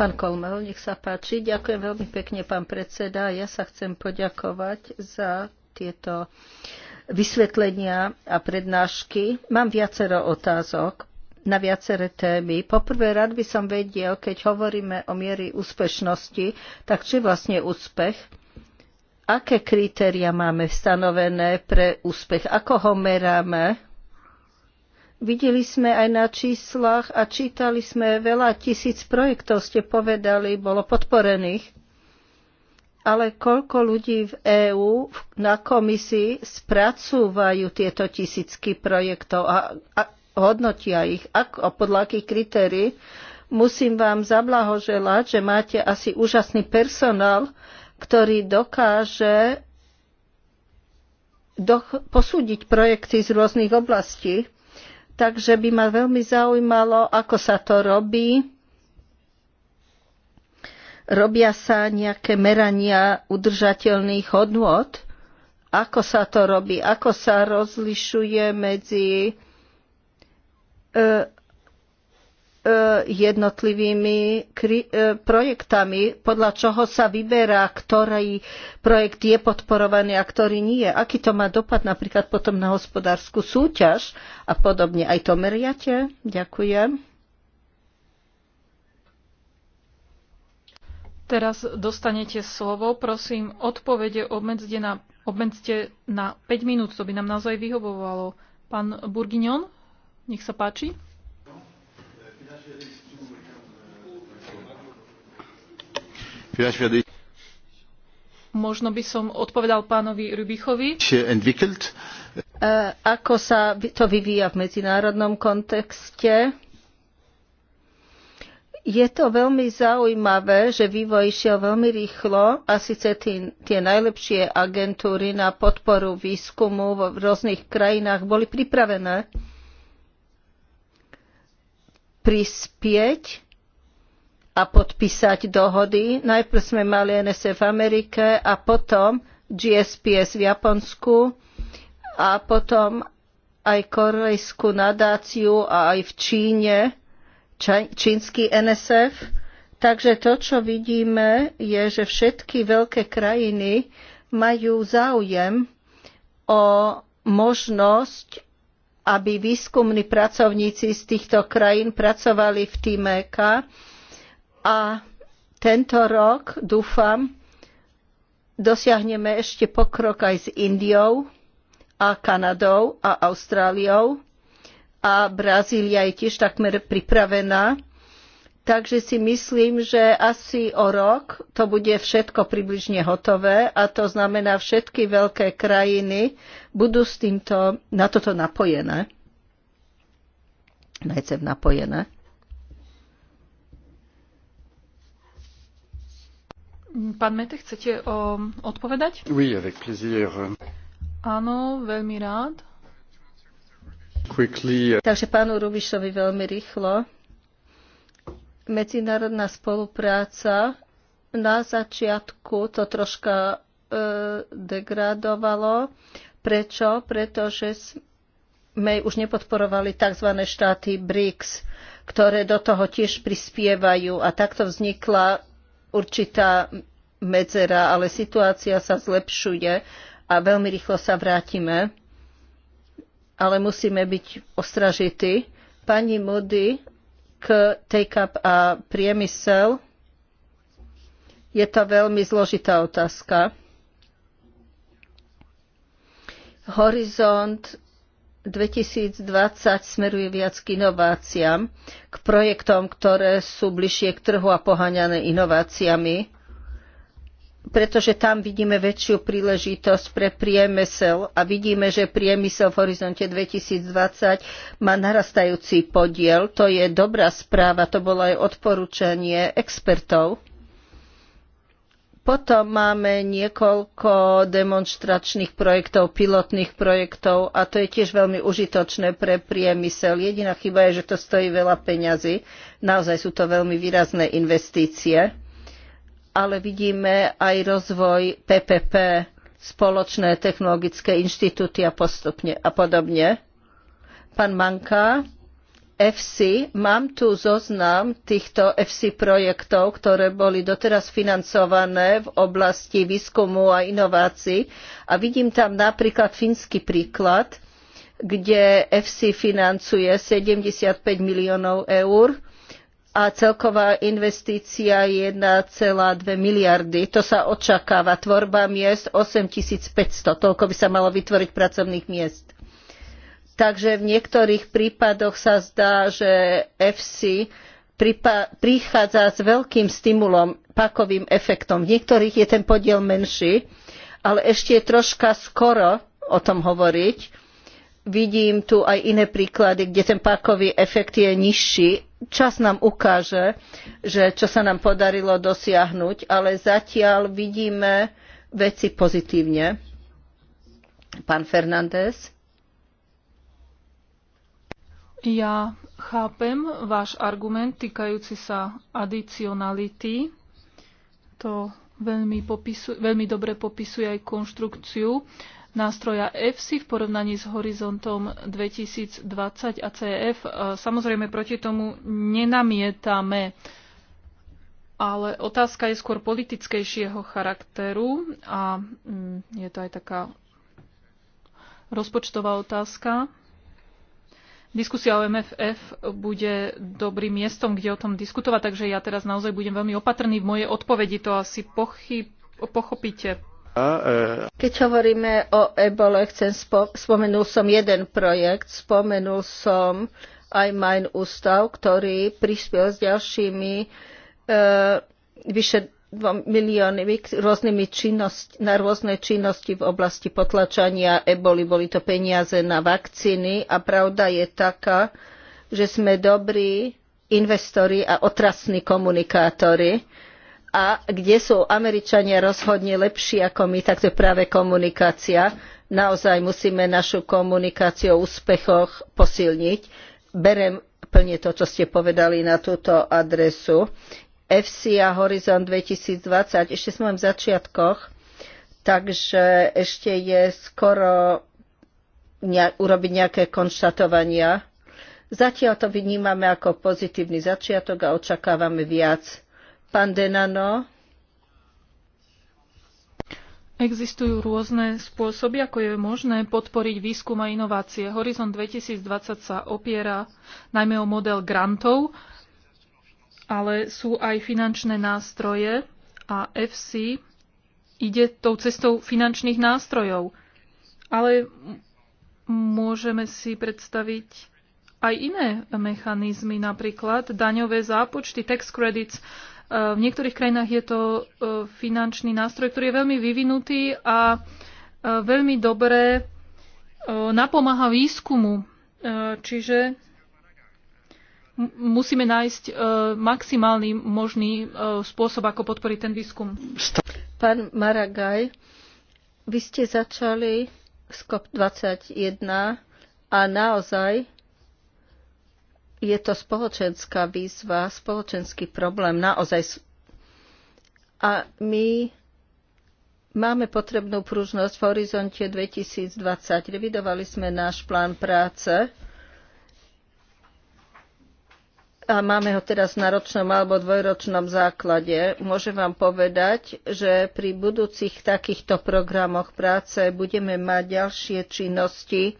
Pán Kolmel, nech sa páči. Ďakujem veľmi pekne, pán predseda. Ja sa chcem poďakovať za tieto vysvetlenia a prednášky. Mám viacero otázok na viaceré témy. Poprvé, rád by som vedel, keď hovoríme o miery úspešnosti, tak či vlastne úspech? Aké kritéria máme stanovené pre úspech? Ako ho meráme? Videli sme aj na číslach a čítali sme veľa tisíc projektov, ste povedali, bolo podporených. Ale koľko ľudí v EÚ na komisii spracúvajú tieto tisícky projektov a, a hodnotia ich? Ako, podľa akých kritérií? Musím vám zablahoželať, že máte asi úžasný personál, ktorý dokáže do, posúdiť projekty z rôznych oblastí Takže by ma veľmi zaujímalo, ako sa to robí. Robia sa nejaké merania udržateľných hodnôt? Ako sa to robí? Ako sa rozlišuje medzi e, E, jednotlivými e, projektami, podľa čoho sa vyberá, ktorý projekt je podporovaný a ktorý nie. Aký to má dopad napríklad potom na hospodárskú súťaž a podobne. Aj to meriate? Ďakujem. Teraz dostanete slovo. Prosím, odpovede obmedzte na, obmedzte na 5 minút. To by nám naozaj vyhovovalo. Pán Burgiňon, nech sa páči. Možno by som odpovedal pánovi Rubichovi. Eh, ako sa to vyvíja v medzinárodnom kontexte? Je to veľmi zaujímavé, že vývoj išiel veľmi rýchlo a síce tí, tie najlepšie agentúry na podporu výskumu v rôznych krajinách boli pripravené prispieť a podpísať dohody. Najprv sme mali NSF v Amerike a potom GSPS v Japonsku a potom aj korejskú nadáciu a aj v Číne čínsky NSF. Takže to, čo vidíme, je, že všetky veľké krajiny majú záujem o možnosť, aby výskumní pracovníci z týchto krajín pracovali v týme K a tento rok, dúfam, dosiahneme ešte pokrok aj s Indiou a Kanadou a Austráliou. A Brazília je tiež takmer pripravená. Takže si myslím, že asi o rok to bude všetko približne hotové a to znamená, všetky veľké krajiny budú s týmto, na toto napojené. Najcev napojené. Pán Mete, chcete o, odpovedať? Oui, avec plaisir. Áno, veľmi rád. Quickly. Uh, Takže pánu Rubišovi veľmi rýchlo. Medzinárodná spolupráca na začiatku to troška e, degradovalo. Prečo? Pretože sme už nepodporovali tzv. štáty BRICS, ktoré do toho tiež prispievajú. A takto vznikla určitá medzera, ale situácia sa zlepšuje a veľmi rýchlo sa vrátime. Ale musíme byť ostražití. Pani Moody k take-up a priemysel je to veľmi zložitá otázka. Horizont 2020 smeruje viac k inováciám, k projektom, ktoré sú bližšie k trhu a poháňané inováciami, pretože tam vidíme väčšiu príležitosť pre priemysel a vidíme, že priemysel v horizonte 2020 má narastajúci podiel. To je dobrá správa, to bolo aj odporúčanie expertov potom máme niekoľko demonstračných projektov, pilotných projektov a to je tiež veľmi užitočné pre priemysel. Jediná chyba je, že to stojí veľa peňazí. Naozaj sú to veľmi výrazné investície. Ale vidíme aj rozvoj PPP, spoločné technologické inštitúty a, postupne, a podobne. Pán Manka FC. Mám tu zoznam týchto FC projektov, ktoré boli doteraz financované v oblasti výskumu a inovácií. A vidím tam napríklad fínsky príklad, kde FC financuje 75 miliónov eur a celková investícia 1,2 miliardy. To sa očakáva. Tvorba miest 8500. Toľko by sa malo vytvoriť pracovných miest. Takže v niektorých prípadoch sa zdá, že FC prichádza s veľkým stimulom, pakovým efektom. V niektorých je ten podiel menší, ale ešte je troška skoro o tom hovoriť. Vidím tu aj iné príklady, kde ten pákový efekt je nižší. Čas nám ukáže, že čo sa nám podarilo dosiahnuť, ale zatiaľ vidíme veci pozitívne. Pán Fernández. Ja chápem váš argument týkajúci sa adicionality. To veľmi, popisu, veľmi dobre popisuje aj konštrukciu nástroja EFSI v porovnaní s horizontom 2020 a CF. E, samozrejme, proti tomu nenamietame, ale otázka je skôr politickejšieho charakteru a mm, je to aj taká rozpočtová otázka diskusia o MFF bude dobrým miestom, kde o tom diskutovať, takže ja teraz naozaj budem veľmi opatrný v mojej odpovedi, to asi pochyb, pochopíte. E, Keď hovoríme o ebole, chcem spo- spomenul som jeden projekt, spomenul som aj Mein Ústav, ktorý prispiel s ďalšími e, vyše miliónmi rôznymi činnosť, na rôzne činnosti v oblasti potlačania eboli. Boli to peniaze na vakcíny a pravda je taká, že sme dobrí investori a otrasní komunikátori. A kde sú Američania rozhodne lepší ako my, tak to je práve komunikácia. Naozaj musíme našu komunikáciu o úspechoch posilniť. Berem plne to, čo ste povedali na túto adresu. FC a Horizon 2020. Ešte sme v začiatkoch, takže ešte je skoro ne- urobiť nejaké konštatovania. Zatiaľ to vnímame ako pozitívny začiatok a očakávame viac. Pán Denano. Existujú rôzne spôsoby, ako je možné podporiť výskum a inovácie. Horizont 2020 sa opiera najmä o model grantov ale sú aj finančné nástroje a FC ide tou cestou finančných nástrojov. Ale môžeme si predstaviť aj iné mechanizmy, napríklad daňové zápočty, tax credits. E, v niektorých krajinách je to e, finančný nástroj, ktorý je veľmi vyvinutý a e, veľmi dobre napomáha výskumu. Čiže musíme nájsť e, maximálny možný e, spôsob, ako podporiť ten výskum. Pán Maragaj, vy ste začali z COP21 a naozaj je to spoločenská výzva, spoločenský problém, naozaj. A my máme potrebnú pružnosť v horizonte 2020. Revidovali sme náš plán práce a máme ho teraz na ročnom alebo dvojročnom základe. Môžem vám povedať, že pri budúcich takýchto programoch práce budeme mať ďalšie činnosti,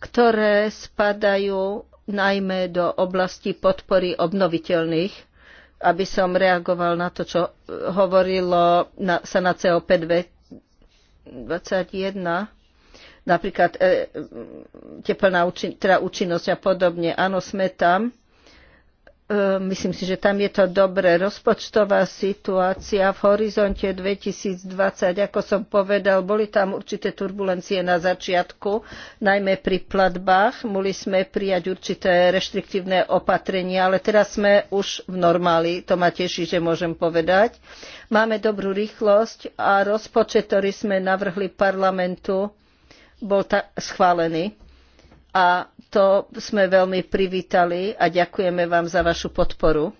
ktoré spadajú najmä do oblasti podpory obnoviteľných, aby som reagoval na to, čo hovorilo na, sa na COP21 napríklad e, teplná účin, teda účinnosť a podobne. Áno, sme tam E, myslím si, že tam je to dobré. Rozpočtová situácia v horizonte 2020, ako som povedal, boli tam určité turbulencie na začiatku, najmä pri platbách. Mohli sme prijať určité reštriktívne opatrenia, ale teraz sme už v normáli. To ma teší, že môžem povedať. Máme dobrú rýchlosť a rozpočet, ktorý sme navrhli parlamentu, bol schválený a to sme veľmi privítali a ďakujeme vám za vašu podporu.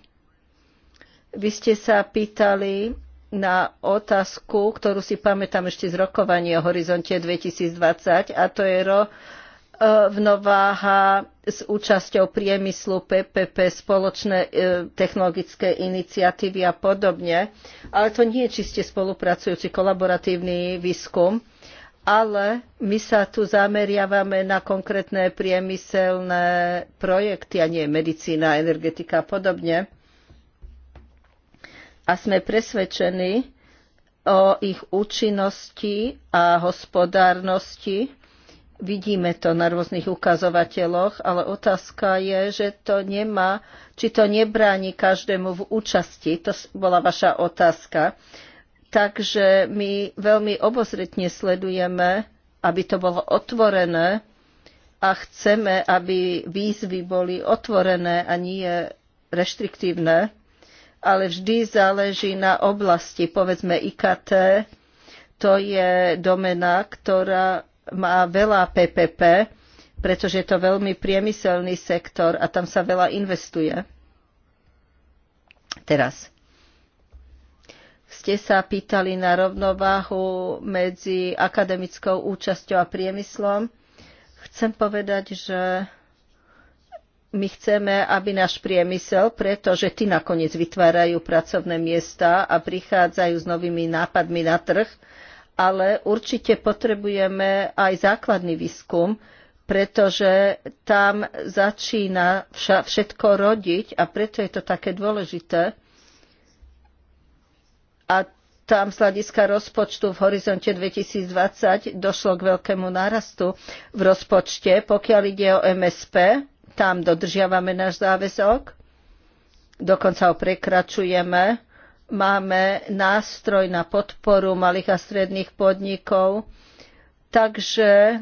Vy ste sa pýtali na otázku, ktorú si pamätám ešte z rokovania o horizonte 2020 a to je ro, e, v Nováha s účasťou priemyslu PPP, spoločné e, technologické iniciatívy a podobne. Ale to nie je čiste spolupracujúci kolaboratívny výskum ale my sa tu zameriavame na konkrétne priemyselné projekty, a nie medicína, energetika a podobne. A sme presvedčení o ich účinnosti a hospodárnosti. Vidíme to na rôznych ukazovateľoch, ale otázka je, že to nemá, či to nebráni každému v účasti. To bola vaša otázka. Takže my veľmi obozretne sledujeme, aby to bolo otvorené a chceme, aby výzvy boli otvorené a nie reštriktívne, ale vždy záleží na oblasti, povedzme IKT, to je domena, ktorá má veľa PPP, pretože je to veľmi priemyselný sektor a tam sa veľa investuje. Teraz ste sa pýtali na rovnováhu medzi akademickou účasťou a priemyslom. Chcem povedať, že my chceme, aby náš priemysel, pretože tí nakoniec vytvárajú pracovné miesta a prichádzajú s novými nápadmi na trh, ale určite potrebujeme aj základný výskum, pretože tam začína všetko rodiť a preto je to také dôležité a tam z hľadiska rozpočtu v horizonte 2020 došlo k veľkému nárastu v rozpočte. Pokiaľ ide o MSP, tam dodržiavame náš záväzok, dokonca ho prekračujeme. Máme nástroj na podporu malých a stredných podnikov, takže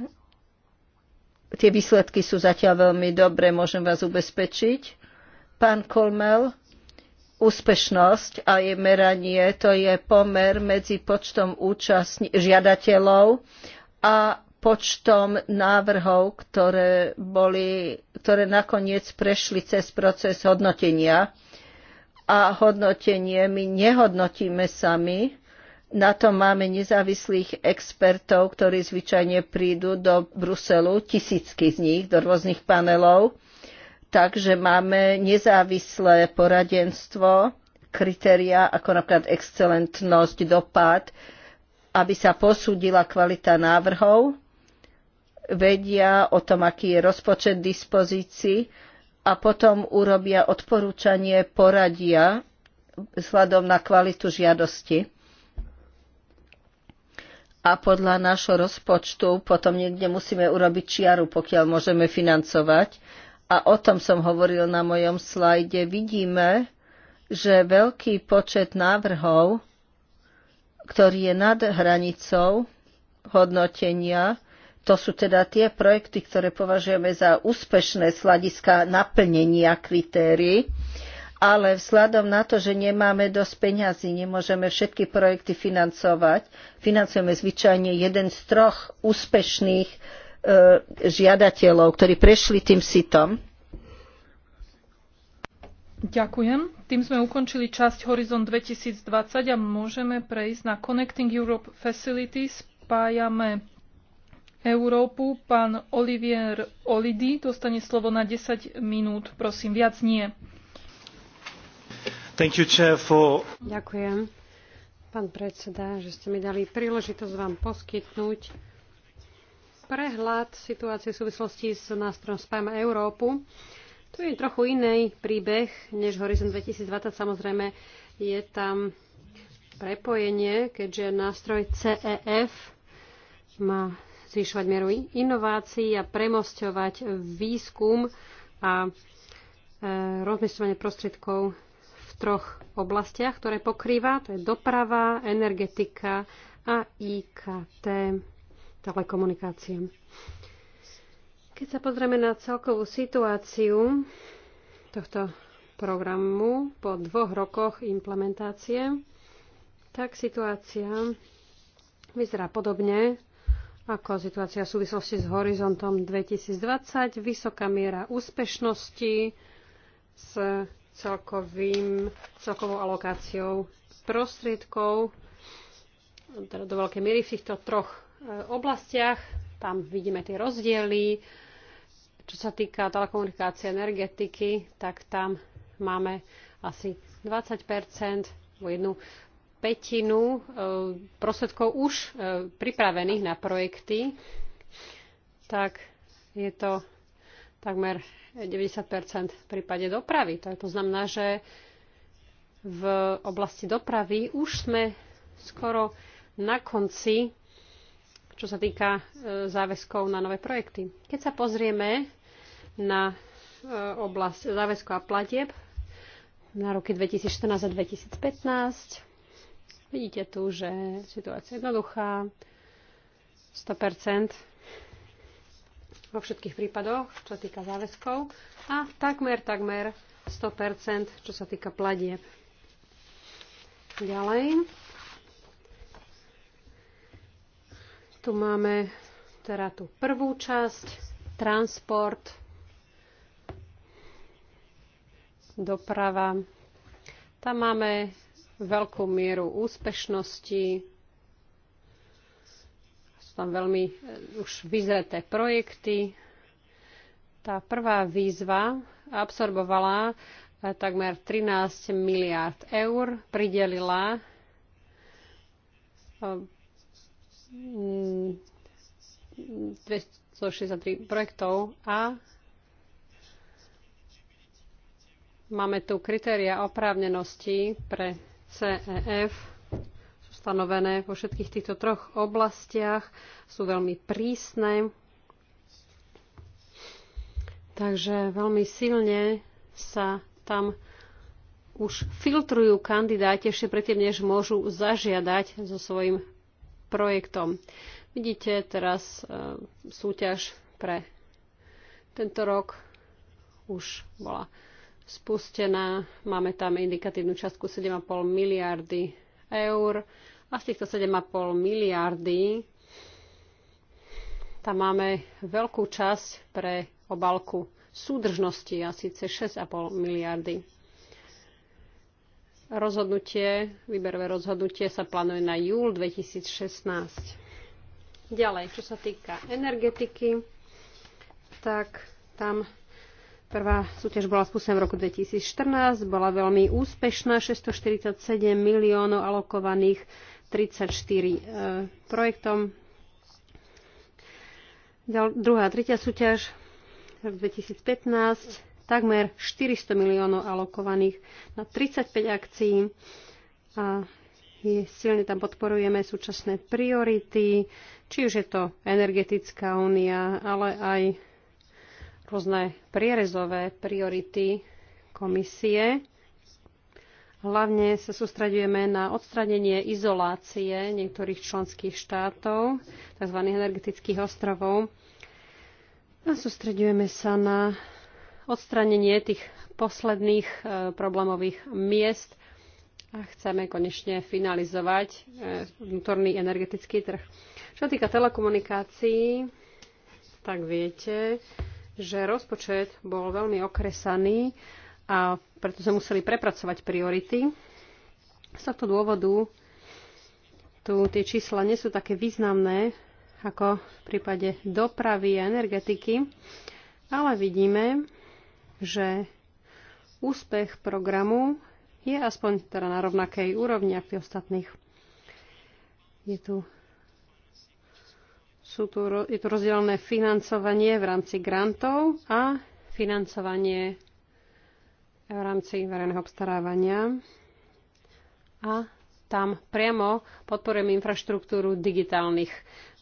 tie výsledky sú zatiaľ veľmi dobré, môžem vás ubezpečiť. Pán Kolmel, úspešnosť a jej meranie, to je pomer medzi počtom účastní, žiadateľov a počtom návrhov, ktoré, boli, ktoré nakoniec prešli cez proces hodnotenia. A hodnotenie my nehodnotíme sami, na to máme nezávislých expertov, ktorí zvyčajne prídu do Bruselu, tisícky z nich, do rôznych panelov Takže máme nezávislé poradenstvo, kritéria ako napríklad excelentnosť, dopad, aby sa posúdila kvalita návrhov, vedia o tom, aký je rozpočet dispozícií a potom urobia odporúčanie poradia vzhľadom na kvalitu žiadosti. A podľa nášho rozpočtu potom niekde musíme urobiť čiaru, pokiaľ môžeme financovať a o tom som hovoril na mojom slajde, vidíme, že veľký počet návrhov, ktorý je nad hranicou hodnotenia, to sú teda tie projekty, ktoré považujeme za úspešné z hľadiska naplnenia kritérií, ale vzhľadom na to, že nemáme dosť peňazí, nemôžeme všetky projekty financovať, financujeme zvyčajne jeden z troch úspešných E, žiadateľov, ktorí prešli tým sitom. Ďakujem. Tým sme ukončili časť Horizon 2020 a môžeme prejsť na Connecting Europe Facility. Spájame Európu. Pán Olivier Olidy dostane slovo na 10 minút. Prosím, viac nie. Thank you, chair, for... Ďakujem, pán predseda, že ste mi dali príležitosť vám poskytnúť prehľad situácie v súvislosti s nástrojom Spam Európu. Tu je trochu iný príbeh než Horizon 2020. Samozrejme je tam prepojenie, keďže nástroj CEF má zvyšovať mieru inovácií a premosťovať výskum a e, rozmiestňovanie prostriedkov v troch oblastiach, ktoré pokrýva. To je doprava, energetika a IKT telekomunikáciám. Keď sa pozrieme na celkovú situáciu tohto programu po dvoch rokoch implementácie, tak situácia vyzerá podobne ako situácia v súvislosti s horizontom 2020. Vysoká miera úspešnosti s celkovým, celkovou alokáciou prostriedkov teda do veľkej miery v týchto troch Eh, oblastiach. Tam vidíme tie rozdiely. Čo sa týka telekomunikácie energetiky, tak tam máme asi 20 jednu pätinu eh, prosvedkov už eh, pripravených na projekty, tak je to takmer 90 v prípade dopravy. To znamená, že v oblasti dopravy už sme skoro na konci čo sa týka e, záväzkov na nové projekty. Keď sa pozrieme na e, oblasť záväzkov a platieb na roky 2014 a 2015, vidíte tu, že situácia je jednoduchá, 100% vo všetkých prípadoch, čo sa týka záväzkov a takmer, takmer 100%, čo sa týka platieb. Ďalej. Tu máme teda tú prvú časť, transport, doprava. Tam máme veľkú mieru úspešnosti. Sú tam veľmi eh, už vyzreté projekty. Tá prvá výzva absorbovala eh, takmer 13 miliard eur, pridelila eh, 263 mm, mm, projektov a máme tu kritéria oprávnenosti pre CEF. Sú stanovené vo všetkých týchto troch oblastiach, sú veľmi prísne. Takže veľmi silne sa tam už filtrujú kandidáti ešte predtým, než môžu zažiadať so svojím projektom. Vidíte teraz e, súťaž pre tento rok už bola spustená. Máme tam indikatívnu častku 7,5 miliardy eur a z týchto 7,5 miliardy tam máme veľkú časť pre obalku súdržnosti, a síce 6,5 miliardy Rozhodnutie, výberové rozhodnutie sa plánuje na júl 2016. Ďalej, čo sa týka energetiky, tak tam Prvá súťaž bola spustená v roku 2014, bola veľmi úspešná, 647 miliónov alokovaných 34 e, projektom. Ďal, druhá, tretia súťaž v 2015 takmer 400 miliónov alokovaných na 35 akcií a silne tam podporujeme súčasné priority, či už je to energetická únia, ale aj rôzne prierezové priority komisie. Hlavne sa sústredujeme na odstranenie izolácie niektorých členských štátov, tzv. energetických ostrovov. A sústredujeme sa na odstranenie tých posledných e, problémových miest a chceme konečne finalizovať e, vnútorný energetický trh. Čo týka telekomunikácií, tak viete, že rozpočet bol veľmi okresaný a preto sme museli prepracovať priority. Z tohto dôvodu tu tie čísla nie sú také významné ako v prípade dopravy a energetiky, ale vidíme, že úspech programu je aspoň teda na rovnakej úrovni ako ostatných. Je tu, sú tu, je tu rozdelené financovanie v rámci grantov a financovanie v rámci verejného obstarávania. A tam priamo podporujem infraštruktúru digitálnych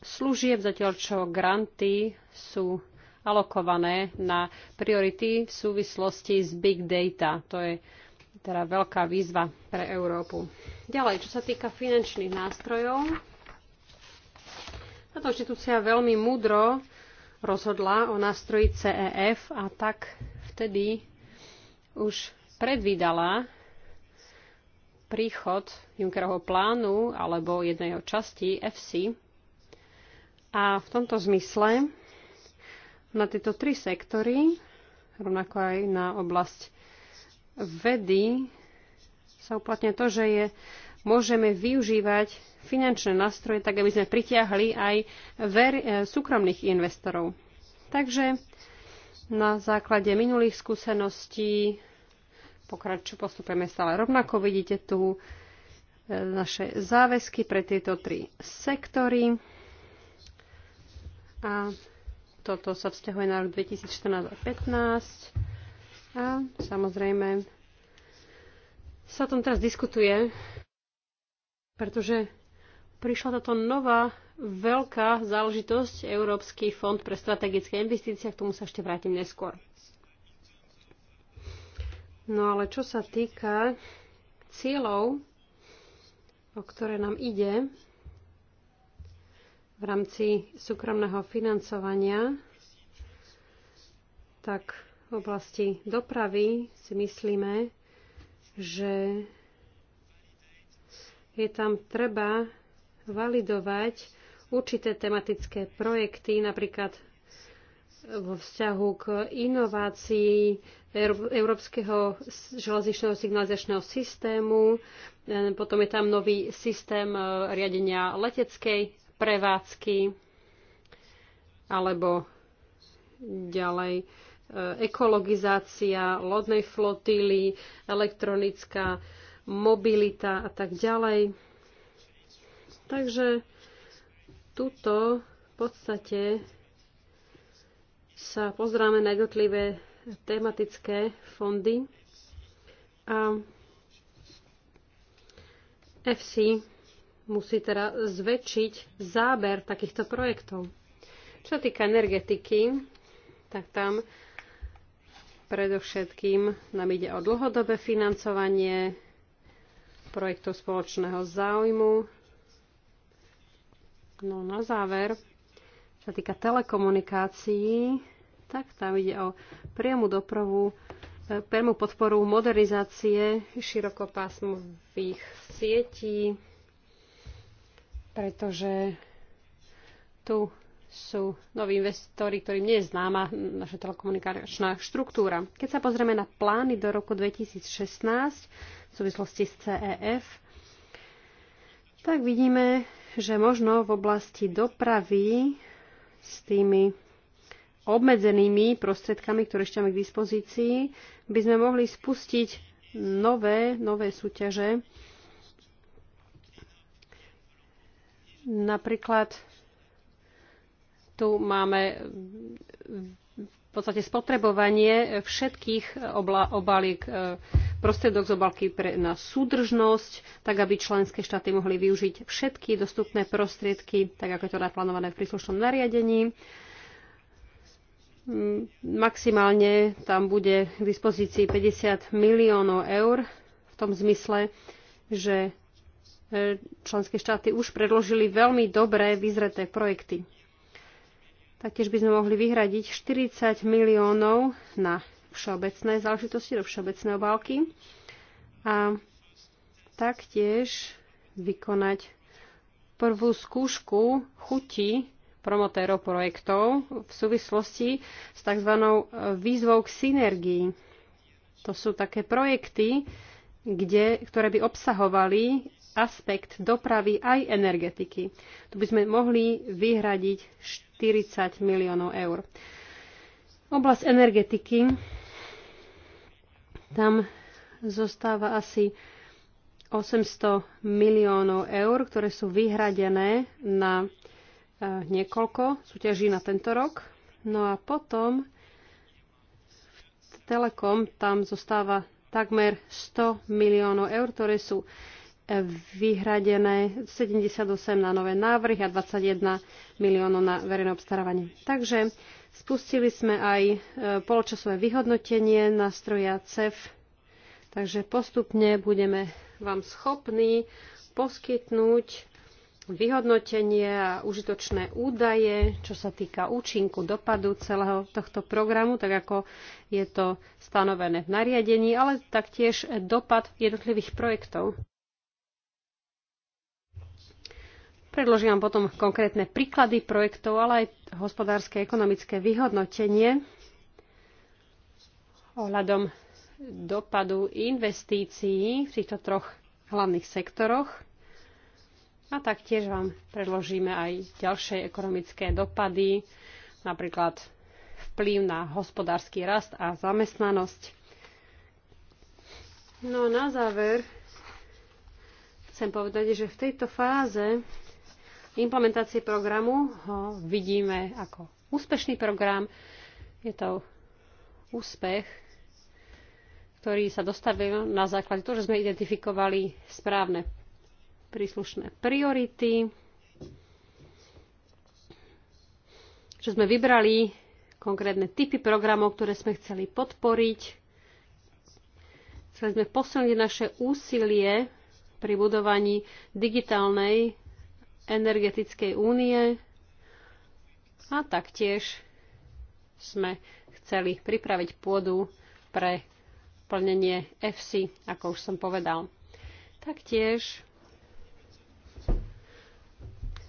služieb, zatiaľ čo granty sú alokované na priority v súvislosti s big data. To je teda veľká výzva pre Európu. Ďalej, čo sa týka finančných nástrojov, táto inštitúcia veľmi múdro rozhodla o nástroji CEF a tak vtedy už predvídala príchod Junckerovho plánu alebo jednej jeho časti FC. A v tomto zmysle na tieto tri sektory, rovnako aj na oblasť vedy, sa uplatňuje to, že je, môžeme využívať finančné nástroje tak, aby sme pritiahli aj ver, e, súkromných investorov. Takže na základe minulých skúseností pokraču, postupujeme stále rovnako. Vidíte tu e, naše záväzky pre tieto tri sektory. A toto sa vzťahuje na rok 2014 a 2015. A samozrejme sa o tom teraz diskutuje, pretože prišla táto nová veľká záležitosť Európsky fond pre strategické investície, k tomu sa ešte vrátim neskôr. No ale čo sa týka cieľov, o ktoré nám ide, v rámci súkromného financovania, tak v oblasti dopravy si myslíme, že je tam treba validovať určité tematické projekty, napríklad vo vzťahu k inovácii Európskeho železničného signalizačného systému. Potom je tam nový systém e, riadenia leteckej prevádzky alebo ďalej e, ekologizácia lodnej flotily, elektronická mobilita a tak ďalej. Takže tuto v podstate sa pozráme na jednotlivé tematické fondy a FC musí teda zväčšiť záber takýchto projektov. Čo týka energetiky, tak tam predovšetkým nám ide o dlhodobé financovanie projektov spoločného záujmu. No na záver, čo sa týka telekomunikácií, tak tam ide o priamu dopravu e, priamu podporu modernizácie širokopásmových sietí, pretože tu sú noví investori, ktorým nie je známa naša telekomunikačná štruktúra. Keď sa pozrieme na plány do roku 2016 v súvislosti s CEF, tak vidíme, že možno v oblasti dopravy s tými obmedzenými prostriedkami, ktoré ešte máme k dispozícii, by sme mohli spustiť nové, nové súťaže Napríklad tu máme v podstate spotrebovanie všetkých obaliek, e, prostriedok z obalky pre, na súdržnosť, tak aby členské štáty mohli využiť všetky dostupné prostriedky, tak ako je to naplánované v príslušnom nariadení. Mm, maximálne tam bude k dispozícii 50 miliónov eur v tom zmysle, že členské štáty už predložili veľmi dobré vyzreté projekty. Taktiež by sme mohli vyhradiť 40 miliónov na všeobecné záležitosti, do všeobecné obálky a taktiež vykonať prvú skúšku chuti promotérov projektov v súvislosti s tzv. výzvou k synergii. To sú také projekty, kde, ktoré by obsahovali aspekt dopravy aj energetiky. Tu by sme mohli vyhradiť 40 miliónov eur. Oblasť energetiky, tam zostáva asi 800 miliónov eur, ktoré sú vyhradené na e, niekoľko súťaží na tento rok. No a potom v Telekom tam zostáva takmer 100 miliónov eur, ktoré sú vyhradené 78 na nové návrhy a 21 miliónov na verejné obstarávanie. Takže spustili sme aj e, poločasové vyhodnotenie nástroja CEF, takže postupne budeme vám schopní poskytnúť vyhodnotenie a užitočné údaje, čo sa týka účinku dopadu celého tohto programu, tak ako je to stanovené v nariadení, ale taktiež dopad jednotlivých projektov. Predložím vám potom konkrétne príklady projektov, ale aj hospodárske a ekonomické vyhodnotenie ohľadom dopadu investícií v týchto troch hlavných sektoroch. A taktiež vám predložíme aj ďalšie ekonomické dopady, napríklad vplyv na hospodársky rast a zamestnanosť. No a na záver chcem povedať, že v tejto fáze implementácie programu ho vidíme ako úspešný program. Je to úspech, ktorý sa dostavil na základe toho, že sme identifikovali správne príslušné priority, že sme vybrali konkrétne typy programov, ktoré sme chceli podporiť. Chceli sme posilniť naše úsilie pri budovaní digitálnej energetickej únie a taktiež sme chceli pripraviť pôdu pre plnenie FC, ako už som povedal. Taktiež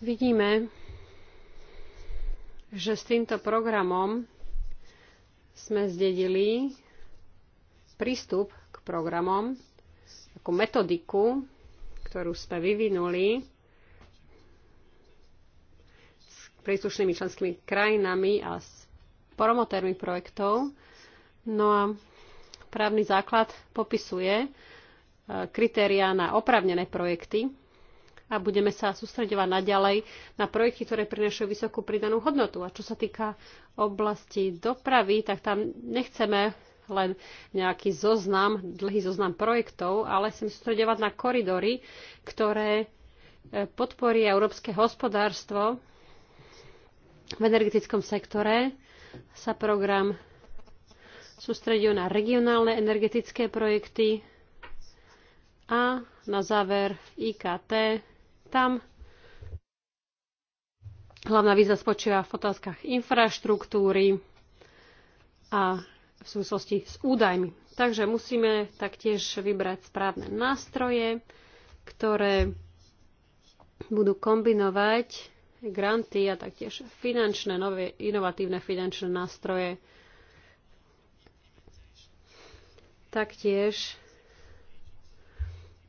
vidíme, že s týmto programom sme zdedili prístup k programom, ako metodiku, ktorú sme vyvinuli príslušnými členskými krajinami a s promotérmi projektov. No a právny základ popisuje e, kritériá na opravnené projekty a budeme sa sústredovať naďalej na projekty, ktoré prinášajú vysokú pridanú hodnotu. A čo sa týka oblasti dopravy, tak tam nechceme len nejaký zoznam, dlhý zoznam projektov, ale chcem sústredovať na koridory, ktoré e, podporia európske hospodárstvo v energetickom sektore sa program sústredil na regionálne energetické projekty a na záver IKT. Tam hlavná výzva spočíva v otázkach infraštruktúry a v súvislosti s údajmi. Takže musíme taktiež vybrať správne nástroje, ktoré budú kombinovať granty a taktiež finančné, nové inovatívne finančné nástroje. Taktiež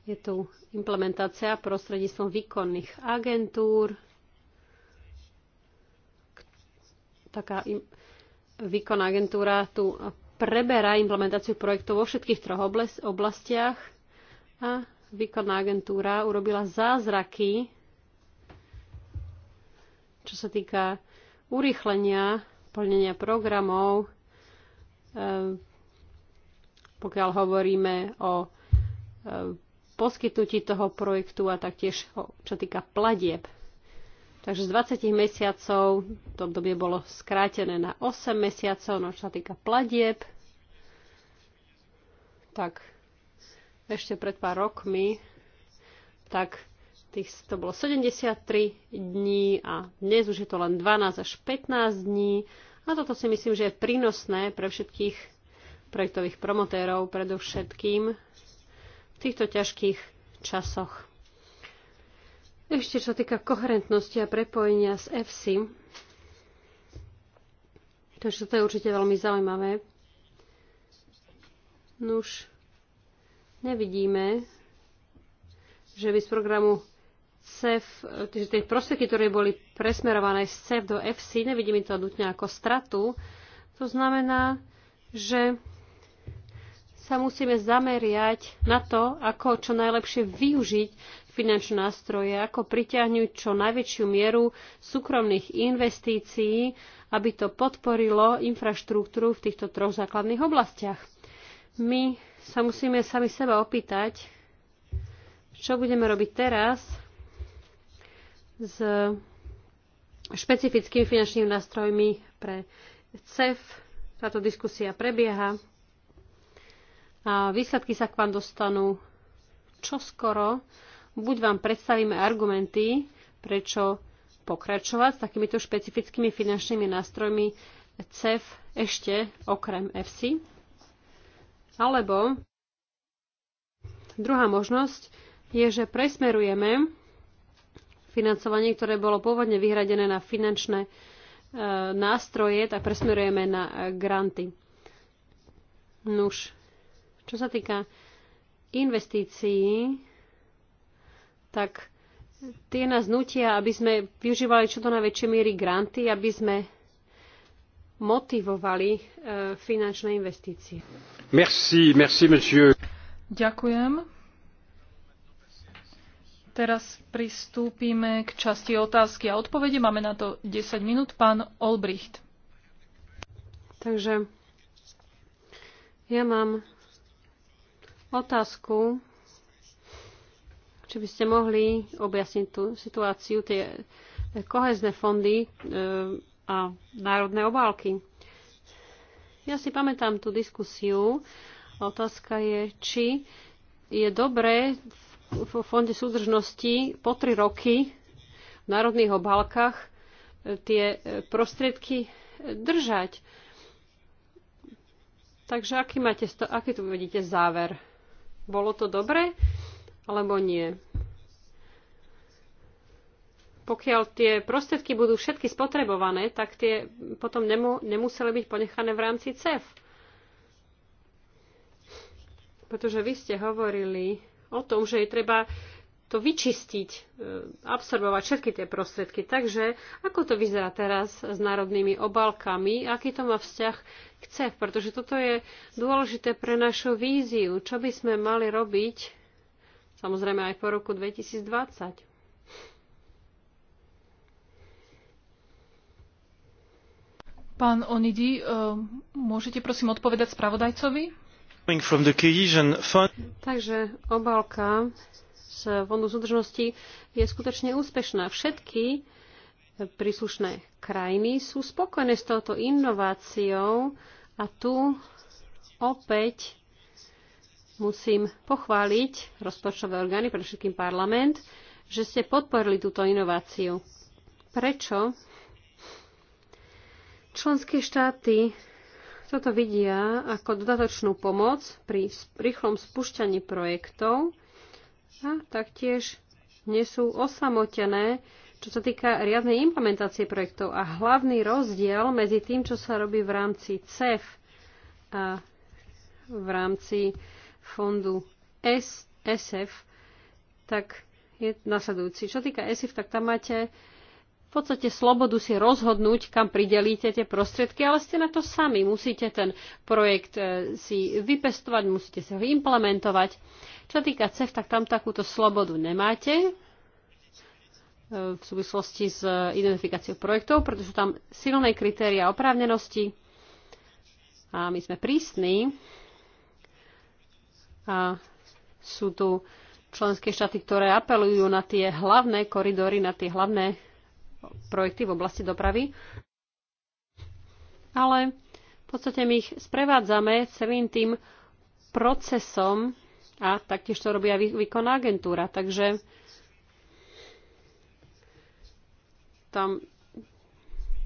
je tu implementácia prostredníctvom výkonných agentúr. Taká im, výkonná agentúra tu preberá implementáciu projektov vo všetkých troch oblastiach a výkonná agentúra urobila zázraky čo sa týka urýchlenia plnenia programov, e, pokiaľ hovoríme o e, poskytnutí toho projektu a taktiež čo týka pladieb. Takže z 20 mesiacov to obdobie bolo skrátené na 8 mesiacov, no čo sa týka pladieb, tak ešte pred pár rokmi, tak tých, to bolo 73 dní a dnes už je to len 12 až 15 dní. A toto si myslím, že je prínosné pre všetkých projektových promotérov, predovšetkým v týchto ťažkých časoch. Ešte čo týka koherentnosti a prepojenia s EFSI, takže toto je určite veľmi zaujímavé. Nuž, no nevidíme, že by z programu CEF, čiže tie prostriedky, ktoré boli presmerované z CEF do FC, nevidíme to nutne ako stratu. To znamená, že sa musíme zameriať na to, ako čo najlepšie využiť finančné nástroje, ako priťahnuť čo najväčšiu mieru súkromných investícií, aby to podporilo infraštruktúru v týchto troch základných oblastiach. My sa musíme sami seba opýtať, čo budeme robiť teraz, s špecifickými finančnými nástrojmi pre CEF. Táto diskusia prebieha a výsledky sa k vám dostanú čoskoro. Buď vám predstavíme argumenty, prečo pokračovať s takýmito špecifickými finančnými nástrojmi CEF ešte okrem FC, alebo druhá možnosť je, že presmerujeme financovanie, ktoré bolo pôvodne vyhradené na finančné e, nástroje, tak presmerujeme na e, granty. Nuž, čo sa týka investícií, tak tie nás nutia, aby sme využívali čo to na väčšej miery granty, aby sme motivovali e, finančné investície. Merci, merci, monsieur. Ďakujem. Teraz pristúpime k časti otázky a odpovede. Máme na to 10 minút. Pán Olbricht. Takže ja mám otázku, či by ste mohli objasniť tú situáciu, tie kohezné fondy e, a národné obálky. Ja si pamätám tú diskusiu. Otázka je, či je dobré v v Fonde súdržnosti po tri roky v národných obálkach e, tie e, prostriedky e, držať. Takže aký, máte, aký tu vidíte záver? Bolo to dobre alebo nie? Pokiaľ tie prostriedky budú všetky spotrebované, tak tie potom nemu, nemuseli byť ponechané v rámci CEF. Pretože vy ste hovorili o tom, že je treba to vyčistiť, e, absorbovať všetky tie prostriedky. Takže ako to vyzerá teraz s národnými obálkami, aký to má vzťah k CEF, pretože toto je dôležité pre našu víziu, čo by sme mali robiť, samozrejme aj po roku 2020. Pán Onidi, e, môžete prosím odpovedať spravodajcovi? Takže obálka z fondu súdržnosti je skutočne úspešná. Všetky príslušné krajiny sú spokojné s touto inováciou a tu opäť musím pochváliť rozpočtové orgány, pre všetkým parlament, že ste podporili túto inováciu. Prečo? Členské štáty toto vidia ako dodatočnú pomoc pri rýchlom spúšťaní projektov a taktiež nie sú osamotené, čo sa týka riadnej implementácie projektov. A hlavný rozdiel medzi tým, čo sa robí v rámci CEF a v rámci fondu SF, e tak je nasledujúci. Čo týka SF, e tak tam máte v podstate slobodu si rozhodnúť, kam pridelíte tie prostriedky, ale ste na to sami. Musíte ten projekt e, si vypestovať, musíte si ho implementovať. Čo týka CEF, tak tam takúto slobodu nemáte e, v súvislosti s e, identifikáciou projektov, pretože sú tam silné kritéria oprávnenosti a my sme prísni a sú tu členské štáty, ktoré apelujú na tie hlavné koridory, na tie hlavné projekty v oblasti dopravy. Ale v podstate my ich sprevádzame celým tým procesom a taktiež to robí aj výkonná agentúra. Takže tam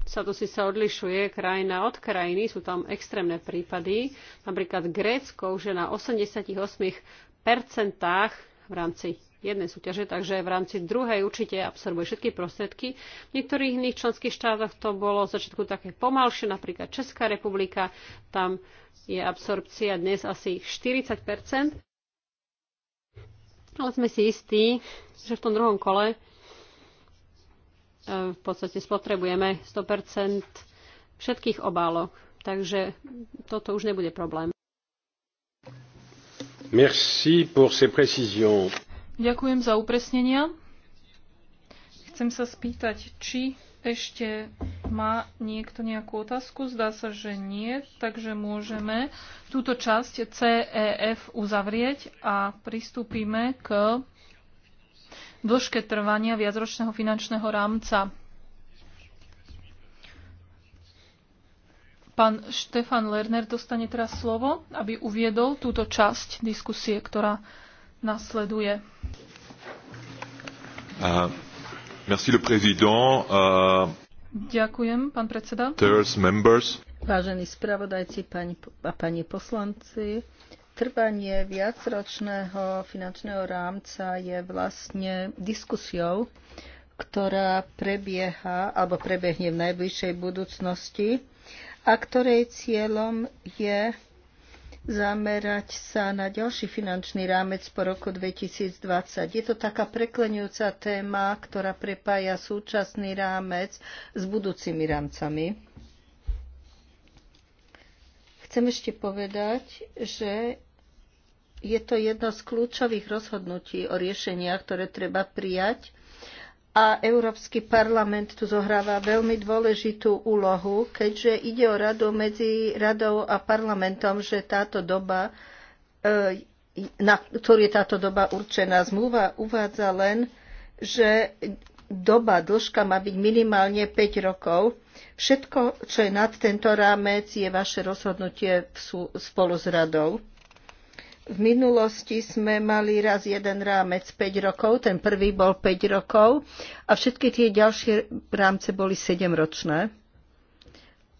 sa to sa odlišuje krajina od krajiny, sú tam extrémne prípady. Napríklad Grécko, je na 88% v rámci jednej súťaže, takže v rámci druhej určite absorbuje všetky prostriedky. V niektorých iných členských štátoch to bolo v začiatku také pomalšie, napríklad Česká republika, tam je absorpcia dnes asi 40 ale sme si istí, že v tom druhom kole e, v podstate spotrebujeme 100 všetkých obálok. Takže toto už nebude problém. Merci pour ces précisions. Ďakujem za upresnenia. Chcem sa spýtať, či ešte má niekto nejakú otázku? Zdá sa, že nie, takže môžeme túto časť CEF uzavrieť a pristúpime k dĺžke trvania viacročného finančného rámca. Pán Štefan Lerner dostane teraz slovo, aby uviedol túto časť diskusie, ktorá nasleduje. Uh, merci le président. Uh, Ďakujem, pán predseda. Members. Vážení spravodajci pani, a pani poslanci, trvanie viacročného finančného rámca je vlastne diskusiou, ktorá prebieha alebo prebehne v najbližšej budúcnosti a ktorej cieľom je zamerať sa na ďalší finančný rámec po roku 2020. Je to taká preklenujúca téma, ktorá prepája súčasný rámec s budúcimi rámcami. Chcem ešte povedať, že je to jedno z kľúčových rozhodnutí o riešeniach, ktoré treba prijať a Európsky parlament tu zohráva veľmi dôležitú úlohu, keďže ide o radu medzi radou a parlamentom, že táto doba, e, na ktorú je táto doba určená zmluva, uvádza len, že doba dĺžka má byť minimálne 5 rokov. Všetko, čo je nad tento rámec, je vaše rozhodnutie spolu s radou. V minulosti sme mali raz jeden rámec 5 rokov, ten prvý bol 5 rokov a všetky tie ďalšie rámce boli 7 ročné.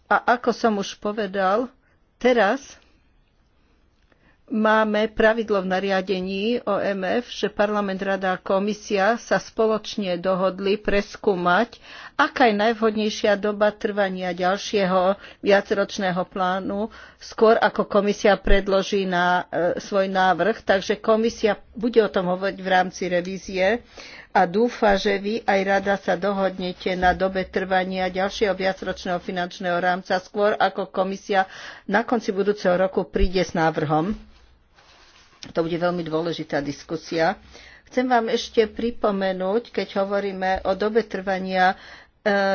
A ako som už povedal, teraz máme pravidlo v nariadení OMF, že parlament, rada a komisia sa spoločne dohodli preskúmať, aká je najvhodnejšia doba trvania ďalšieho viacročného plánu, skôr ako komisia predloží na e, svoj návrh. Takže komisia bude o tom hovoriť v rámci revízie a dúfa, že vy aj rada sa dohodnete na dobe trvania ďalšieho viacročného finančného rámca skôr, ako komisia na konci budúceho roku príde s návrhom. To bude veľmi dôležitá diskusia. Chcem vám ešte pripomenúť, keď hovoríme o dobe trvania e,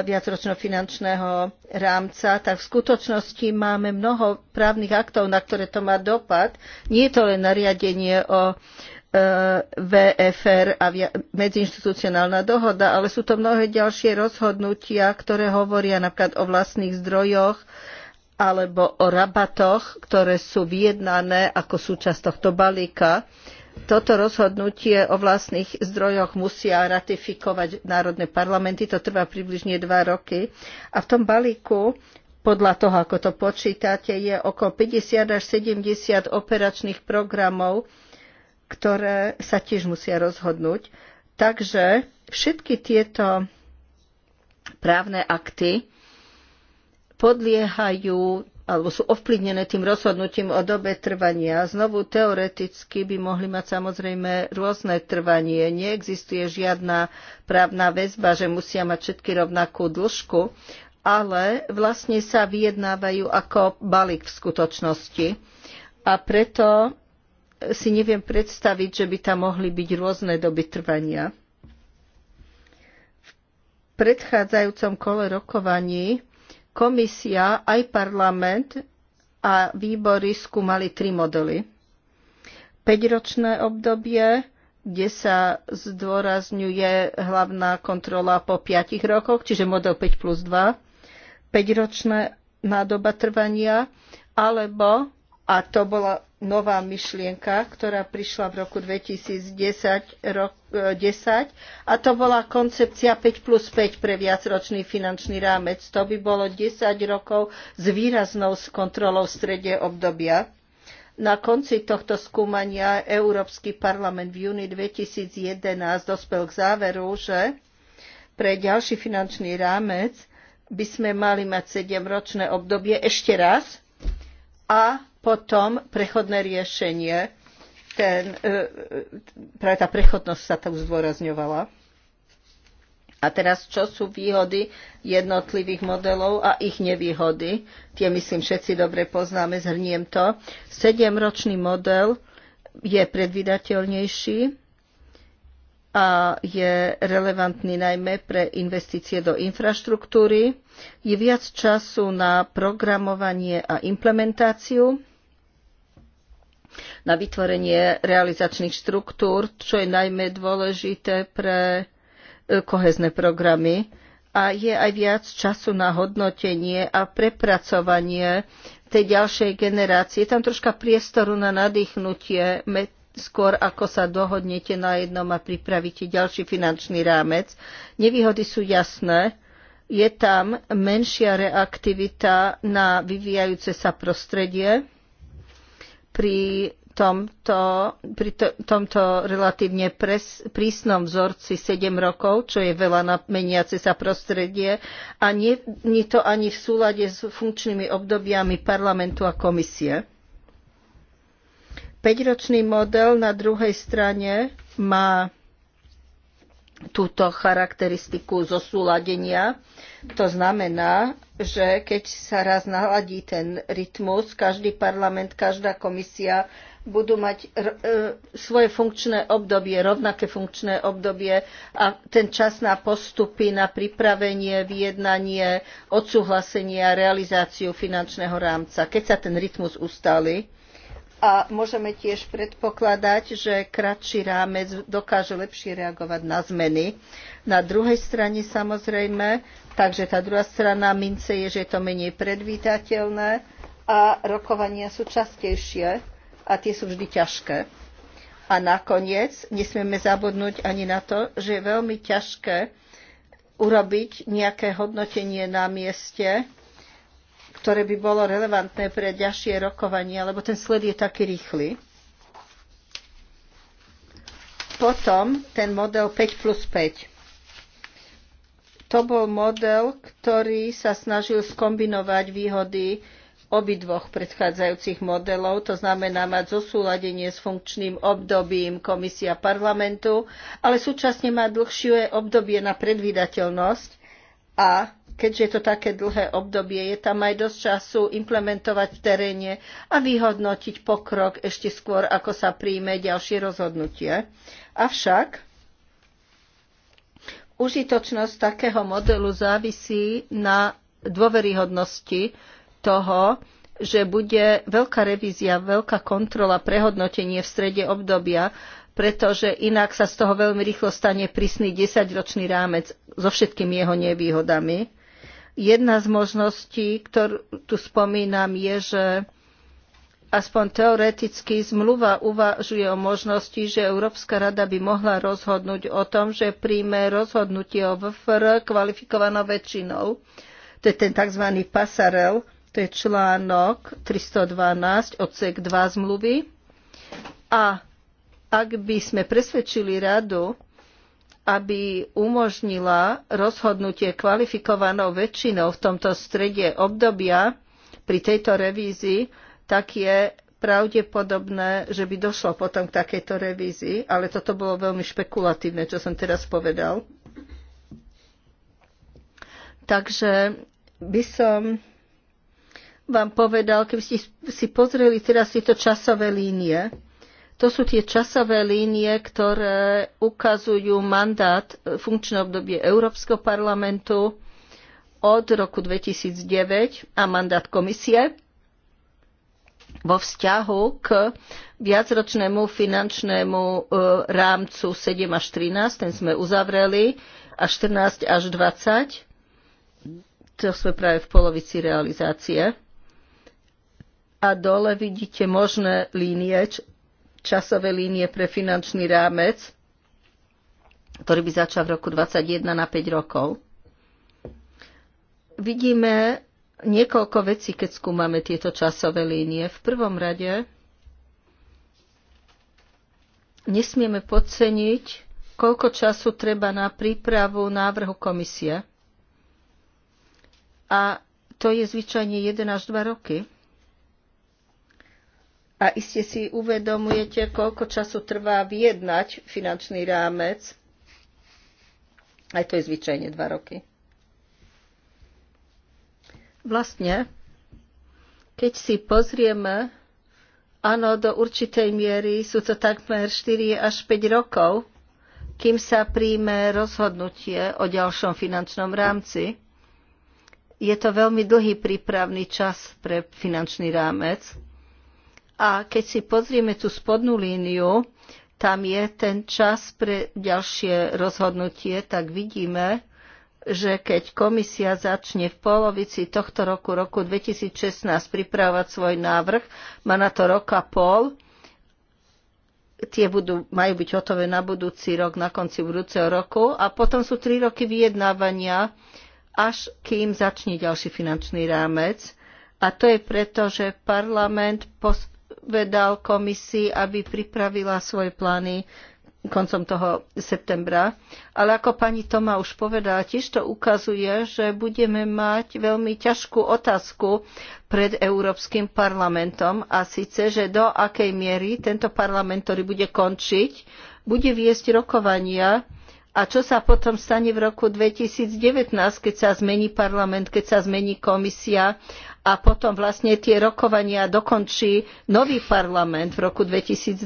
viacročno finančného rámca, tak v skutočnosti máme mnoho právnych aktov, na ktoré to má dopad. Nie je to len nariadenie o e, VFR a medziinstitucionálna dohoda, ale sú to mnohé ďalšie rozhodnutia, ktoré hovoria napríklad o vlastných zdrojoch, alebo o rabatoch, ktoré sú vyjednané ako súčasť tohto balíka. Toto rozhodnutie o vlastných zdrojoch musia ratifikovať národné parlamenty, to trvá približne dva roky. A v tom balíku podľa toho, ako to počítate, je okolo 50 až 70 operačných programov, ktoré sa tiež musia rozhodnúť. Takže všetky tieto právne akty podliehajú alebo sú ovplyvnené tým rozhodnutím o dobe trvania. Znovu teoreticky by mohli mať samozrejme rôzne trvanie. Neexistuje žiadna právna väzba, že musia mať všetky rovnakú dĺžku, ale vlastne sa vyjednávajú ako balík v skutočnosti. A preto si neviem predstaviť, že by tam mohli byť rôzne doby trvania. V predchádzajúcom kole rokovaní Komisia, aj parlament a výbory skúmali tri modely. 5-ročné obdobie, kde sa zdôrazňuje hlavná kontrola po 5 rokoch, čiže model 5 plus 2, 5-ročná nádoba trvania, alebo, a to bola nová myšlienka, ktorá prišla v roku 2010 rok, 10, e, a to bola koncepcia 5 plus 5 pre viacročný finančný rámec. To by bolo 10 rokov s výraznou kontrolou v strede obdobia. Na konci tohto skúmania Európsky parlament v júni 2011 dospel k záveru, že pre ďalší finančný rámec by sme mali mať 7-ročné obdobie ešte raz a potom prechodné riešenie. Ten, e, e, práve tá prechodnosť sa tak zdôrazňovala. A teraz, čo sú výhody jednotlivých modelov a ich nevýhody? Tie, myslím, všetci dobre poznáme, zhrniem to. Sedemročný model je predvydateľnejší, a je relevantný najmä pre investície do infraštruktúry. Je viac času na programovanie a implementáciu, na vytvorenie realizačných štruktúr, čo je najmä dôležité pre e, kohezné programy. A je aj viac času na hodnotenie a prepracovanie tej ďalšej generácie. Je tam troška priestoru na nadýchnutie skôr ako sa dohodnete na jednom a pripravíte ďalší finančný rámec. Nevýhody sú jasné. Je tam menšia reaktivita na vyvíjajúce sa prostredie pri tomto, pri to, tomto relatívne pres, prísnom vzorci 7 rokov, čo je veľa na meniace sa prostredie a nie nie to ani v súlade s funkčnými obdobiami parlamentu a komisie. Päťročný model na druhej strane má túto charakteristiku zosúladenia. To znamená, že keď sa raz naladí ten rytmus, každý parlament, každá komisia budú mať e, e, svoje funkčné obdobie, rovnaké funkčné obdobie a ten čas na postupy, na pripravenie, vyjednanie, odsúhlasenie a realizáciu finančného rámca, keď sa ten rytmus ustáli a môžeme tiež predpokladať, že kratší rámec dokáže lepšie reagovať na zmeny. Na druhej strane samozrejme, takže tá druhá strana mince je, že je to menej predvídateľné a rokovania sú častejšie a tie sú vždy ťažké. A nakoniec nesmieme zabudnúť ani na to, že je veľmi ťažké urobiť nejaké hodnotenie na mieste, ktoré by bolo relevantné pre ďalšie rokovanie, lebo ten sled je taký rýchly. Potom ten model 5 plus 5. To bol model, ktorý sa snažil skombinovať výhody obidvoch predchádzajúcich modelov, to znamená mať zosúladenie s funkčným obdobím komisia parlamentu, ale súčasne má dlhšie obdobie na predvydateľnosť a keďže je to také dlhé obdobie, je tam aj dosť času implementovať v teréne a vyhodnotiť pokrok ešte skôr, ako sa príjme ďalšie rozhodnutie. Avšak užitočnosť takého modelu závisí na dôveryhodnosti toho, že bude veľká revízia, veľká kontrola, prehodnotenie v strede obdobia, pretože inak sa z toho veľmi rýchlo stane prísny desaťročný rámec so všetkými jeho nevýhodami Jedna z možností, ktorú tu spomínam, je, že aspoň teoreticky zmluva uvažuje o možnosti, že Európska rada by mohla rozhodnúť o tom, že príjme rozhodnutie o VFR kvalifikovanou väčšinou. To je ten tzv. pasarel, to je článok 312 odsek 2 zmluvy. A ak by sme presvedčili radu, aby umožnila rozhodnutie kvalifikovanou väčšinou v tomto strede obdobia pri tejto revízii, tak je pravdepodobné, že by došlo potom k takejto revízii, ale toto bolo veľmi špekulatívne, čo som teraz povedal. Takže by som vám povedal, keby ste si pozreli teraz tieto časové línie, to sú tie časové línie, ktoré ukazujú mandát e, funkčné obdobie Európskeho parlamentu od roku 2009 a mandát komisie vo vzťahu k viacročnému finančnému e, rámcu 7 až 13, ten sme uzavreli, a 14 až 20, to sme práve v polovici realizácie. A dole vidíte možné línie, časové línie pre finančný rámec, ktorý by začal v roku 2021 na 5 rokov. Vidíme niekoľko vecí, keď skúmame tieto časové línie. V prvom rade nesmieme podceniť, koľko času treba na prípravu návrhu komisie. A to je zvyčajne 1 až 2 roky. A iste si uvedomujete, koľko času trvá vyjednať finančný rámec. Aj to je zvyčajne dva roky. Vlastne, keď si pozrieme, áno, do určitej miery sú to takmer 4 až 5 rokov, kým sa príjme rozhodnutie o ďalšom finančnom rámci. Je to veľmi dlhý prípravný čas pre finančný rámec a keď si pozrieme tú spodnú líniu, tam je ten čas pre ďalšie rozhodnutie, tak vidíme, že keď komisia začne v polovici tohto roku, roku 2016, pripravovať svoj návrh, má na to rok a pol, tie budú, majú byť hotové na budúci rok, na konci budúceho roku a potom sú tri roky vyjednávania, až kým začne ďalší finančný rámec. A to je preto, že parlament pos- povedal komisii, aby pripravila svoje plány koncom toho septembra. Ale ako pani Toma už povedala, tiež to ukazuje, že budeme mať veľmi ťažkú otázku pred Európskym parlamentom a síce, že do akej miery tento parlament, ktorý bude končiť, bude viesť rokovania a čo sa potom stane v roku 2019, keď sa zmení parlament, keď sa zmení komisia a potom vlastne tie rokovania dokončí nový parlament v roku 2020,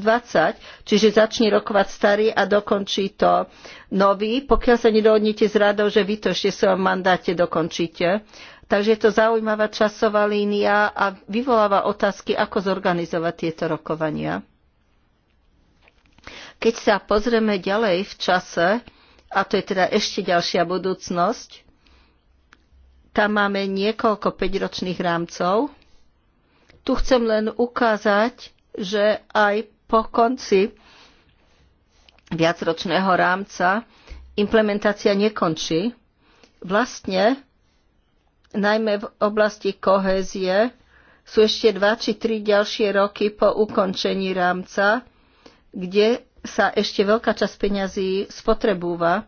čiže začne rokovať starý a dokončí to nový, pokiaľ sa nedohodnete s radou, že vy to ešte v svojom mandáte dokončíte. Takže je to zaujímavá časová línia a vyvoláva otázky, ako zorganizovať tieto rokovania. Keď sa pozrieme ďalej v čase, a to je teda ešte ďalšia budúcnosť. Tam máme niekoľko 5-ročných rámcov. Tu chcem len ukázať, že aj po konci viacročného rámca implementácia nekončí. Vlastne, najmä v oblasti kohézie, sú ešte dva či tri ďalšie roky po ukončení rámca, kde sa ešte veľká časť peňazí spotrebúva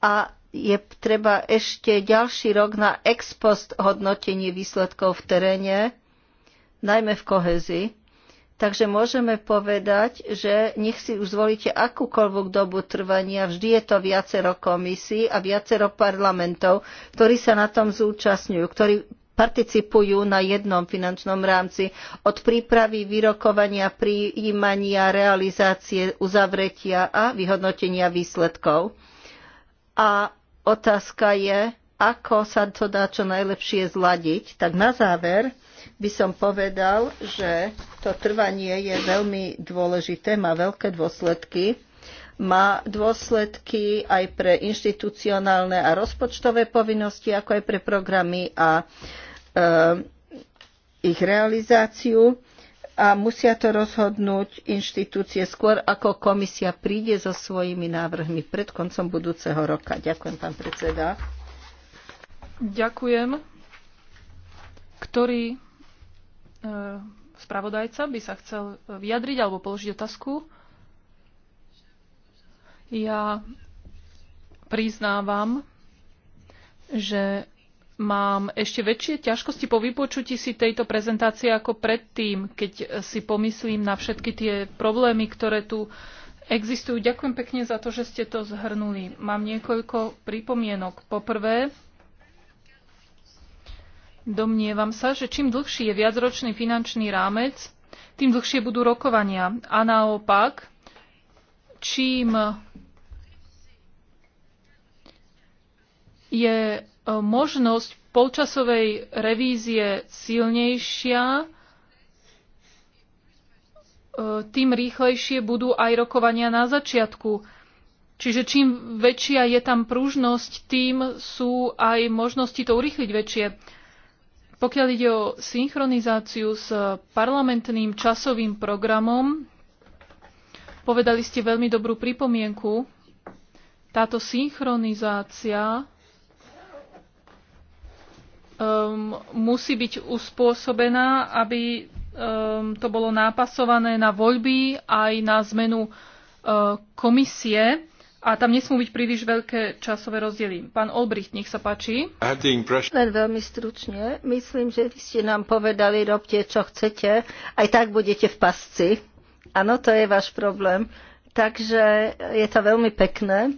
a je treba ešte ďalší rok na ex post hodnotenie výsledkov v teréne, najmä v kohezii. Takže môžeme povedať, že nech si už zvolíte akúkoľvek dobu trvania, vždy je to viacero komisí a viacero parlamentov, ktorí sa na tom zúčastňujú, ktorí participujú na jednom finančnom rámci od prípravy, vyrokovania, prijímania, realizácie, uzavretia a vyhodnotenia výsledkov. A otázka je, ako sa to dá čo najlepšie zladiť. Tak na záver by som povedal, že to trvanie je veľmi dôležité, má veľké dôsledky. Má dôsledky aj pre inštitucionálne a rozpočtové povinnosti, ako aj pre programy a Eh, ich realizáciu a musia to rozhodnúť inštitúcie skôr, ako komisia príde so svojimi návrhmi pred koncom budúceho roka. Ďakujem, pán predseda. Ďakujem. Ktorý e, spravodajca by sa chcel vyjadriť alebo položiť otázku? Ja priznávam, že mám ešte väčšie ťažkosti po vypočutí si tejto prezentácie ako predtým, keď si pomyslím na všetky tie problémy, ktoré tu existujú. Ďakujem pekne za to, že ste to zhrnuli. Mám niekoľko pripomienok. Poprvé, domnievam sa, že čím dlhší je viacročný finančný rámec, tým dlhšie budú rokovania. A naopak, čím je E, možnosť polčasovej revízie silnejšia, e, tým rýchlejšie budú aj rokovania na začiatku. Čiže čím väčšia je tam pružnosť, tým sú aj možnosti to urýchliť väčšie. Pokiaľ ide o synchronizáciu s parlamentným časovým programom, povedali ste veľmi dobrú pripomienku. Táto synchronizácia um, musí byť uspôsobená, aby um, to bolo nápasované na voľby aj na zmenu uh, komisie a tam nesmú byť príliš veľké časové rozdiely. Pán Olbricht, nech sa páči. Len veľmi stručne. Myslím, že vy ste nám povedali, robte čo chcete, aj tak budete v pasci. Áno, to je váš problém. Takže je to veľmi pekné,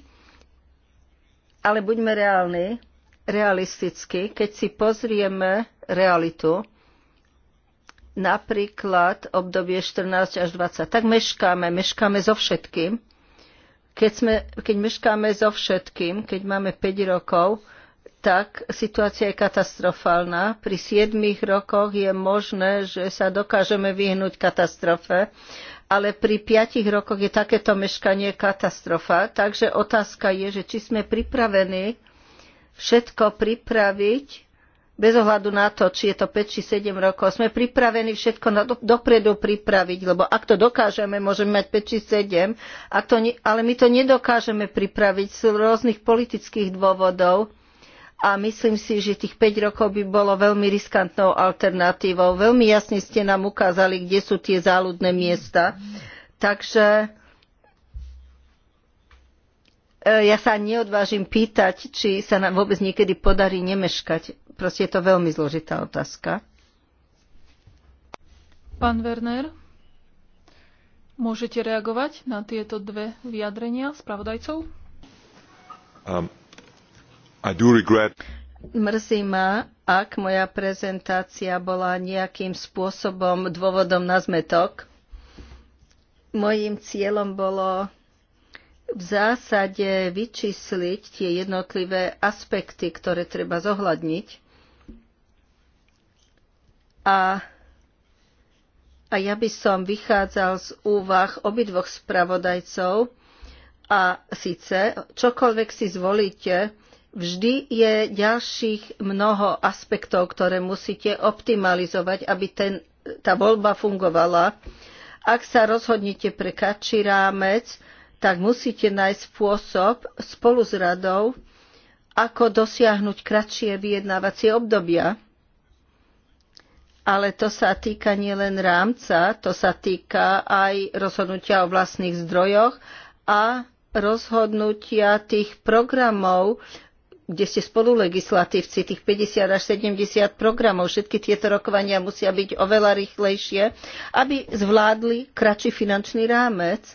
ale buďme reálni realisticky, keď si pozrieme realitu, napríklad obdobie 14 až 20, tak meškáme, meškáme so všetkým. Keď, sme, keď meškáme so všetkým, keď máme 5 rokov, tak situácia je katastrofálna. Pri 7 rokoch je možné, že sa dokážeme vyhnúť katastrofe, ale pri 5 rokoch je takéto meškanie katastrofa. Takže otázka je, že či sme pripravení všetko pripraviť, bez ohľadu na to, či je to 5 či 7 rokov, sme pripravení všetko na do, dopredu pripraviť, lebo ak to dokážeme, môžeme mať 5 či 7, ak to ne, ale my to nedokážeme pripraviť z rôznych politických dôvodov a myslím si, že tých 5 rokov by bolo veľmi riskantnou alternatívou. Veľmi jasne ste nám ukázali, kde sú tie záľudné miesta. Takže E, ja sa neodvážim pýtať, či sa nám vôbec niekedy podarí nemeškať. Proste je to veľmi zložitá otázka. Pán Werner, môžete reagovať na tieto dve vyjadrenia spravodajcov? Um, I do regret. Mrzí ma, ak moja prezentácia bola nejakým spôsobom dôvodom na zmetok. Mojím cieľom bolo v zásade vyčísliť tie jednotlivé aspekty, ktoré treba zohľadniť. A, a ja by som vychádzal z úvah obidvoch spravodajcov a síce čokoľvek si zvolíte, vždy je ďalších mnoho aspektov, ktoré musíte optimalizovať, aby ten, tá voľba fungovala. Ak sa rozhodnete pre kačí rámec, tak musíte nájsť spôsob spolu s radou, ako dosiahnuť kratšie vyjednávacie obdobia. Ale to sa týka nielen rámca, to sa týka aj rozhodnutia o vlastných zdrojoch a rozhodnutia tých programov, kde ste spolu legislatívci, tých 50 až 70 programov, všetky tieto rokovania musia byť oveľa rýchlejšie, aby zvládli kratší finančný rámec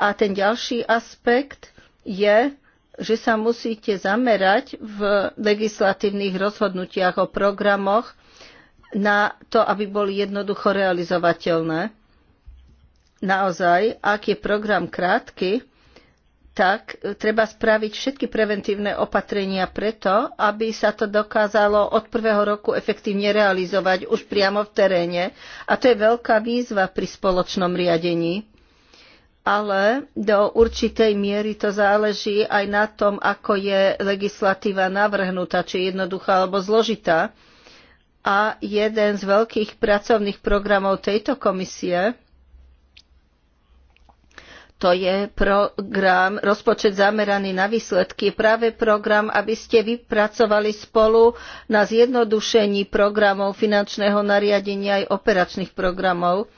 a ten ďalší aspekt je, že sa musíte zamerať v legislatívnych rozhodnutiach o programoch na to, aby boli jednoducho realizovateľné. Naozaj, ak je program krátky, tak treba spraviť všetky preventívne opatrenia preto, aby sa to dokázalo od prvého roku efektívne realizovať už priamo v teréne. A to je veľká výzva pri spoločnom riadení ale do určitej miery to záleží aj na tom, ako je legislatíva navrhnutá, či jednoduchá alebo zložitá. A jeden z veľkých pracovných programov tejto komisie to je program rozpočet zameraný na výsledky, práve program, aby ste vypracovali spolu na zjednodušení programov finančného nariadenia aj operačných programov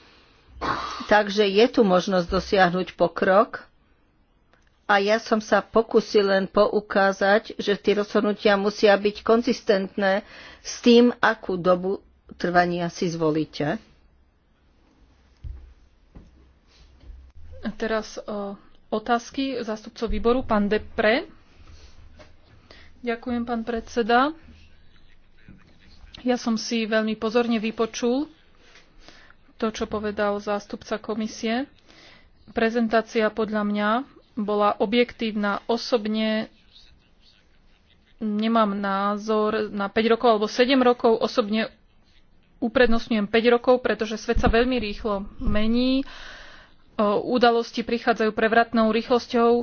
Takže je tu možnosť dosiahnuť pokrok. A ja som sa pokusil len poukázať, že tie rozhodnutia musia byť konzistentné s tým, akú dobu trvania si zvolíte. A teraz o, otázky zástupcov výboru, pán Depre. Ďakujem, pán predseda. Ja som si veľmi pozorne vypočul to, čo povedal zástupca komisie. Prezentácia podľa mňa bola objektívna. Osobne nemám názor na 5 rokov alebo 7 rokov. Osobne uprednostňujem 5 rokov, pretože svet sa veľmi rýchlo mení. E, udalosti prichádzajú prevratnou rýchlosťou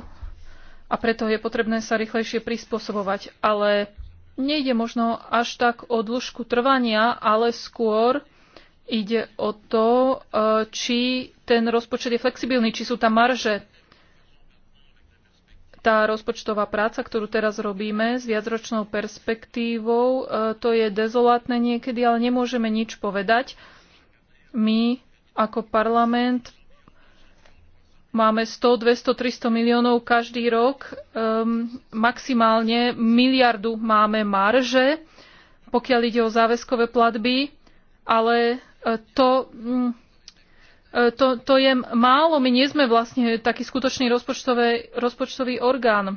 a preto je potrebné sa rýchlejšie prispôsobovať. Ale nejde možno až tak o dĺžku trvania, ale skôr Ide o to, eh, či ten rozpočet je flexibilný, či sú tam marže. Tá rozpočtová práca, ktorú teraz robíme s viacročnou perspektívou, eh, to je dezolátne niekedy, ale nemôžeme nič povedať. My ako parlament máme 100, 200, 300 miliónov každý rok, um, maximálne miliardu máme marže, pokiaľ ide o záväzkové platby, ale E, to, mm, e, to, to je málo. My nie sme vlastne taký skutočný rozpočtový, orgán.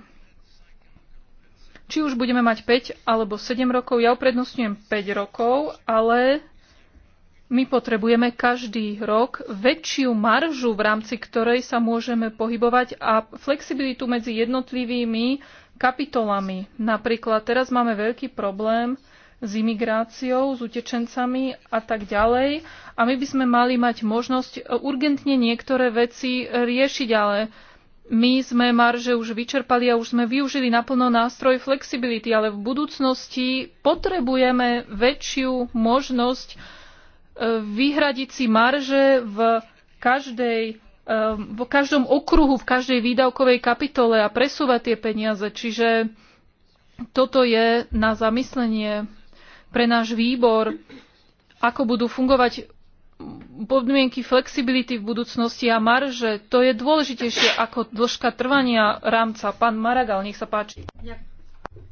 Či už budeme mať 5 alebo 7 rokov, ja uprednostňujem 5 rokov, ale my potrebujeme každý rok väčšiu maržu, v rámci ktorej sa môžeme pohybovať a flexibilitu medzi jednotlivými kapitolami. Napríklad teraz máme veľký problém, s imigráciou, s utečencami a tak ďalej. A my by sme mali mať možnosť urgentne niektoré veci riešiť, ale my sme marže už vyčerpali a už sme využili naplno nástroj flexibility, ale v budúcnosti potrebujeme väčšiu možnosť e, vyhradiť si marže v každej e, v každom okruhu, v každej výdavkovej kapitole a presúvať tie peniaze. Čiže toto je na zamyslenie pre náš výbor, ako budú fungovať podmienky flexibility v budúcnosti a marže, to je dôležitejšie ako dĺžka trvania rámca. Pán Maragal, nech sa páči.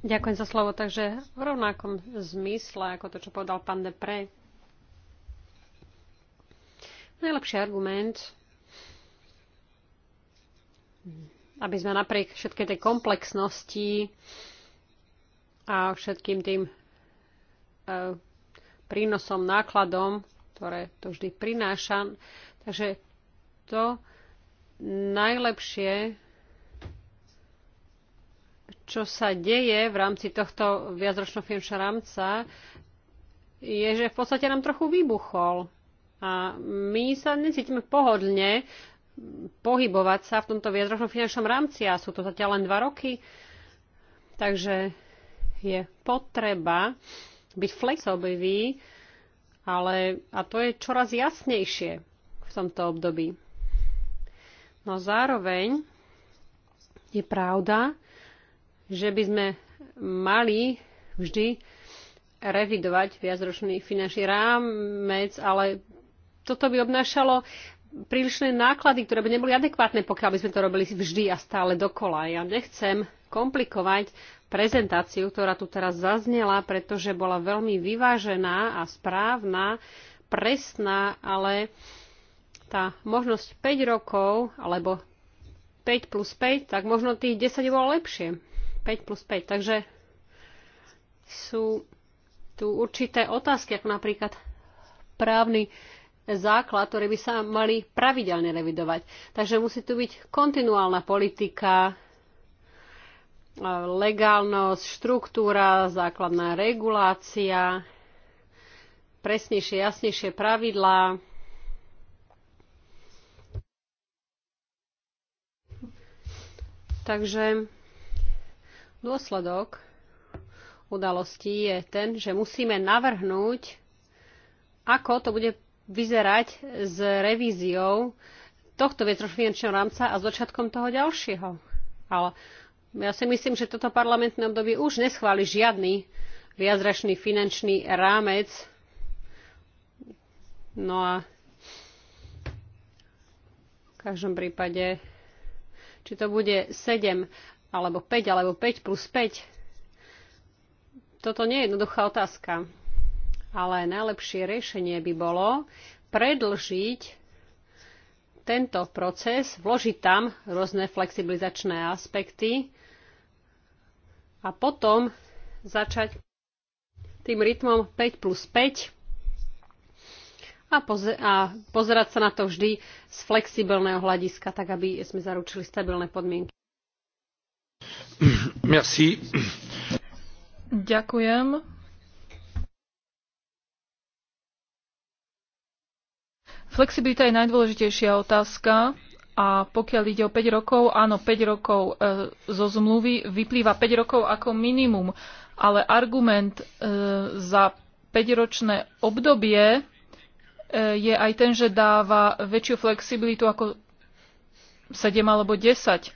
Ďakujem za slovo. Takže v rovnakom zmysle, ako to, čo povedal pán Depre, najlepší argument, aby sme napriek všetkej tej komplexnosti a všetkým tým E, prínosom, nákladom, ktoré to vždy prináša. Takže to najlepšie, čo sa deje v rámci tohto viacročného finančného rámca, je, že v podstate nám trochu vybuchol. A my sa necítime pohodlne pohybovať sa v tomto viacročnom finančnom rámci a sú to zatiaľ len dva roky. Takže je potreba byť flexibilní, ale a to je čoraz jasnejšie v tomto období. No zároveň je pravda, že by sme mali vždy revidovať viacročný finančný rámec, ale toto by obnášalo prílišné náklady, ktoré by neboli adekvátne, pokiaľ by sme to robili vždy a stále dokola. Ja nechcem komplikovať prezentáciu, ktorá tu teraz zaznela, pretože bola veľmi vyvážená a správna, presná, ale tá možnosť 5 rokov, alebo 5 plus 5, tak možno tých 10 bolo lepšie. 5 plus 5. Takže sú tu určité otázky, ako napríklad právny základ, ktorý by sa mali pravidelne revidovať. Takže musí tu byť kontinuálna politika legálnosť, štruktúra, základná regulácia, presnejšie, jasnejšie pravidlá. Takže dôsledok udalostí je ten, že musíme navrhnúť, ako to bude vyzerať s revíziou tohto vietrofinančného rámca a s začiatkom toho ďalšieho. Ale ja si myslím, že toto parlamentné obdobie už neschváli žiadny viacračný finančný rámec. No a v každom prípade, či to bude 7 alebo 5 alebo 5 plus 5, toto nie je jednoduchá otázka. Ale najlepšie riešenie by bolo predlžiť tento proces, vložiť tam rôzne flexibilizačné aspekty, a potom začať tým rytmom 5 plus 5 a, poze- a pozerať sa na to vždy z flexibilného hľadiska, tak aby sme zaručili stabilné podmienky. Merci. Ďakujem. Flexibilita je najdôležitejšia otázka a pokiaľ ide o 5 rokov, áno, 5 rokov e, zo zmluvy vyplýva 5 rokov ako minimum, ale argument e, za 5-ročné obdobie e, je aj ten, že dáva väčšiu flexibilitu ako 7 alebo 10.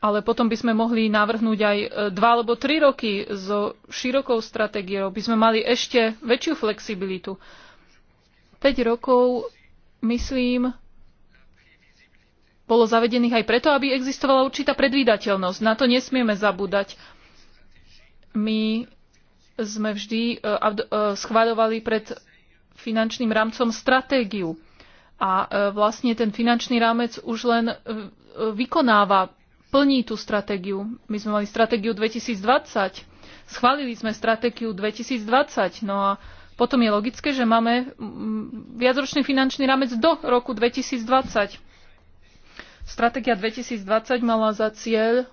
Ale potom by sme mohli navrhnúť aj 2 e, alebo 3 roky so širokou stratégiou. By sme mali ešte väčšiu flexibilitu. 5 rokov myslím, bolo zavedených aj preto, aby existovala určitá predvídateľnosť. Na to nesmieme zabúdať. My sme vždy e, e, schváľovali pred finančným rámcom stratégiu. A e, vlastne ten finančný rámec už len vykonáva, plní tú stratégiu. My sme mali stratégiu 2020, schválili sme stratégiu 2020, no a potom je logické, že máme viacročný finančný ramec do roku 2020. Stratégia 2020 mala za cieľ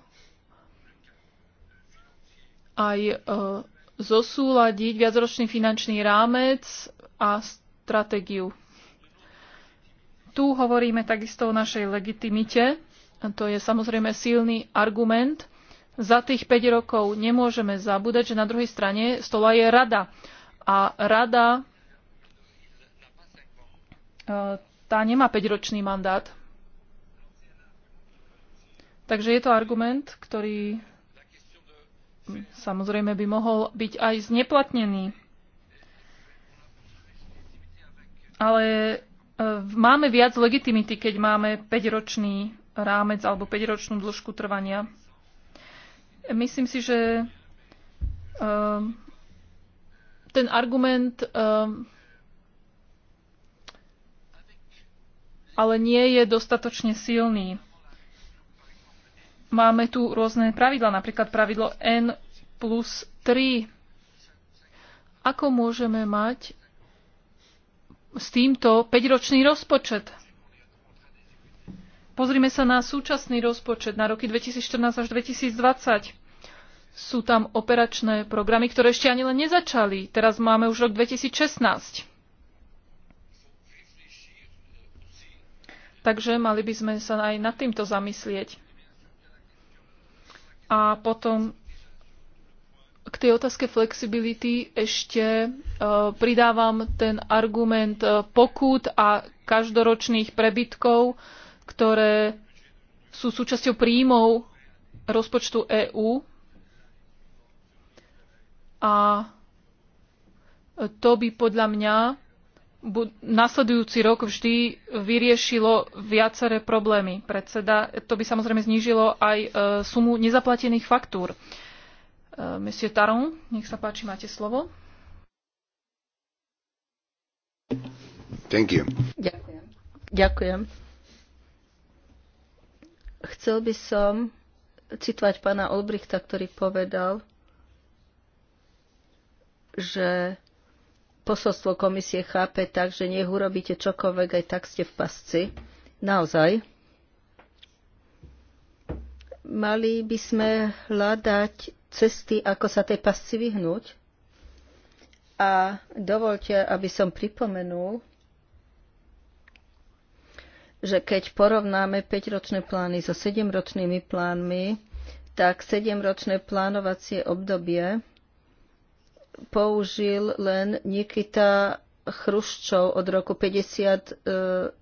aj e, zosúladiť viacročný finančný rámec a stratégiu. Tu hovoríme takisto o našej legitimite. To je samozrejme silný argument. Za tých 5 rokov nemôžeme zabúdať, že na druhej strane stola je rada a rada e, tá nemá 5-ročný mandát. Takže je to argument, ktorý samozrejme by mohol byť aj zneplatnený. Ale e, máme viac legitimity, keď máme 5-ročný rámec alebo 5-ročnú dĺžku trvania. Myslím si, že e, ten argument um, ale nie je dostatočne silný. Máme tu rôzne pravidla, napríklad pravidlo N plus 3. Ako môžeme mať s týmto 5-ročný rozpočet? Pozrime sa na súčasný rozpočet na roky 2014 až 2020 sú tam operačné programy, ktoré ešte ani len nezačali. Teraz máme už rok 2016. Takže mali by sme sa aj nad týmto zamyslieť. A potom k tej otázke flexibility ešte e, pridávam ten argument e, pokút a každoročných prebytkov, ktoré sú súčasťou príjmov rozpočtu EÚ a to by podľa mňa nasledujúci rok vždy vyriešilo viaceré problémy. Predseda, to by samozrejme znížilo aj e, sumu nezaplatených faktúr. E, Monsieur Taron, nech sa páči, máte slovo. Thank you. Ďakujem. Ďakujem. Chcel by som citovať pána Olbrichta, ktorý povedal, že posolstvo komisie chápe tak, že nech urobíte čokoľvek, aj tak ste v pasci. Naozaj. Mali by sme hľadať cesty, ako sa tej pasci vyhnúť. A dovolte, aby som pripomenul, že keď porovnáme 5-ročné plány so 7-ročnými plánmi, tak 7-ročné plánovacie obdobie použil len Nikita Chruščov od roku 59 eh,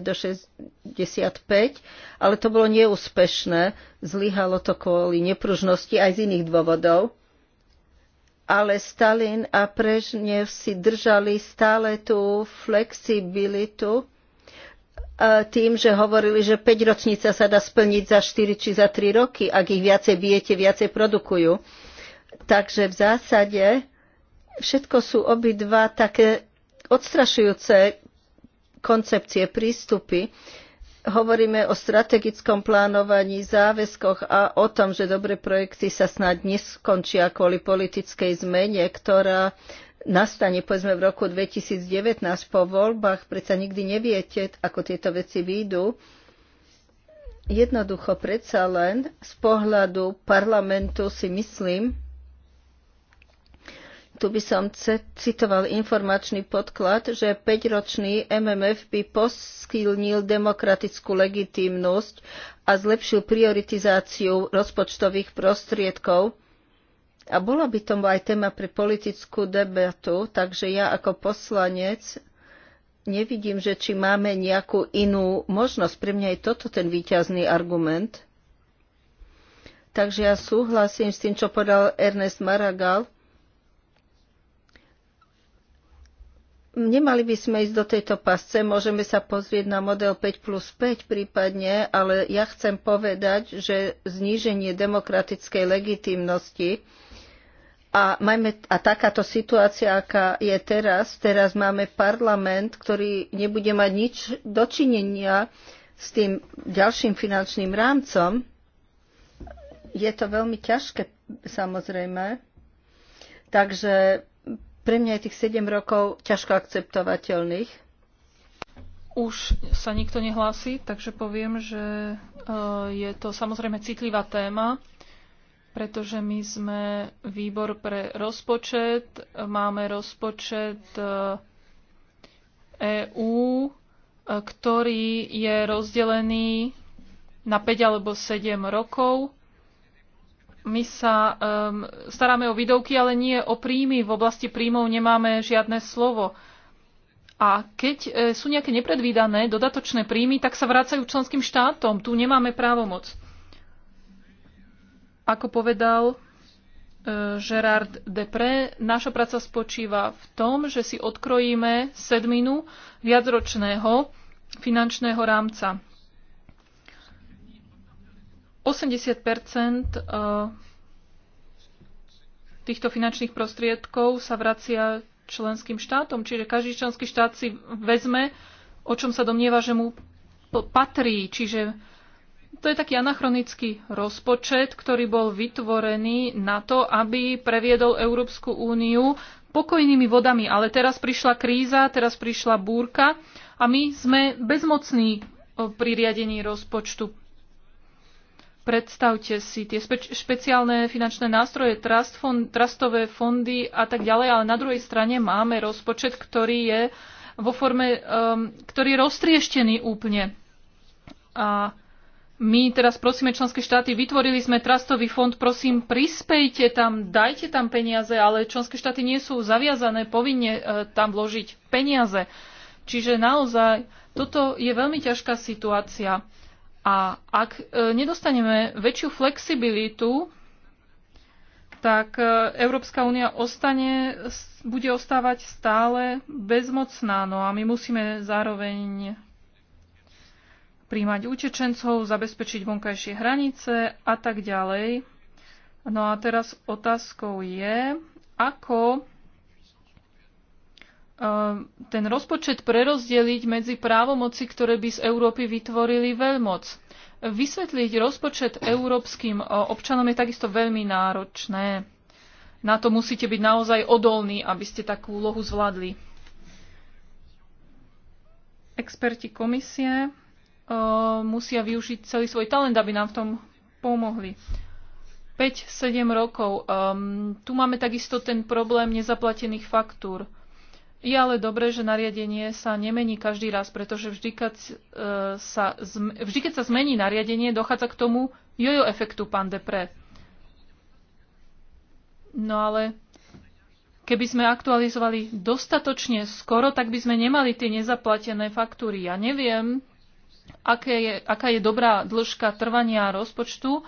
do 65, ale to bolo neúspešné. Zlyhalo to kvôli nepružnosti aj z iných dôvodov. Ale Stalin a Prežnev si držali stále tú flexibilitu eh, tým, že hovorili, že 5 ročnica sa dá splniť za 4 či za 3 roky, ak ich viacej bijete, viacej produkujú. Takže v zásade všetko sú obidva také odstrašujúce koncepcie, prístupy. Hovoríme o strategickom plánovaní, záväzkoch a o tom, že dobré projekty sa snáď neskončia kvôli politickej zmene, ktorá nastane povedzme v roku 2019 po voľbách, predsa nikdy neviete, ako tieto veci výjdu. Jednoducho predsa len z pohľadu parlamentu si myslím, tu by som citoval informačný podklad, že 5-ročný MMF by poskylnil demokratickú legitímnosť a zlepšil prioritizáciu rozpočtových prostriedkov. A bola by tomu aj téma pre politickú debatu, takže ja ako poslanec nevidím, že či máme nejakú inú možnosť. Pre mňa je toto ten výťazný argument. Takže ja súhlasím s tým, čo povedal Ernest Maragall, Nemali by sme ísť do tejto pasce, môžeme sa pozrieť na model 5 plus 5 prípadne, ale ja chcem povedať, že zníženie demokratickej legitimnosti a, majme, a takáto situácia, aká je teraz, teraz máme parlament, ktorý nebude mať nič dočinenia s tým ďalším finančným rámcom, je to veľmi ťažké samozrejme. Takže pre mňa je tých 7 rokov ťažko akceptovateľných. Už sa nikto nehlási, takže poviem, že e, je to samozrejme citlivá téma, pretože my sme výbor pre rozpočet, máme rozpočet EÚ, e e, ktorý je rozdelený na 5 alebo 7 rokov my sa um, staráme o výdovky, ale nie o príjmy. V oblasti príjmov nemáme žiadne slovo. A keď e, sú nejaké nepredvídané dodatočné príjmy, tak sa vracajú členským štátom. Tu nemáme právomoc. Ako povedal e, Gerard Depré. Naša práca spočíva v tom, že si odkrojíme sedminu viacročného finančného rámca. 80 eh, týchto finančných prostriedkov sa vracia členským štátom, čiže každý členský štát si vezme, o čom sa domnieva, že mu patrí. Čiže to je taký anachronický rozpočet, ktorý bol vytvorený na to, aby previedol Európsku úniu pokojnými vodami. Ale teraz prišla kríza, teraz prišla búrka a my sme bezmocní eh, pri riadení rozpočtu. Predstavte si tie speč- špeciálne finančné nástroje, trust fond, trustové fondy a tak ďalej, ale na druhej strane máme rozpočet, ktorý je vo forme, um, ktorý je roztrieštený úplne. A my teraz prosíme členské štáty, vytvorili sme trastový fond, prosím, prispejte tam, dajte tam peniaze, ale členské štáty nie sú zaviazané povinne e, tam vložiť peniaze. Čiže naozaj toto je veľmi ťažká situácia. A ak e, nedostaneme väčšiu flexibilitu, tak e, Európska únia ostane, bude ostávať stále bezmocná. No a my musíme zároveň príjmať utečencov, zabezpečiť vonkajšie hranice a tak ďalej. No a teraz otázkou je, ako Eh, ten rozpočet prerozdeliť medzi právomoci, ktoré by z Európy vytvorili veľmoc. Vysvetliť rozpočet európskym eh, občanom je takisto veľmi náročné. Na to musíte byť naozaj odolní, aby ste takú úlohu zvládli. Experti komisie eh, musia využiť celý svoj talent, aby nám v tom pomohli. 5-7 rokov. Um, tu máme takisto ten problém nezaplatených faktúr. Je ale dobré, že nariadenie sa nemení každý raz, pretože vždy, keď e, sa, vždy, keď sa zmení nariadenie, dochádza k tomu jojo efektu, pán Depre. No ale keby sme aktualizovali dostatočne skoro, tak by sme nemali tie nezaplatené faktúry. Ja neviem, aké je, aká je dobrá dĺžka trvania rozpočtu,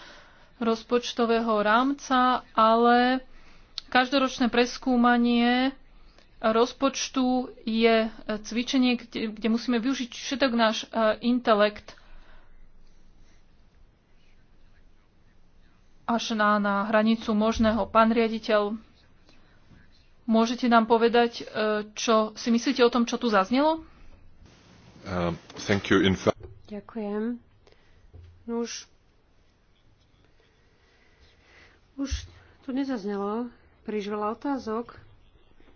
rozpočtového rámca, ale každoročné preskúmanie rozpočtu je e, cvičenie, kde, kde musíme využiť všetok náš e, intelekt až na, na hranicu možného. Pán riaditeľ, môžete nám povedať, e, čo si myslíte o tom, čo tu zaznelo? Uh, thank you. In Ďakujem. Nuž, no už tu nezaznelo príliš veľa otázok,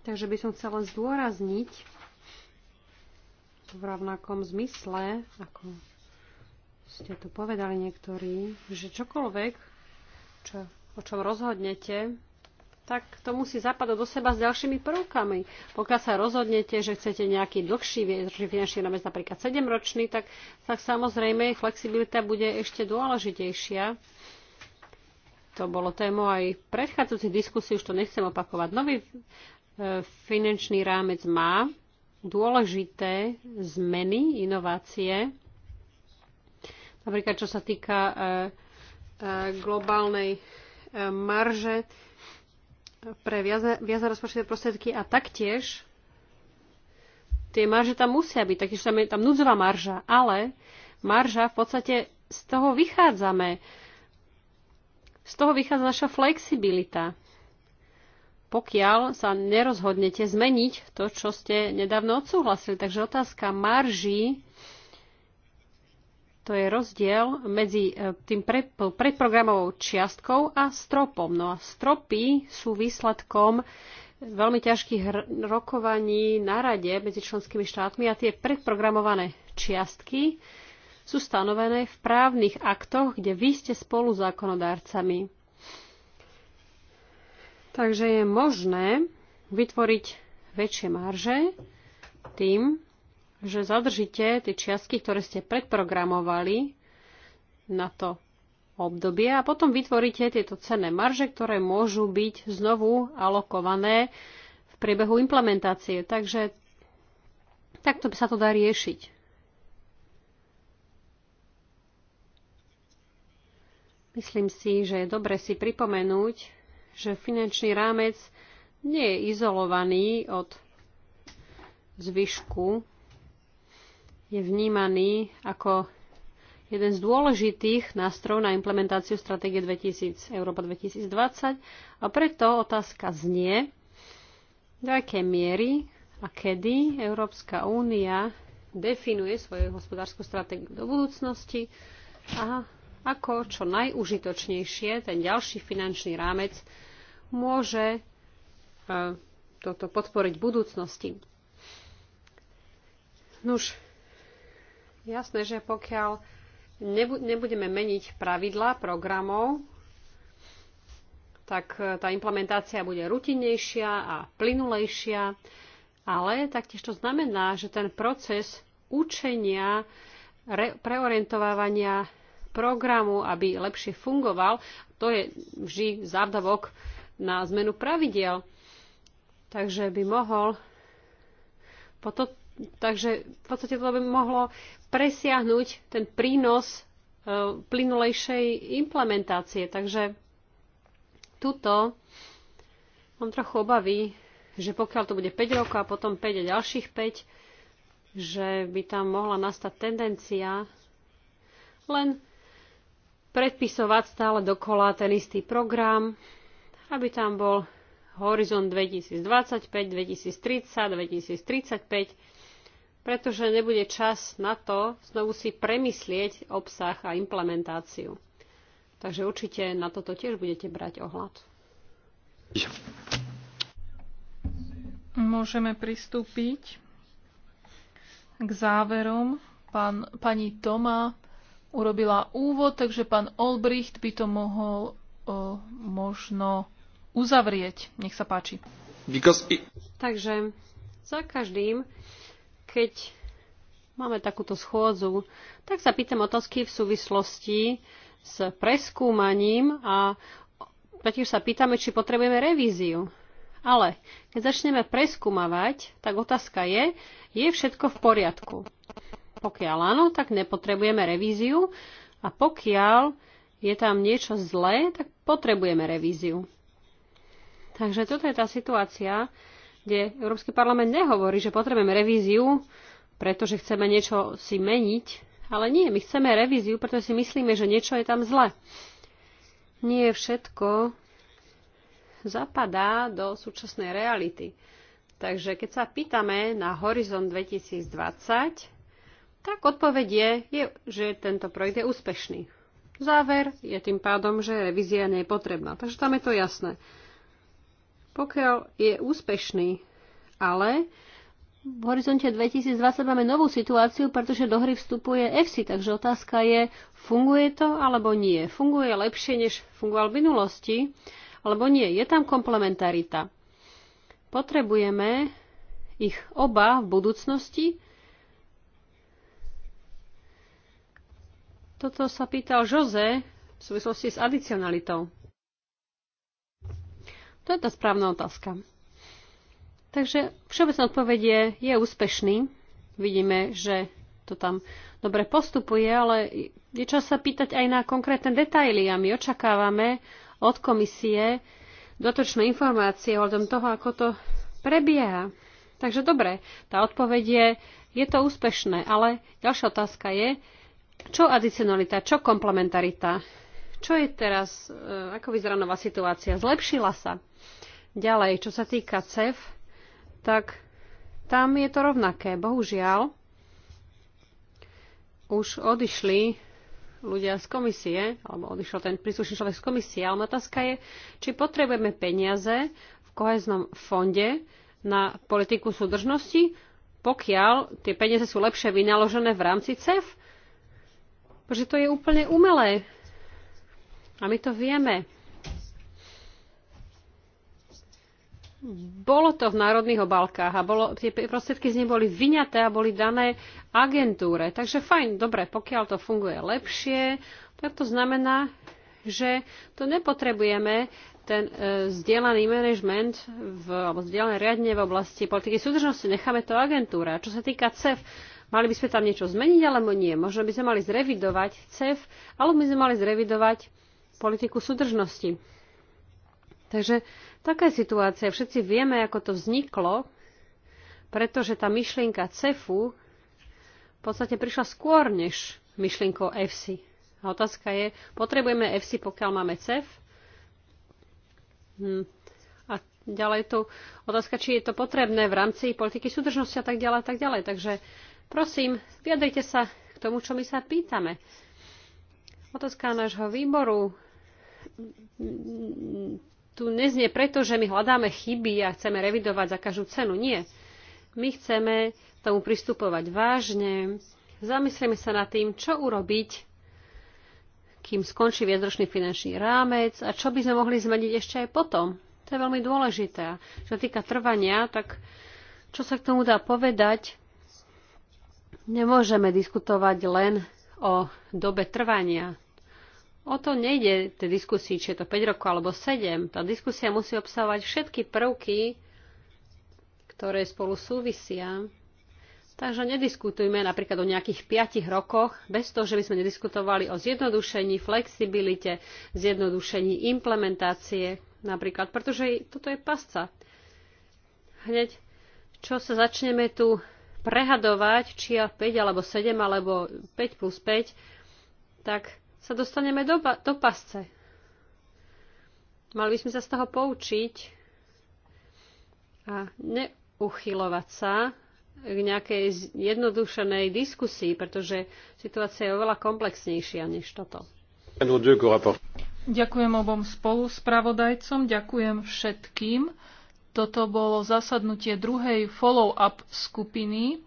Takže by som chcela zdôrazniť v rovnakom zmysle, ako ste tu povedali niektorí, že čokoľvek, čo, o čom rozhodnete, tak to musí zapadať do seba s ďalšími prvkami. Pokiaľ sa rozhodnete, že chcete nejaký dlhší finančný rámec, napríklad 7-ročný, tak, tak samozrejme flexibilita bude ešte dôležitejšia. To bolo tému aj predchádzajúcich diskusí, už to nechcem opakovať. Nový E, finančný rámec má dôležité zmeny, inovácie. Napríklad, čo sa týka e, e, globálnej marže pre viazne rozpočtové prostriedky a taktiež tie marže tam musia byť, taktiež tam je tam núdzová marža, ale marža v podstate z toho vychádzame. Z toho vychádza naša flexibilita pokiaľ sa nerozhodnete zmeniť to, čo ste nedávno odsúhlasili. Takže otázka marží, to je rozdiel medzi e, tým predprogramovou čiastkou a stropom. No a stropy sú výsledkom veľmi ťažkých rokovaní na rade medzi členskými štátmi a tie predprogramované čiastky sú stanovené v právnych aktoch, kde vy ste spolu zákonodárcami. Takže je možné vytvoriť väčšie marže tým, že zadržíte tie čiastky, ktoré ste predprogramovali na to obdobie a potom vytvoríte tieto cenné marže, ktoré môžu byť znovu alokované v priebehu implementácie. Takže takto by sa to dá riešiť. Myslím si, že je dobre si pripomenúť, že finančný rámec nie je izolovaný od zvyšku, je vnímaný ako jeden z dôležitých nástrojov na implementáciu stratégie 2000, Európa 2020 a preto otázka znie, do aké miery a kedy Európska únia definuje svoju hospodárskú stratégiu do budúcnosti a ako čo najúžitočnejšie ten ďalší finančný rámec môže e, toto podporiť v budúcnosti. Nuž, jasné, že pokiaľ nebudeme meniť pravidla programov, tak e, tá implementácia bude rutinnejšia a plynulejšia, ale taktiež to znamená, že ten proces učenia, preorientovávania programu, aby lepšie fungoval. To je vždy závdavok na zmenu pravidiel. Takže by mohol potom, takže v podstate to by mohlo presiahnuť ten prínos uh, plynulejšej implementácie. Takže tuto mám trochu obavy, že pokiaľ to bude 5 rokov a potom 5 a ďalších 5, že by tam mohla nastať tendencia len predpisovať stále dokola ten istý program, aby tam bol horizont 2025, 2030, 2035, pretože nebude čas na to znovu si premyslieť obsah a implementáciu. Takže určite na toto tiež budete brať ohľad. Môžeme pristúpiť k záverom. Pán, pani Toma urobila úvod, takže pán Olbricht by to mohol o, možno uzavrieť. Nech sa páči. Because it... Takže za každým, keď máme takúto schôdzu, tak sa pýtam otázky v súvislosti s preskúmaním a taktiež sa pýtame, či potrebujeme revíziu. Ale keď začneme preskúmavať, tak otázka je, je všetko v poriadku. Pokiaľ áno, tak nepotrebujeme revíziu a pokiaľ je tam niečo zlé, tak potrebujeme revíziu. Takže toto je tá situácia, kde Európsky parlament nehovorí, že potrebujeme revíziu, pretože chceme niečo si meniť, ale nie, my chceme revíziu, pretože si myslíme, že niečo je tam zle. Nie všetko zapadá do súčasnej reality. Takže keď sa pýtame na Horizon 2020, tak odpoveď je, je, že tento projekt je úspešný. Záver je tým pádom, že revízia nie je potrebná. Takže tam je to jasné. Pokiaľ je úspešný, ale v horizonte 2020 máme novú situáciu, pretože do hry vstupuje EFSI, takže otázka je, funguje to alebo nie. Funguje lepšie, než fungoval v minulosti, alebo nie. Je tam komplementarita. Potrebujeme ich oba v budúcnosti, Toto sa pýtal Jose v súvislosti s adicionalitou. To je tá správna otázka. Takže všeobecná odpoveď je, je úspešný. Vidíme, že to tam dobre postupuje, ale je čas sa pýtať aj na konkrétne detaily a my očakávame od komisie dotočné informácie o tom toho, ako to prebieha. Takže dobre, tá odpoveď je, je to úspešné, ale ďalšia otázka je, čo adicionalita, čo komplementarita? Čo je teraz, e, ako vyzerá nová situácia? Zlepšila sa. Ďalej, čo sa týka CEF, tak tam je to rovnaké. Bohužiaľ, už odišli ľudia z komisie, alebo odišiel ten príslušný človek z komisie, ale otázka je, či potrebujeme peniaze v koheznom fonde na politiku súdržnosti, pokiaľ tie peniaze sú lepšie vynaložené v rámci CEF. Pretože to je úplne umelé. A my to vieme. Bolo to v národných obálkách a bolo, tie prostriedky z nej boli vyňaté a boli dané agentúre. Takže fajn, dobre, pokiaľ to funguje lepšie, tak to znamená, že to nepotrebujeme ten e, zdieľaný management v, alebo zdieľané riadne v oblasti politiky súdržnosti. Necháme to agentúra. Čo sa týka CEF, Mali by sme tam niečo zmeniť alebo nie? Možno by sme mali zrevidovať CEF, alebo by sme mali zrevidovať politiku súdržnosti. Takže taká je situácia. Všetci vieme, ako to vzniklo, pretože tá myšlienka CEFu v podstate prišla skôr než myšlienkou EFSI. A otázka je, potrebujeme EFSI, pokiaľ máme CEF? Hm. A ďalej tu otázka, či je to potrebné v rámci politiky súdržnosti a tak ďalej, a tak ďalej. Takže Prosím, vyjadrite sa k tomu, čo my sa pýtame. Otázka nášho výboru tu neznie preto, že my hľadáme chyby a chceme revidovať za každú cenu. Nie. My chceme tomu pristupovať vážne. Zamyslíme sa nad tým, čo urobiť, kým skončí viedročný finančný rámec a čo by sme mohli zmeniť ešte aj potom. To je veľmi dôležité. Čo týka trvania, tak čo sa k tomu dá povedať, Nemôžeme diskutovať len o dobe trvania. O to nejde tej diskusii, či je to 5 rokov alebo 7. Tá diskusia musí obsahovať všetky prvky, ktoré spolu súvisia. Takže nediskutujme napríklad o nejakých 5 rokoch, bez toho, že by sme nediskutovali o zjednodušení, flexibilite, zjednodušení implementácie napríklad, pretože toto je pasca. Hneď, čo sa začneme tu prehadovať, či ja 5 alebo 7 alebo 5 plus 5, tak sa dostaneme do, do pasce. Mali by sme sa z toho poučiť a neuchylovať sa k nejakej jednodušenej diskusii, pretože situácia je oveľa komplexnejšia než toto. Ďakujem obom spoluspravodajcom, ďakujem všetkým. Toto bolo zasadnutie druhej follow-up skupiny.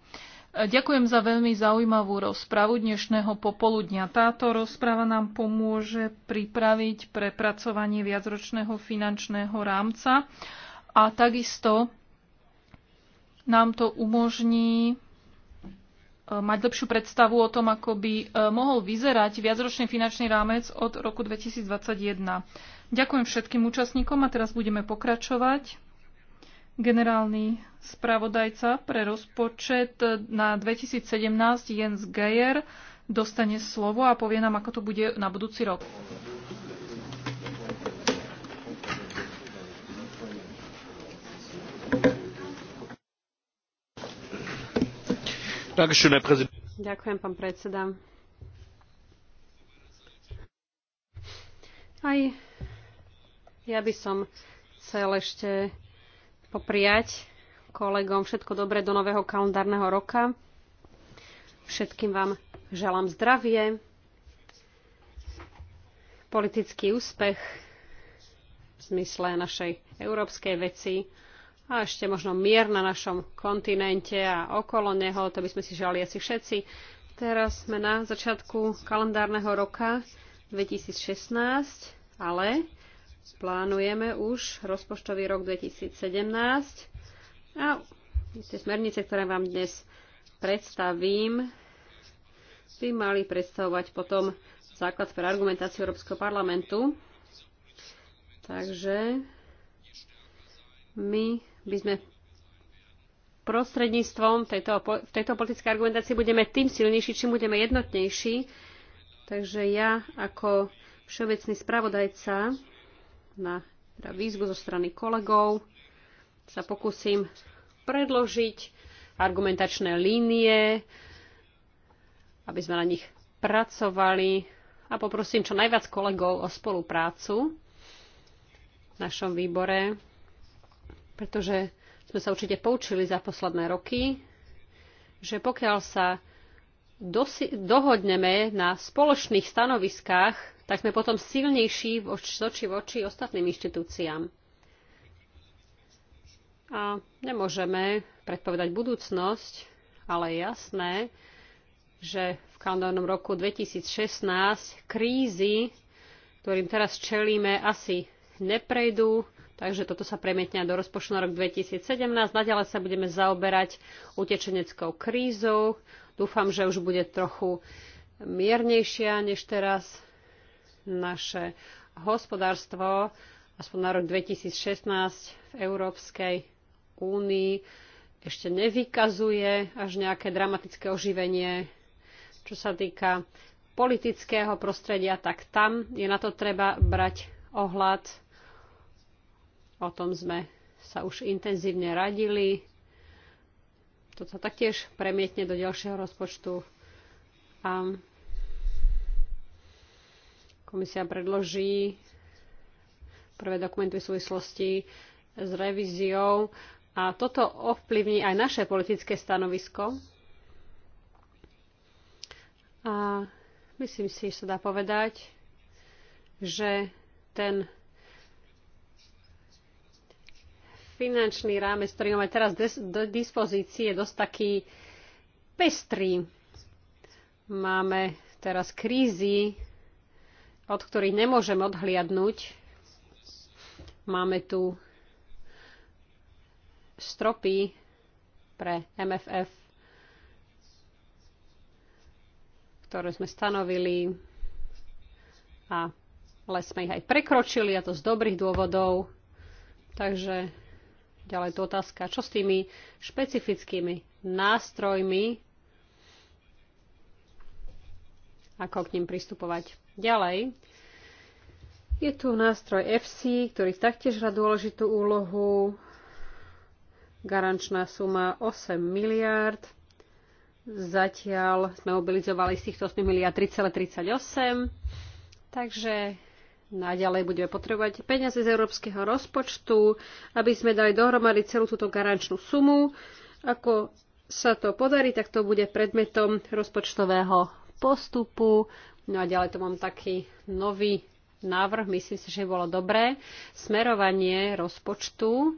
Ďakujem za veľmi zaujímavú rozpravu dnešného popoludňa. Táto rozprava nám pomôže pripraviť prepracovanie viacročného finančného rámca a takisto nám to umožní e, mať lepšiu predstavu o tom, ako by e, mohol vyzerať viacročný finančný rámec od roku 2021. Ďakujem všetkým účastníkom a teraz budeme pokračovať. Generálny spravodajca pre rozpočet na 2017 Jens Geier dostane slovo a povie nám, ako to bude na budúci rok. Ďakujem, pán predseda. Aj ja by som chcel ešte popriať kolegom všetko dobré do nového kalendárneho roka. Všetkým vám želám zdravie, politický úspech v zmysle našej európskej veci a ešte možno mier na našom kontinente a okolo neho, to by sme si želali asi všetci. Teraz sme na začiatku kalendárneho roka 2016, ale plánujeme už rozpočtový rok 2017 a tie smernice, ktoré vám dnes predstavím, by mali predstavovať potom základ pre argumentáciu Európskeho parlamentu. Takže my by sme prostredníctvom tejto, tejto politickej argumentácie budeme tým silnejší, čím budeme jednotnejší. Takže ja ako všeobecný spravodajca na teda výzvu zo strany kolegov sa pokúsim predložiť argumentačné línie, aby sme na nich pracovali a poprosím čo najviac kolegov o spoluprácu v našom výbore, pretože sme sa určite poučili za posledné roky, že pokiaľ sa dosi- dohodneme na spoločných stanoviskách, tak sme potom silnejší voči, voči, ostatným inštitúciám. A nemôžeme predpovedať budúcnosť, ale je jasné, že v kalendárnom roku 2016 krízy, ktorým teraz čelíme, asi neprejdú, takže toto sa premietňa do rozpočtu na rok 2017. Naďalej sa budeme zaoberať utečeneckou krízou, Dúfam, že už bude trochu miernejšia než teraz. Naše hospodárstvo, aspoň na rok 2016 v Európskej únii, ešte nevykazuje až nejaké dramatické oživenie. Čo sa týka politického prostredia, tak tam je na to treba brať ohľad. O tom sme sa už intenzívne radili to sa taktiež premietne do ďalšieho rozpočtu a komisia predloží prvé dokumenty v súvislosti s revíziou a toto ovplyvní aj naše politické stanovisko. A myslím si, že sa dá povedať, že ten finančný rámec, ktorý máme teraz do dispozície, je dosť taký pestrý. Máme teraz krízy, od ktorých nemôžeme odhliadnúť. Máme tu stropy pre MFF, ktoré sme stanovili a ale sme ich aj prekročili a to z dobrých dôvodov. Takže Ďalej tu otázka, čo s tými špecifickými nástrojmi, ako k ním pristupovať ďalej. Je tu nástroj FC, ktorý taktiež hrá dôležitú úlohu. Garančná suma 8 miliárd. Zatiaľ sme mobilizovali z týchto 8 miliard 3,38. Takže Naďalej budeme potrebovať peniaze z európskeho rozpočtu, aby sme dali dohromady celú túto garančnú sumu. Ako sa to podarí, tak to bude predmetom rozpočtového postupu. No a ďalej to mám taký nový návrh, myslím si, že bolo dobré, smerovanie rozpočtu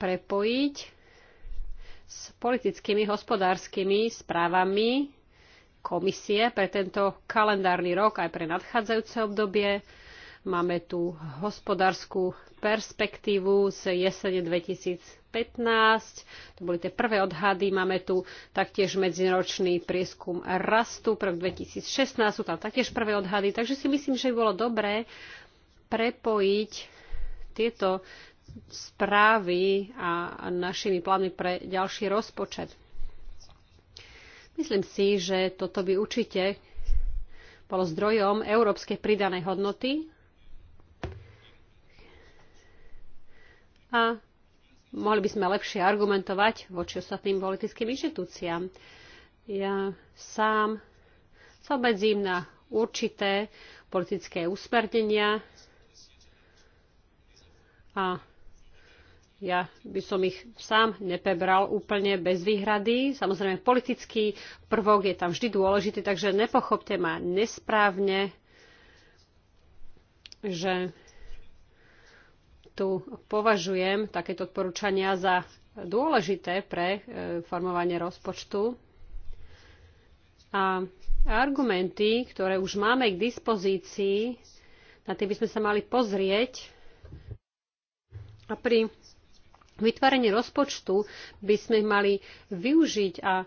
prepojiť s politickými, hospodárskymi správami komisie pre tento kalendárny rok aj pre nadchádzajúce obdobie. Máme tu hospodárskú perspektívu z jesene 2015. To boli tie prvé odhady. Máme tu taktiež medziročný prieskum rastu pre 2016. Sú tam taktiež prvé odhady. Takže si myslím, že by bolo dobré prepojiť tieto správy a našimi plánmi pre ďalší rozpočet. Myslím si, že toto by určite bolo zdrojom európskej pridanej hodnoty a mohli by sme lepšie argumentovať voči ostatným politickým inštitúciám. Ja sám sa obmedzím na určité politické usmernenia a ja by som ich sám nepebral úplne bez výhrady. Samozrejme, politický prvok je tam vždy dôležitý, takže nepochopte ma nesprávne, že tu považujem takéto odporúčania za dôležité pre e, formovanie rozpočtu. A argumenty, ktoré už máme k dispozícii, na tie by sme sa mali pozrieť. A pri vytvorení rozpočtu by sme mali využiť a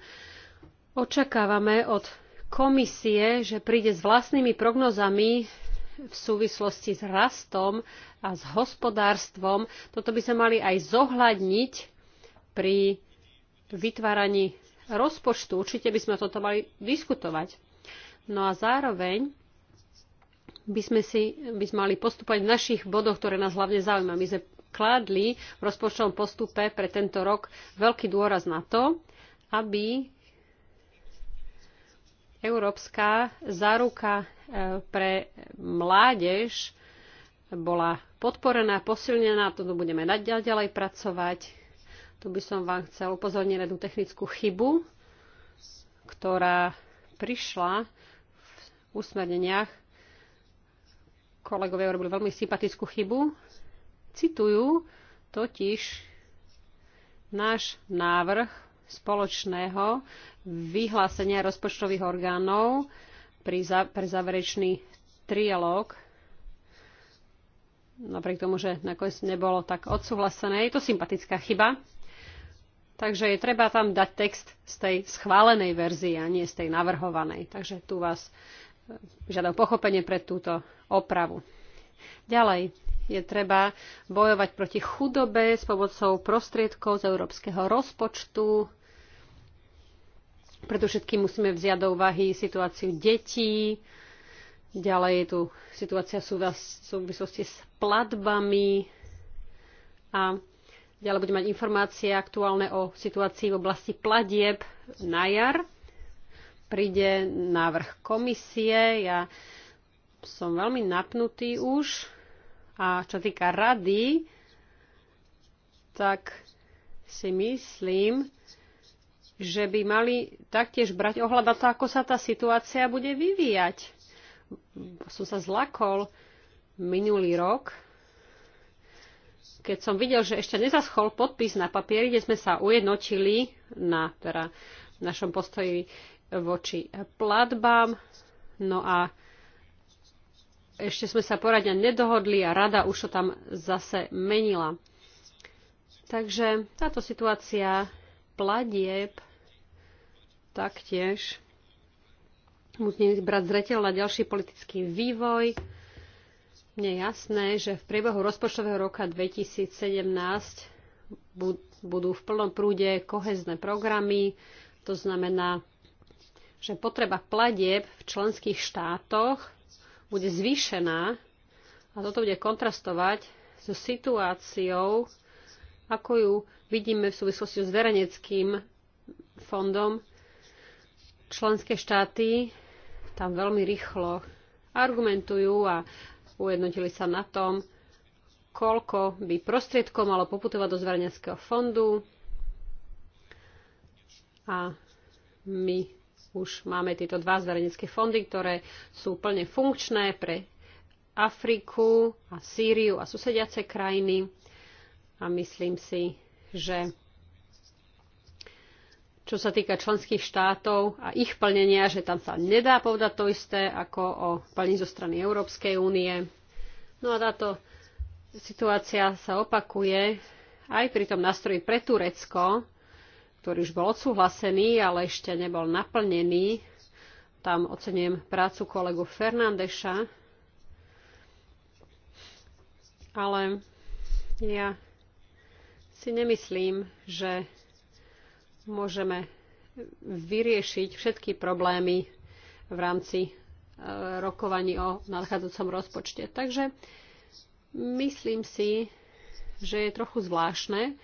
očakávame od komisie, že príde s vlastnými prognozami v súvislosti s rastom a s hospodárstvom. Toto by sme mali aj zohľadniť pri vytváraní rozpočtu. Určite by sme toto mali diskutovať. No a zároveň by sme, si, by sme mali postupovať v našich bodoch, ktoré nás hlavne zaujímajú. My sme kládli v rozpočtovom postupe pre tento rok veľký dôraz na to, aby Európska záruka e, pre mládež bola podporená, posilnená, toto budeme naďalej pracovať. Tu by som vám chcel upozorniť na jednu technickú chybu, ktorá prišla v usmerneniach. Kolegovia urobili veľmi sympatickú chybu. Citujú totiž náš návrh spoločného vyhlásenia rozpočtových orgánov pri za, pre záverečný trialóg, napriek tomu, že nakoniec nebolo tak odsúhlasené. Je to sympatická chyba. Takže je treba tam dať text z tej schválenej verzie a nie z tej navrhovanej. Takže tu vás e, žiadam pochopenie pre túto opravu. Ďalej je treba bojovať proti chudobe s pomocou prostriedkov z európskeho rozpočtu Predovšetkým musíme vziať do úvahy situáciu detí, ďalej je tu situácia v súvislosti s platbami a ďalej budeme mať informácie aktuálne o situácii v oblasti platieb na jar. Príde návrh komisie, ja som veľmi napnutý už a čo týka rady, tak si myslím, že by mali taktiež brať ohľad na to, ako sa tá situácia bude vyvíjať. Som sa zlakol minulý rok, keď som videl, že ešte nezaschol podpis na papieri, kde sme sa ujednotili na teda, našom postoji voči platbám. No a ešte sme sa poradne nedohodli a rada už to tam zase menila. Takže táto situácia pladieb Taktiež musíme brať zreteľ na ďalší politický vývoj. Mne je jasné, že v priebehu rozpočtového roka 2017 budú v plnom prúde kohezné programy. To znamená, že potreba pladieb v členských štátoch bude zvýšená a toto bude kontrastovať so situáciou, ako ju vidíme v súvislosti s vereneckým fondom, členské štáty tam veľmi rýchlo argumentujú a ujednotili sa na tom, koľko by prostriedkov malo poputovať do zverejneckého fondu. A my už máme tieto dva zverejnecké fondy, ktoré sú plne funkčné pre Afriku a Sýriu a susediace krajiny. A myslím si, že čo sa týka členských štátov a ich plnenia, že tam sa nedá povedať to isté ako o plní zo strany Európskej únie. No a táto situácia sa opakuje aj pri tom nástroji pre Turecko, ktorý už bol odsúhlasený, ale ešte nebol naplnený. Tam ocenujem prácu kolegu Fernandeša. Ale ja si nemyslím, že môžeme vyriešiť všetky problémy v rámci e, rokovaní o nadchádzajúcom rozpočte. Takže myslím si, že je trochu zvláštne,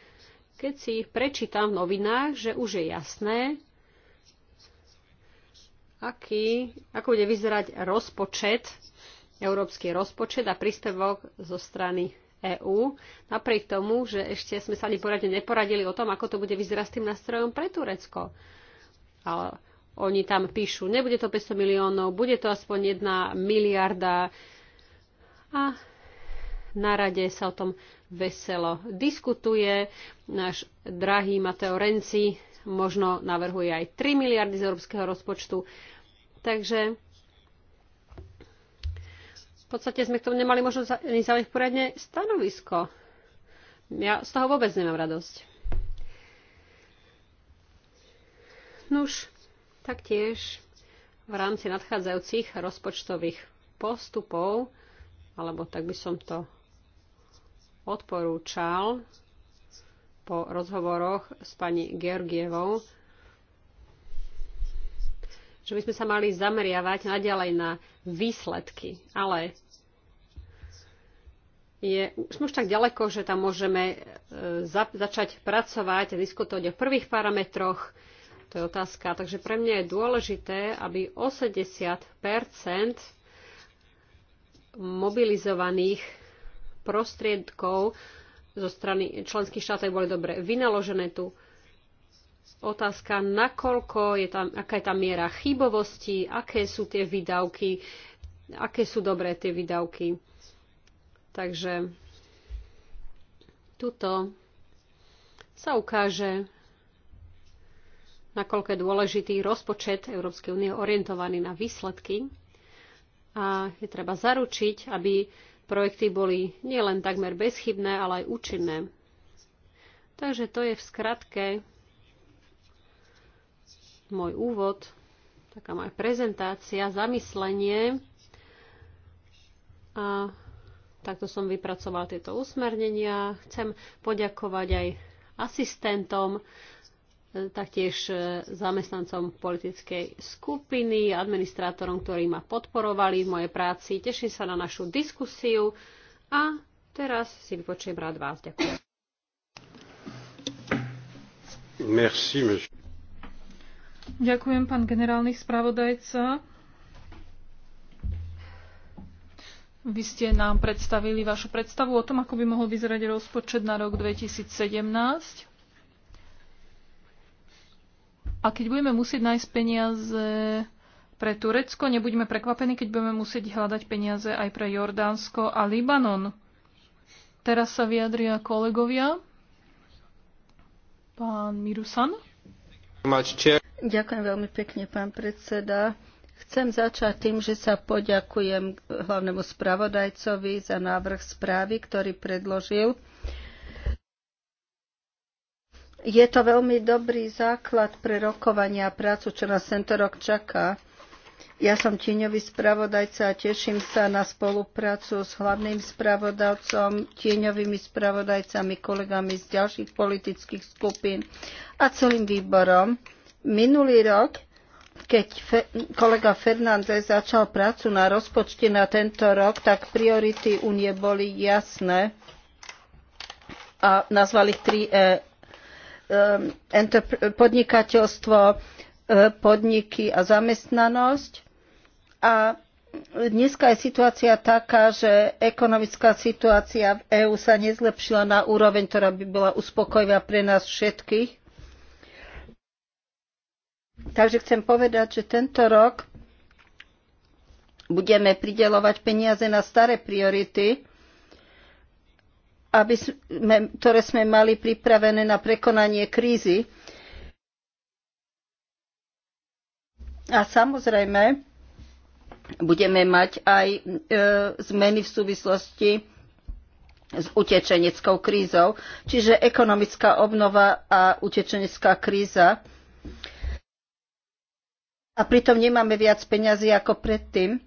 keď si prečítam v novinách, že už je jasné, aký, ako bude vyzerať rozpočet, európsky rozpočet a príspevok zo strany EÚ, napriek tomu, že ešte sme sa ani poradne neporadili o tom, ako to bude vyzerať s tým nástrojom pre Turecko. Ale oni tam píšu, nebude to 500 miliónov, bude to aspoň 1 miliarda. A na rade sa o tom veselo diskutuje. Náš drahý Mateo Renzi možno navrhuje aj 3 miliardy z európskeho rozpočtu. Takže podstate sme k tomu nemali možnosť zaujať poriadne stanovisko. Ja z toho vôbec nemám radosť. Nuž, taktiež v rámci nadchádzajúcich rozpočtových postupov, alebo tak by som to odporúčal po rozhovoroch s pani Georgievou, že by sme sa mali zameriavať naďalej na výsledky. Ale je, sme už tak ďaleko, že tam môžeme e, za, začať pracovať a diskutovať o prvých parametroch. To je otázka. Takže pre mňa je dôležité, aby 80 mobilizovaných prostriedkov zo strany členských štátov boli dobre vynaložené tu. Otázka, nakoľko je tam, aká je tá miera chybovosti, aké sú tie výdavky, aké sú dobré tie výdavky Takže tuto sa ukáže, nakoľko je dôležitý rozpočet Európskej únie orientovaný na výsledky a je treba zaručiť, aby projekty boli nielen takmer bezchybné, ale aj účinné. Takže to je v skratke môj úvod, taká moja prezentácia, zamyslenie. A Takto som vypracoval tieto usmernenia. Chcem poďakovať aj asistentom, e, taktiež e, zamestnancom politickej skupiny, administrátorom, ktorí ma podporovali v mojej práci. Teším sa na našu diskusiu a teraz si vypočujem rád vás. Ďakujem. Merci, monsieur. Ďakujem, pán generálny spravodajca. Vy ste nám predstavili vašu predstavu o tom, ako by mohol vyzerať rozpočet na rok 2017. A keď budeme musieť nájsť peniaze pre Turecko, nebudeme prekvapení, keď budeme musieť hľadať peniaze aj pre Jordánsko a Libanon. Teraz sa vyjadria kolegovia. Pán Mirusan. Ďakujem veľmi pekne, pán predseda. Chcem začať tým, že sa poďakujem hlavnému spravodajcovi za návrh správy, ktorý predložil. Je to veľmi dobrý základ pre rokovania a prácu, čo nás tento rok čaká. Ja som tieňový spravodajca a teším sa na spoluprácu s hlavným spravodajcom, tieňovými spravodajcami, kolegami z ďalších politických skupín a celým výborom. Minulý rok keď Fe, kolega Fernández začal prácu na rozpočte na tento rok, tak priority únie boli jasné a nazvali ich 3E. Eh, eh, podnikateľstvo, eh, podniky a zamestnanosť. A dneska je situácia taká, že ekonomická situácia v EÚ sa nezlepšila na úroveň, ktorá by bola uspokojivá pre nás všetkých Takže chcem povedať, že tento rok budeme pridelovať peniaze na staré priority, aby sme, ktoré sme mali pripravené na prekonanie krízy. A samozrejme, budeme mať aj e, zmeny v súvislosti s utečeneckou krízou, čiže ekonomická obnova a utečenecká kríza. E, a pritom nemáme viac peňazí ako predtým.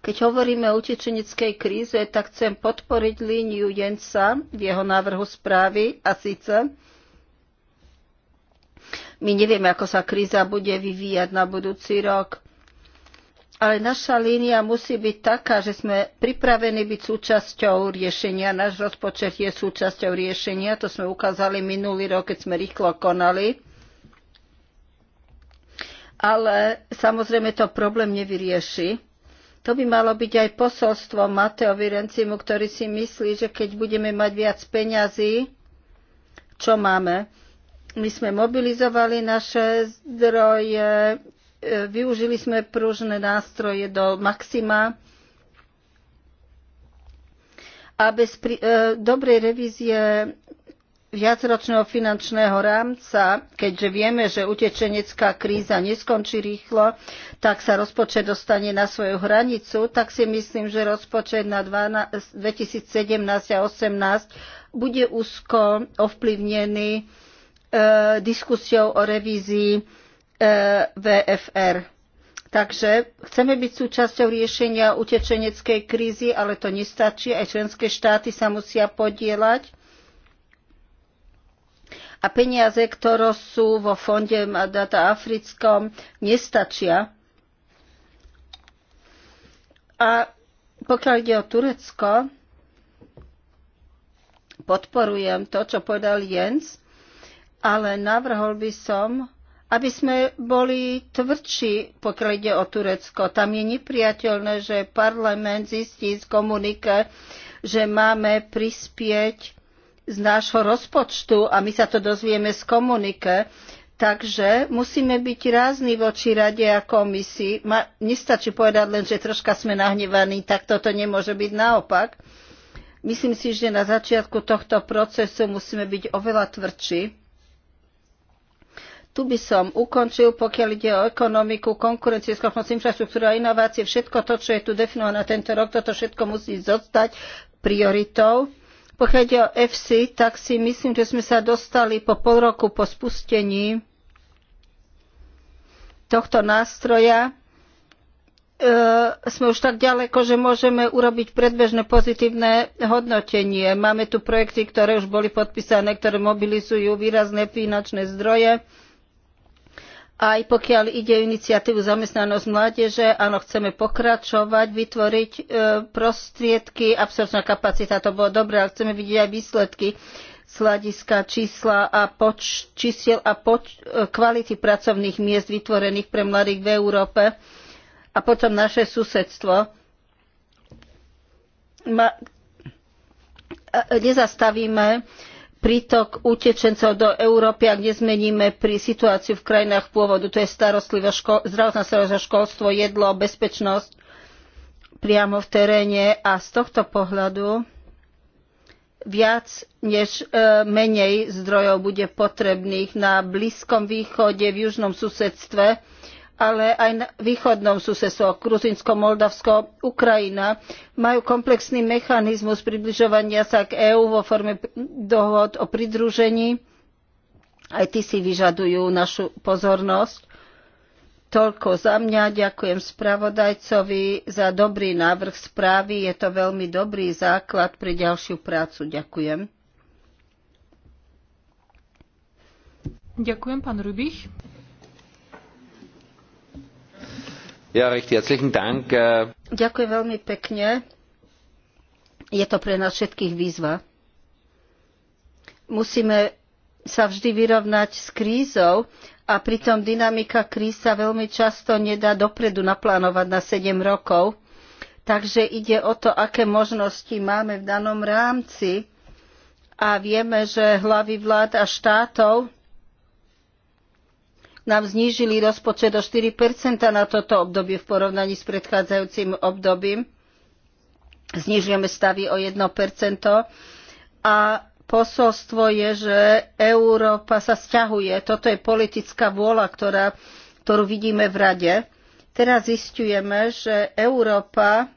Keď hovoríme o utečeneckej kríze, tak chcem podporiť líniu Jensa v jeho návrhu správy a síce my nevieme, ako sa kríza bude vyvíjať na budúci rok. Ale naša línia musí byť taká, že sme pripravení byť súčasťou riešenia. Náš rozpočet je súčasťou riešenia. To sme ukázali minulý rok, keď sme rýchlo konali ale samozrejme to problém nevyrieši. To by malo byť aj posolstvo Mateovi Rencimu, ktorý si myslí, že keď budeme mať viac peňazí, čo máme? My sme mobilizovali naše zdroje, e, využili sme pružné nástroje do maxima a bez pri, e, dobrej revízie viacročného finančného rámca, keďže vieme, že utečenecká kríza neskončí rýchlo, tak sa rozpočet dostane na svoju hranicu, tak si myslím, že rozpočet na 12, 2017 a 2018 bude úzko ovplyvnený e, diskusiou o revízii e, VFR. Takže chceme byť súčasťou riešenia utečeneckej krízy, ale to nestačí. Aj členské štáty sa musia podieľať a peniaze, ktoré sú vo fonde Data Africkom, nestačia. A pokiaľ ide o Turecko, podporujem to, čo povedal Jens, ale navrhol by som, aby sme boli tvrdší, pokiaľ ide o Turecko. Tam je nepriateľné, že parlament zistí z komunike, že máme prispieť z nášho rozpočtu a my sa to dozvieme z komunike. Takže musíme byť rázni voči rade a komisii. Ma, nestačí povedať len, že troška sme nahnevaní, tak toto nemôže byť naopak. Myslím si, že na začiatku tohto procesu musíme byť oveľa tvrdší. Tu by som ukončil, pokiaľ ide o ekonomiku, konkurencieschopnosť, infraštruktúru a inovácie. Všetko to, čo je tu definované tento rok, toto všetko musí zostať prioritou pokiaľ ide o Efsi, tak si myslím, že sme sa dostali po pol roku po spustení tohto nástroja e, sme už tak ďaleko, že môžeme urobiť predbežné pozitívne hodnotenie. Máme tu projekty, ktoré už boli podpísané, ktoré mobilizujú výrazné finančné zdroje. E, aj pokiaľ ide o iniciatívu zamestnanosť mládeže, áno, chceme pokračovať, vytvoriť e, prostriedky, absorpčná kapacita, to bolo dobré, ale chceme vidieť aj výsledky z hľadiska čísla a poč, čísiel a poč, e, kvality pracovných miest vytvorených pre mladých v Európe a potom naše susedstvo. Ma, e, nezastavíme prítok utečencov do Európy, ak nezmeníme pri situáciu v krajinách pôvodu. To je starostlivá ško- zdravotná starostlivosť, školstvo, jedlo, bezpečnosť priamo v teréne a z tohto pohľadu viac než e, menej zdrojov bude potrebných na Blízkom východe, v južnom susedstve, ale aj na východnom susedstve, Gruzinsko, Moldavsko, Ukrajina, majú komplexný mechanizmus približovania sa k EÚ vo forme dohod o pridružení. Aj tí si vyžadujú našu pozornosť. Toľko za mňa. Ďakujem spravodajcovi za dobrý návrh správy. Je to veľmi dobrý základ pre ďalšiu prácu. Ďakujem. Ďakujem, pán Rubich. Ja recht herzlichen Dank. Äh, Ďakujem veľmi pekne. Je to pre nás všetkých výzva. Musíme sa vždy vyrovnať s krízou a pritom dynamika kríz sa veľmi často nedá dopredu naplánovať na 7 rokov. Takže ide o to, aké možnosti máme v danom rámci a vieme, že hlavy vlád a štátov nám znížili rozpočet o 4 na toto obdobie v porovnaní s predchádzajúcim obdobím. Znižujeme stavy o 1 a posolstvo je, že Európa sa sťahuje. Toto je politická vôľa, ktorá, ktorú vidíme v rade. Teraz zistujeme, že Európa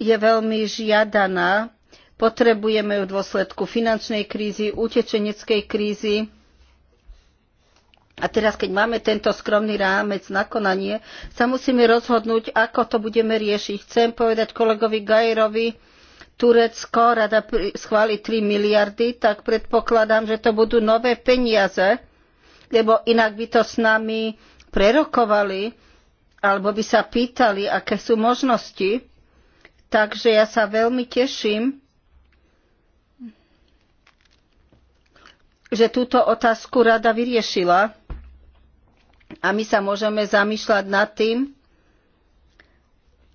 je veľmi žiadaná. Potrebujeme ju v dôsledku finančnej krízy, utečeneckej krízy, a teraz, keď máme tento skromný rámec na konanie, sa musíme rozhodnúť, ako to budeme riešiť. Chcem povedať kolegovi Gajerovi, Turecko rada schváli 3 miliardy, tak predpokladám, že to budú nové peniaze, lebo inak by to s nami prerokovali, alebo by sa pýtali, aké sú možnosti. Takže ja sa veľmi teším, že túto otázku rada vyriešila a my sa môžeme zamýšľať nad tým,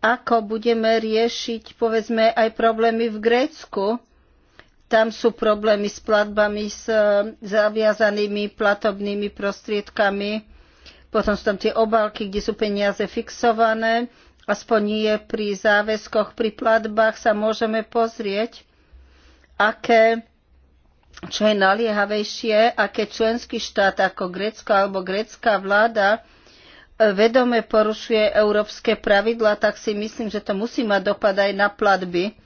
ako budeme riešiť, povedzme, aj problémy v Grécku. Tam sú problémy s platbami, s e, zaviazanými platobnými prostriedkami. Potom sú tam tie obálky, kde sú peniaze fixované. Aspoň nie pri záväzkoch, pri platbách sa môžeme pozrieť, aké čo je naliehavejšie a keď členský štát ako Grécko alebo grécka vláda e, vedome porušuje európske pravidla, tak si myslím, že to musí mať dopad aj na platby.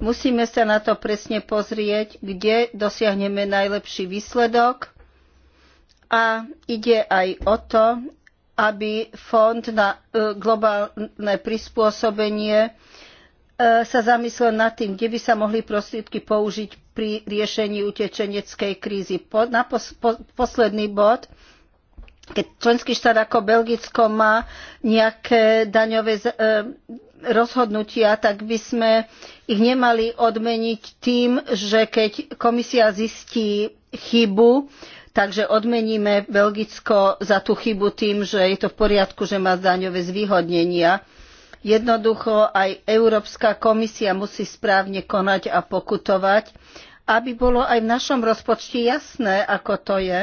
Musíme sa na to presne pozrieť, kde dosiahneme najlepší výsledok. A ide aj o to, aby fond na e, globálne prispôsobenie e, sa zamyslel nad tým, kde by sa mohli prostriedky použiť pri riešení utečeneckej krízy. Po, na pos, po, posledný bod, keď členský štát ako Belgicko má nejaké daňové e, rozhodnutia, tak by sme ich nemali odmeniť tým, že keď komisia zistí chybu, takže odmeníme Belgicko za tú chybu tým, že je to v poriadku, že má daňové zvýhodnenia. Jednoducho aj Európska komisia musí správne konať a pokutovať, aby bolo aj v našom rozpočte jasné, ako to je,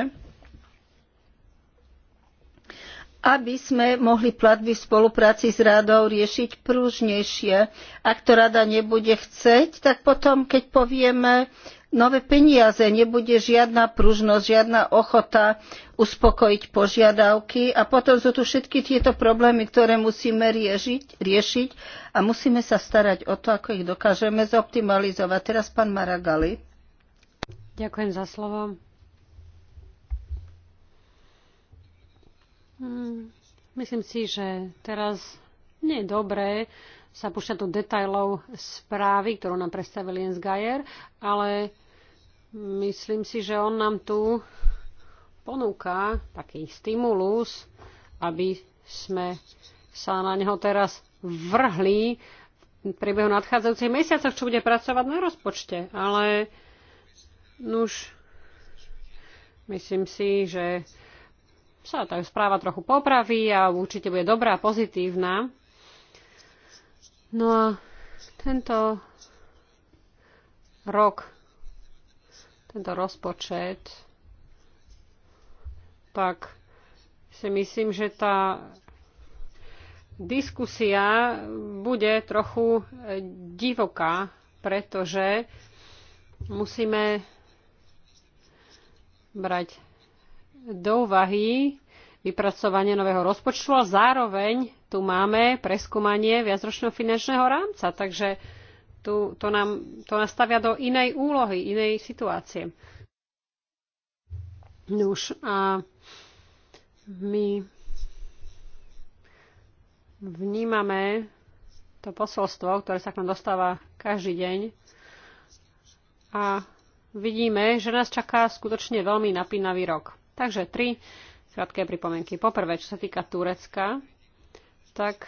aby sme mohli platby v spolupráci s radou riešiť prúžnejšie. Ak to rada nebude chceť, tak potom, keď povieme nové peniaze, nebude žiadna pružnosť, žiadna ochota uspokojiť požiadavky a potom sú tu všetky tieto problémy, ktoré musíme riešiť, riešiť a musíme sa starať o to, ako ich dokážeme zoptimalizovať. Teraz pán Maragali. Ďakujem za slovo. Hmm, myslím si, že teraz nie je dobré sa púšťať do detajlov správy, ktorú nám predstavil Jens Geier, ale Myslím si, že on nám tu ponúka taký stimulus, aby sme sa na neho teraz vrhli v priebehu nadchádzajúcich mesiacoch, čo bude pracovať na rozpočte. Ale nuž, myslím si, že sa tá správa trochu popraví a určite bude dobrá a pozitívna. No a tento rok tento rozpočet, tak si myslím, že tá diskusia bude trochu e, divoká, pretože musíme brať do úvahy vypracovanie nového rozpočtu a zároveň tu máme preskúmanie viacročného finančného rámca. Takže tu, to, nám, to nás stavia do inej úlohy, inej situácie. Nuž a my vnímame to posolstvo, ktoré sa k nám dostáva každý deň a vidíme, že nás čaká skutočne veľmi napínavý rok. Takže tri krátke pripomienky. Poprvé, čo sa týka Turecka, tak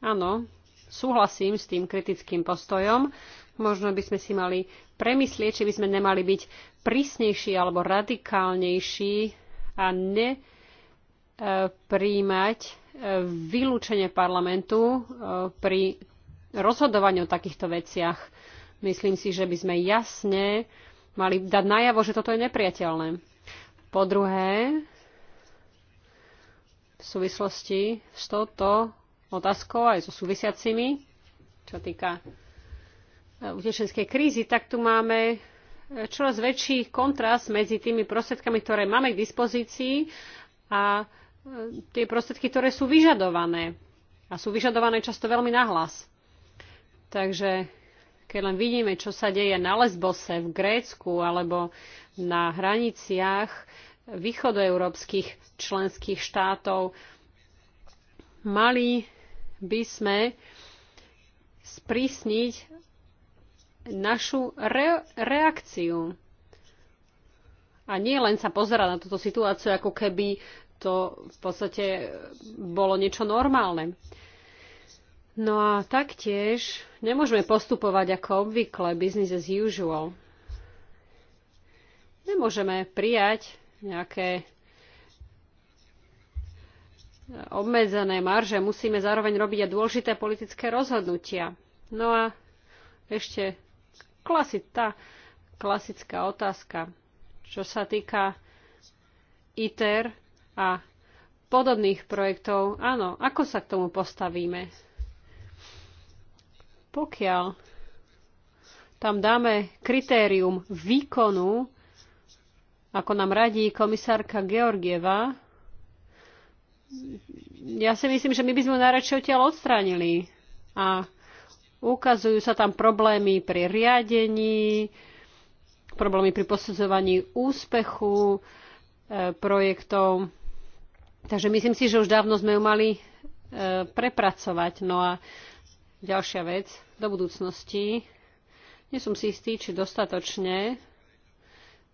áno, súhlasím s tým kritickým postojom. Možno by sme si mali premyslieť, či by sme nemali byť prísnejší alebo radikálnejší a ne e, príjmať e, vylúčenie parlamentu e, pri rozhodovaní o takýchto veciach. Myslím si, že by sme jasne mali dať najavo, že toto je nepriateľné. Po druhé, v súvislosti s touto otázkou, aj so súvisiacimi, čo týka e, utečenskej krízy, tak tu máme e, čoraz väčší kontrast medzi tými prostriedkami, ktoré máme k dispozícii a e, tie prostriedky, ktoré sú vyžadované. A sú vyžadované často veľmi nahlas. Takže keď len vidíme, čo sa deje na Lesbose, v Grécku alebo na hraniciach východoeurópskych členských štátov, mali by sme sprísniť našu re- reakciu. A nie len sa pozerať na túto situáciu, ako keby to v podstate bolo niečo normálne. No a taktiež nemôžeme postupovať ako obvykle, business as usual. Nemôžeme prijať nejaké obmedzené marže, musíme zároveň robiť aj dôležité politické rozhodnutia. No a ešte klasi, tá klasická otázka, čo sa týka ITER a podobných projektov. Áno, ako sa k tomu postavíme? Pokiaľ tam dáme kritérium výkonu, ako nám radí komisárka Georgieva, ja si myslím, že my by sme najradšej odtiaľ odstránili. A ukazujú sa tam problémy pri riadení, problémy pri posudzovaní úspechu e, projektov. Takže myslím si, že už dávno sme ju mali e, prepracovať. No a ďalšia vec, do budúcnosti. Nie som si istý, či dostatočne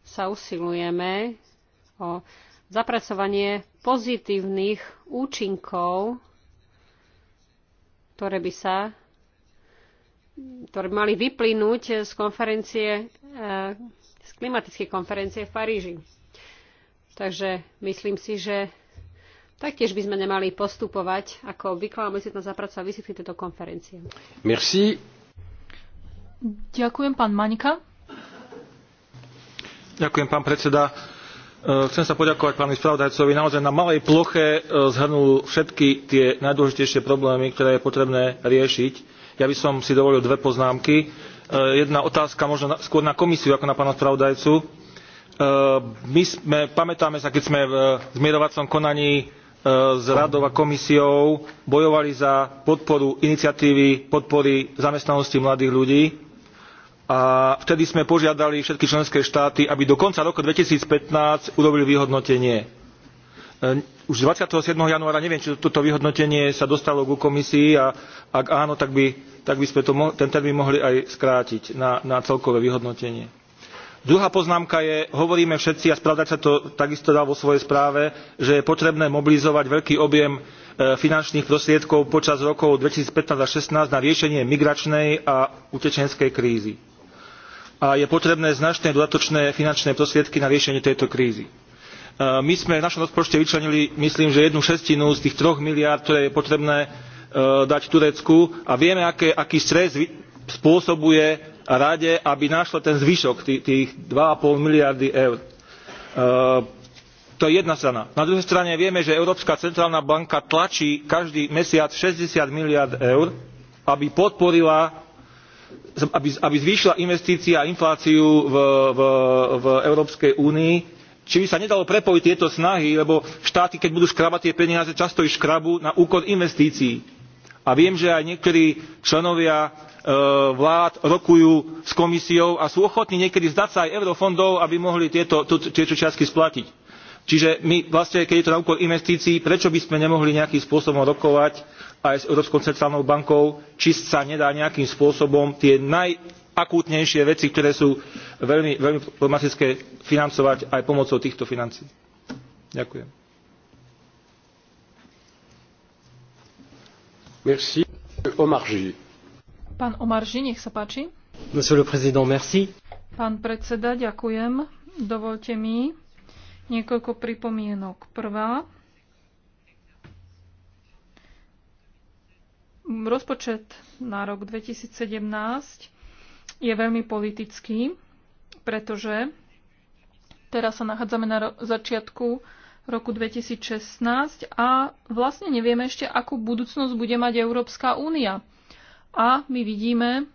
sa usilujeme o zapracovanie pozitívnych účinkov, ktoré by sa ktoré mali vyplynúť z konferencie, eh, z klimatickej konferencie v Paríži. Takže myslím si, že taktiež by sme nemali postupovať, ako vykladáme si to zapracovať vysvetliť tieto konferencie. Merci. Ďakujem, pán Maňka. Ďakujem, pán predseda E, chcem sa poďakovať pánovi spravodajcovi. Naozaj na malej ploche e, zhrnul všetky tie najdôležitejšie problémy, ktoré je potrebné riešiť. Ja by som si dovolil dve poznámky. E, jedna otázka možno skôr na komisiu ako na pána spravodajcu. My sme, pamätáme sa, keď sme v zmierovacom konaní s radou a komisiou bojovali za podporu iniciatívy podpory zamestnanosti mladých ľudí a vtedy sme požiadali všetky členské štáty, aby do konca roku 2015 urobili vyhodnotenie. E, už 27. januára neviem, či toto vyhodnotenie sa dostalo ku komisii a ak áno, tak by, tak by sme to, ten termín mohli aj skrátiť na, na celkové vyhodnotenie. Druhá poznámka je, hovoríme všetci, a spravdať sa to takisto dá vo svojej správe, že je potrebné mobilizovať veľký objem e, finančných prostriedkov počas rokov 2015 a 2016 na riešenie migračnej a utečenskej krízy a je potrebné značné dodatočné finančné prostriedky na riešenie tejto krízy. E, my sme v našom rozpočte vyčlenili, myslím, že jednu šestinu z tých troch miliárd, ktoré je potrebné e, dať Turecku a vieme, aké, aký stres spôsobuje Rade, aby našla ten zvyšok tých 2,5 miliardy eur. E, to je jedna strana. Na druhej strane vieme, že Európska centrálna banka tlačí každý mesiac 60 miliard eur, aby podporila aby, aby zvýšila investície a infláciu v, v, v Európskej únii, či by sa nedalo prepojiť tieto snahy, lebo štáty, keď budú škrabať tie peniaze, často ich škrabu na úkor investícií. A viem, že aj niektorí členovia e, vlád rokujú s komisiou a sú ochotní niekedy zdať sa aj eurofondov, aby mohli tieto, tieto čiastky splatiť. Čiže my vlastne, keď je to na úkor investícií, prečo by sme nemohli nejakým spôsobom rokovať aj s Európskou centrálnou bankou, či sa nedá nejakým spôsobom tie najakútnejšie veci, ktoré sú veľmi, veľmi problematické, financovať aj pomocou týchto financií. Ďakujem. Merci. Pán nech sa páči. Monsieur le Président, merci. Pán predseda, ďakujem. Dovolte mi niekoľko pripomienok. Prvá, Rozpočet na rok 2017 je veľmi politický, pretože teraz sa nachádzame na začiatku roku 2016 a vlastne nevieme ešte, akú budúcnosť bude mať Európska únia. A my vidíme,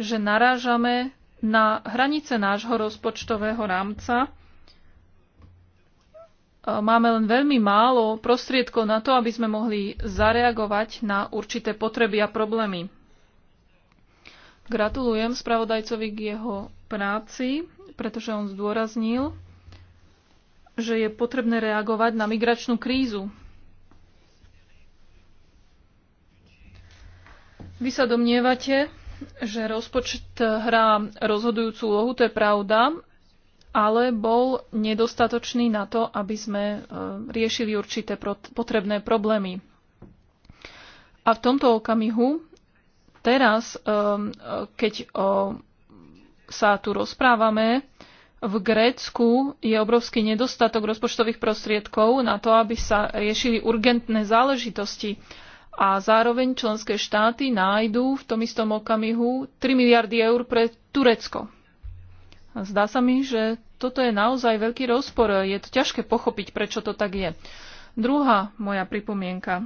že narážame na hranice nášho rozpočtového rámca máme len veľmi málo prostriedkov na to, aby sme mohli zareagovať na určité potreby a problémy. Gratulujem spravodajcovi k jeho práci, pretože on zdôraznil, že je potrebné reagovať na migračnú krízu. Vy sa domnievate, že rozpočet hrá rozhodujúcu úlohu, to je pravda, ale bol nedostatočný na to, aby sme e, riešili určité potrebné problémy. A v tomto okamihu, teraz, e, e, keď sa tu rozprávame, v Grécku je obrovský nedostatok rozpočtových prostriedkov na to, aby sa riešili urgentné záležitosti. A zároveň členské štáty nájdú v tom istom okamihu 3 miliardy eur pre Turecko. Zdá sa mi, že toto je naozaj veľký rozpor. Je to ťažké pochopiť, prečo to tak je. Druhá moja pripomienka.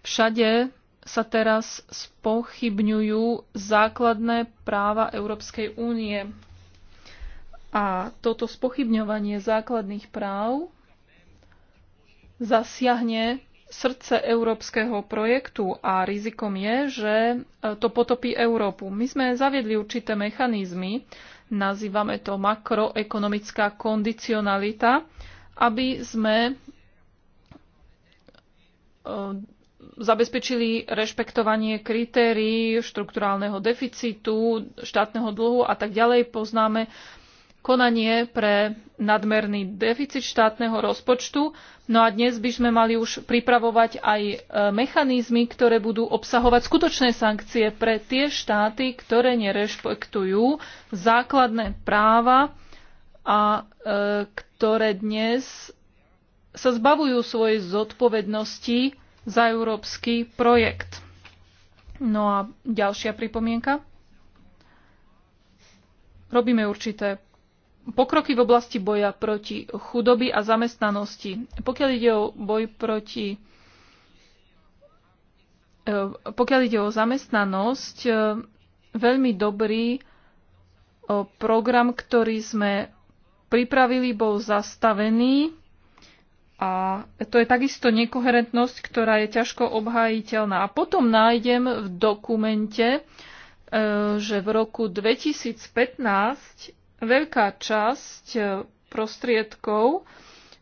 Všade sa teraz spochybňujú základné práva Európskej únie. A toto spochybňovanie základných práv zasiahne srdce európskeho projektu a rizikom je, že e, to potopí Európu. My sme zaviedli určité mechanizmy, nazývame to makroekonomická kondicionalita, aby sme e, zabezpečili rešpektovanie kritérií štrukturálneho deficitu, štátneho dlhu a tak ďalej. Poznáme konanie pre nadmerný deficit štátneho rozpočtu. No a dnes by sme mali už pripravovať aj e, mechanizmy, ktoré budú obsahovať skutočné sankcie pre tie štáty, ktoré nerešpektujú základné práva a e, ktoré dnes sa zbavujú svojej zodpovednosti za európsky projekt. No a ďalšia pripomienka. Robíme určité pokroky v oblasti boja proti chudoby a zamestnanosti. Pokiaľ ide o boj proti e, pokiaľ ide o zamestnanosť, e, veľmi dobrý e, program, ktorý sme pripravili, bol zastavený a to je takisto nekoherentnosť, ktorá je ťažko obhájiteľná. A potom nájdem v dokumente, že v roku 2015 veľká časť e, prostriedkov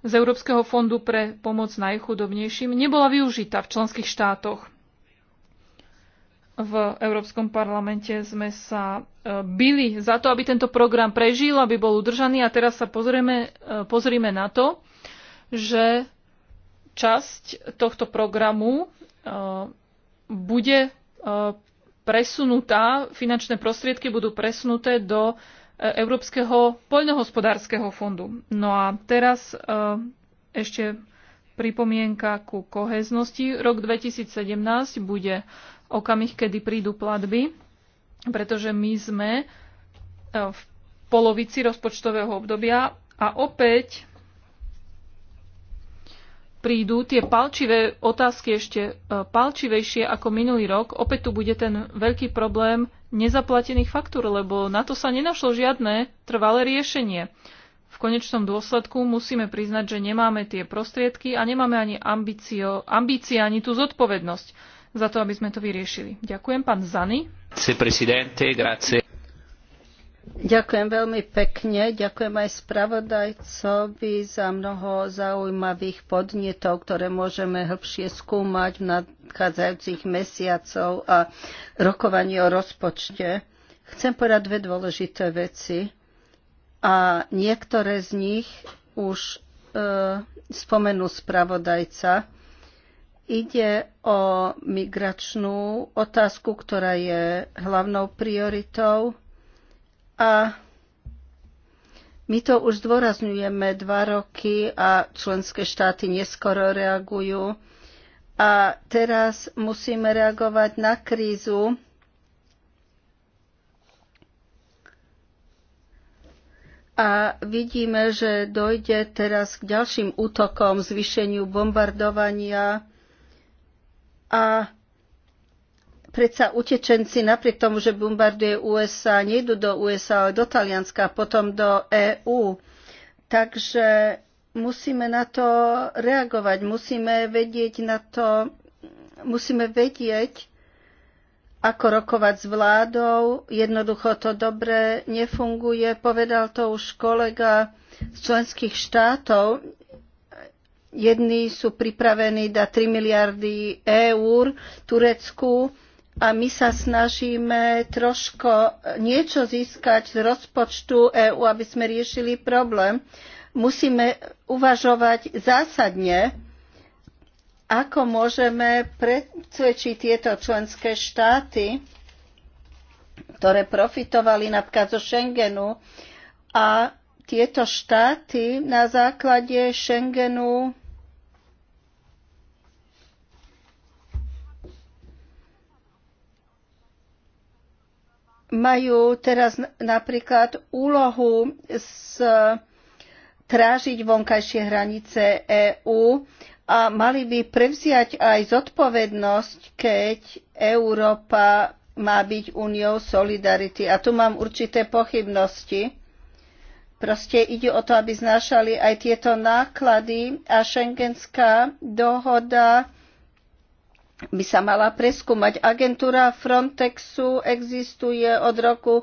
z Európskeho fondu pre pomoc najchudobnejším nebola využitá v členských štátoch. V Európskom parlamente sme sa e, byli za to, aby tento program prežil, aby bol udržaný a teraz sa pozrieme, e, pozrieme na to, že časť tohto programu bude presunutá, finančné prostriedky budú presunuté do E, Európskeho poľnohospodárskeho fondu. No a teraz e, ešte pripomienka ku koheznosti. Rok 2017 bude okamih, kedy prídu platby, pretože my sme e, v polovici rozpočtového obdobia a opäť prídu tie palčivé otázky ešte e, palčivejšie ako minulý rok, opäť tu bude ten veľký problém nezaplatených faktúr, lebo na to sa nenašlo žiadne trvalé riešenie. V konečnom dôsledku musíme priznať, že nemáme tie prostriedky a nemáme ani ambície, ani tú zodpovednosť za to, aby sme to vyriešili. Ďakujem, pán Zany. Grazie, Ďakujem veľmi pekne. Ďakujem aj spravodajcovi za mnoho zaujímavých podnetov, ktoré môžeme hĺbšie skúmať v nadchádzajúcich mesiacov a rokovanie o rozpočte. Chcem povedať dve dôležité veci a niektoré z nich už e, spomenul spravodajca. Ide o migračnú otázku, ktorá je hlavnou prioritou a my to už zdôrazňujeme dva roky a členské štáty neskoro reagujú. A teraz musíme reagovať na krízu. A vidíme, že dojde teraz k ďalším útokom, zvýšeniu bombardovania a predsa utečenci napriek tomu, že bombarduje USA, nejdú do USA, ale do Talianska, potom do EÚ. Takže musíme na to reagovať, musíme vedieť na to, musíme vedieť, ako rokovať s vládou. Jednoducho to dobre nefunguje. Povedal to už kolega z členských štátov. Jedni sú pripravení dať 3 miliardy eur Turecku, a my sa snažíme trošku niečo získať z rozpočtu EÚ, aby sme riešili problém. Musíme uvažovať zásadne, ako môžeme predsvedčiť tieto členské štáty, ktoré profitovali napríklad zo Schengenu a tieto štáty na základe Schengenu majú teraz napríklad úlohu z, trážiť vonkajšie hranice EÚ a mali by prevziať aj zodpovednosť, keď Európa má byť úniou solidarity. A tu mám určité pochybnosti. Proste ide o to, aby znášali aj tieto náklady a šengenská dohoda by sa mala preskúmať. Agentúra Frontexu existuje od roku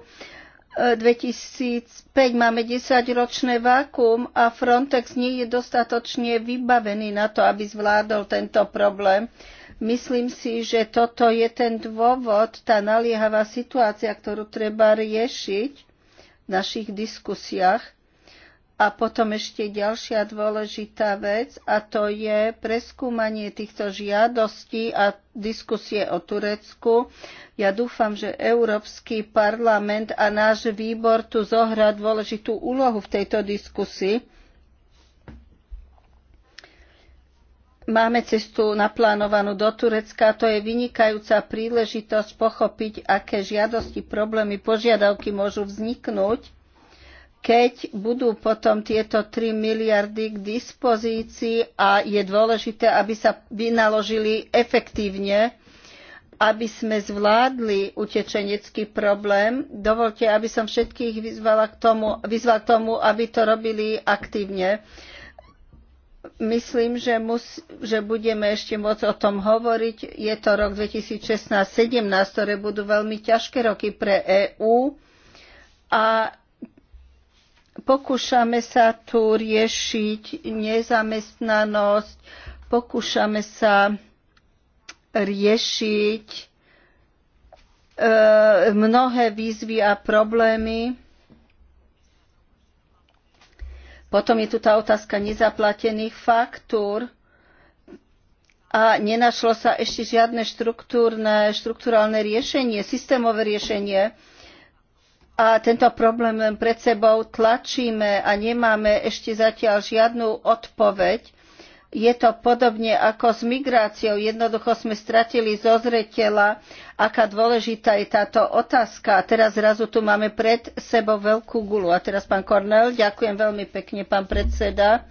2005 e, máme 10-ročné vákum a Frontex nie je dostatočne vybavený na to, aby zvládol tento problém. Myslím si, že toto je ten dôvod, tá naliehavá situácia, ktorú treba riešiť v našich diskusiách. A potom ešte ďalšia dôležitá vec a to je preskúmanie týchto žiadostí a diskusie o Turecku. Ja dúfam, že Európsky parlament a náš výbor tu zohrá dôležitú úlohu v tejto diskusii. Máme cestu naplánovanú do Turecka, to je vynikajúca príležitosť pochopiť, aké žiadosti, problémy, požiadavky môžu vzniknúť keď budú potom tieto 3 miliardy k dispozícii a je dôležité, aby sa vynaložili efektívne, aby sme zvládli utečenecký problém. Dovolte, aby som všetkých vyzvala k tomu, vyzval k tomu, aby to robili aktívne. Myslím, že, mus, že budeme ešte môcť o tom hovoriť. Je to rok 2016-17, ktoré budú veľmi ťažké roky pre EÚ a Pokúšame sa tu riešiť nezamestnanosť, pokúšame sa riešiť e, mnohé výzvy a problémy. Potom je tu tá otázka nezaplatených faktúr a nenašlo sa ešte žiadne štruktúrne, štruktúrálne riešenie, systémové riešenie a tento problém len pred sebou tlačíme a nemáme ešte zatiaľ žiadnu odpoveď. Je to podobne ako s migráciou. Jednoducho sme stratili zo zretela, aká dôležitá je táto otázka. A teraz zrazu tu máme pred sebou veľkú gulu. A teraz pán Kornel, ďakujem veľmi pekne, pán predseda.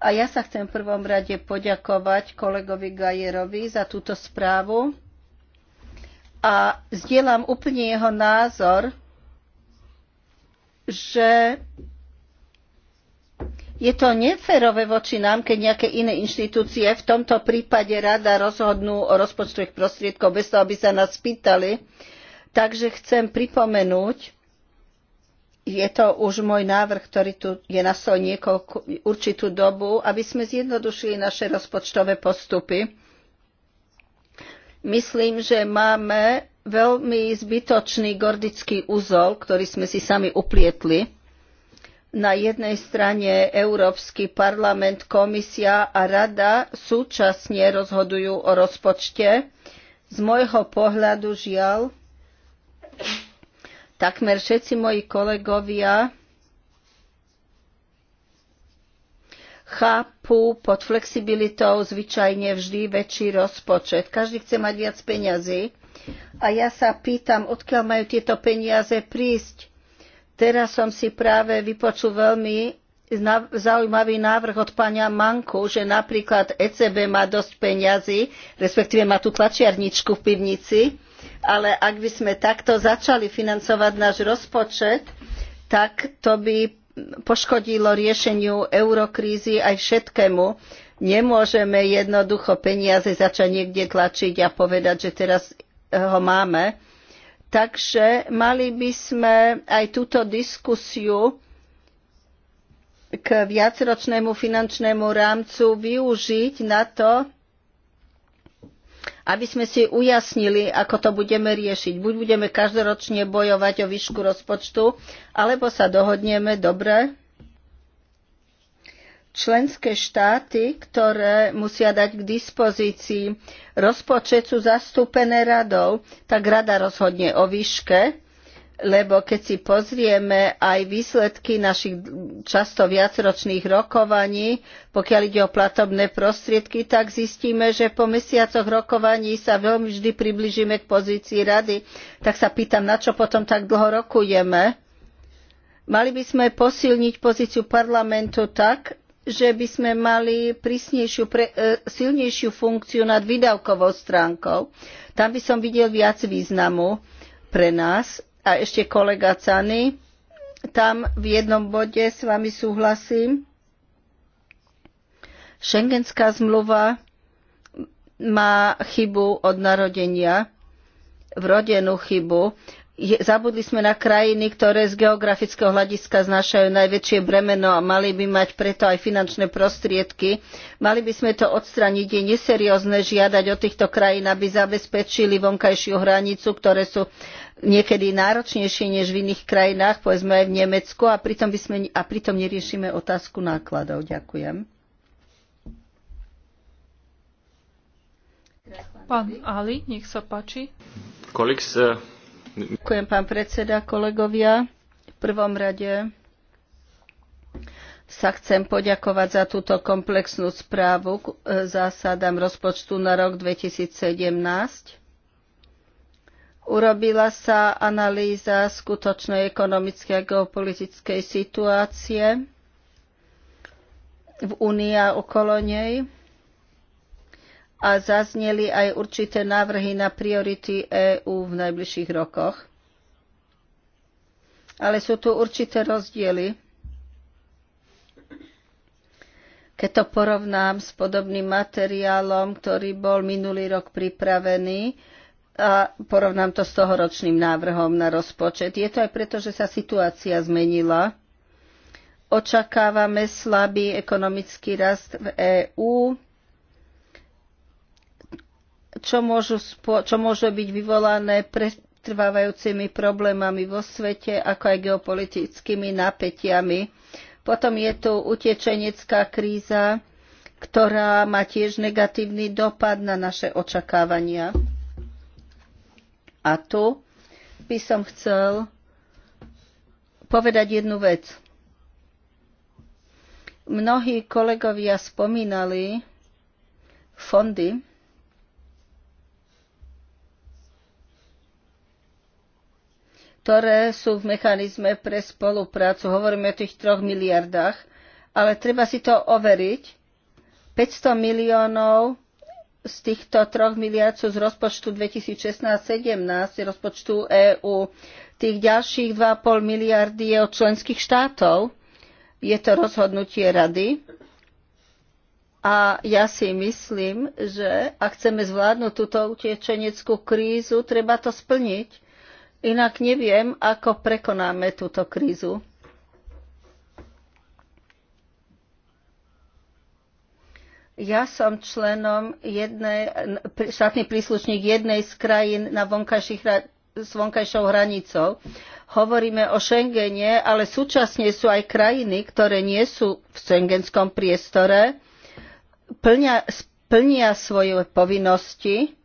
A ja sa chcem v prvom rade poďakovať kolegovi Gajerovi za túto správu. A zdieľam úplne jeho názor, že je to neférové voči nám, keď nejaké iné inštitúcie, v tomto prípade rada, rozhodnú o rozpočtových prostriedkoch bez toho, aby sa nás pýtali. Takže chcem pripomenúť, je to už môj návrh, ktorý tu je na stole niekoľko, určitú dobu, aby sme zjednodušili naše rozpočtové postupy. Myslím, že máme veľmi zbytočný gordický úzol, ktorý sme si sami uplietli. Na jednej strane Európsky parlament, komisia a rada súčasne rozhodujú o rozpočte. Z môjho pohľadu žiaľ, takmer všetci moji kolegovia chápu pod flexibilitou zvyčajne vždy väčší rozpočet. Každý chce mať viac peňazí a ja sa pýtam, odkiaľ majú tieto peniaze prísť. Teraz som si práve vypočul veľmi zaujímavý návrh od pána Manku, že napríklad ECB má dosť peňazí, respektíve má tú tlačiarničku v pivnici, ale ak by sme takto začali financovať náš rozpočet, tak to by poškodilo riešeniu eurokrízy aj všetkému. Nemôžeme jednoducho peniaze začať niekde tlačiť a povedať, že teraz ho máme. Takže mali by sme aj túto diskusiu k viacročnému finančnému rámcu využiť na to, aby sme si ujasnili, ako to budeme riešiť. Buď budeme každoročne bojovať o výšku rozpočtu, alebo sa dohodneme, dobre, členské štáty, ktoré musia dať k dispozícii rozpočet, sú zastúpené radou, tak rada rozhodne o výške, lebo keď si pozrieme aj výsledky našich často viacročných rokovaní, pokiaľ ide o platobné prostriedky, tak zistíme, že po mesiacoch rokovaní sa veľmi vždy približíme k pozícii rady. Tak sa pýtam, na čo potom tak dlho rokujeme? Mali by sme posilniť pozíciu parlamentu tak, že by sme mali prísnejšiu, pre, e, silnejšiu funkciu nad výdavkovou stránkou. Tam by som videl viac významu pre nás. A ešte kolega Cany, tam v jednom bode s vami súhlasím. Schengenská zmluva má chybu od narodenia, vrodenú chybu zabudli sme na krajiny, ktoré z geografického hľadiska znášajú najväčšie bremeno a mali by mať preto aj finančné prostriedky. Mali by sme to odstraniť. Je neseriózne žiadať od týchto krajín, aby zabezpečili vonkajšiu hranicu, ktoré sú niekedy náročnejšie než v iných krajinách, povedzme aj v Nemecku, a pritom, by sme, a pritom neriešime otázku nákladov. Ďakujem. Pán Ali, nech sa páči. Kolik sa uh, Ďakujem, pán predseda, kolegovia. V prvom rade sa chcem poďakovať za túto komplexnú správu k e, zásadám rozpočtu na rok 2017. Urobila sa analýza skutočnej ekonomickej a geopolitickej situácie v Únii a okolo nej a zazneli aj určité návrhy na priority EÚ v najbližších rokoch. Ale sú tu určité rozdiely. Keď to porovnám s podobným materiálom, ktorý bol minulý rok pripravený, a porovnám to s tohoročným návrhom na rozpočet. Je to aj preto, že sa situácia zmenila. Očakávame slabý ekonomický rast v EÚ čo, môžu, čo môže byť vyvolané pretrvávajúcimi problémami vo svete, ako aj geopolitickými napätiami. Potom je tu utečenecká kríza, ktorá má tiež negatívny dopad na naše očakávania. A tu by som chcel povedať jednu vec. Mnohí kolegovia spomínali fondy, ktoré sú v mechanizme pre spoluprácu. Hovoríme o tých troch miliardách, ale treba si to overiť. 500 miliónov z týchto troch miliard sú z rozpočtu 2016-17, rozpočtu EÚ. Tých ďalších 2,5 miliardy je od členských štátov. Je to rozhodnutie rady. A ja si myslím, že ak chceme zvládnuť túto utečeneckú krízu, treba to splniť Inak neviem, ako prekonáme túto krízu. Ja som členom jednej, štátny príslušník jednej z krajín na vonkajších s vonkajšou hranicou. Hovoríme o Schengene, ale súčasne sú aj krajiny, ktoré nie sú v schengenskom priestore, plnia, plnia svoje povinnosti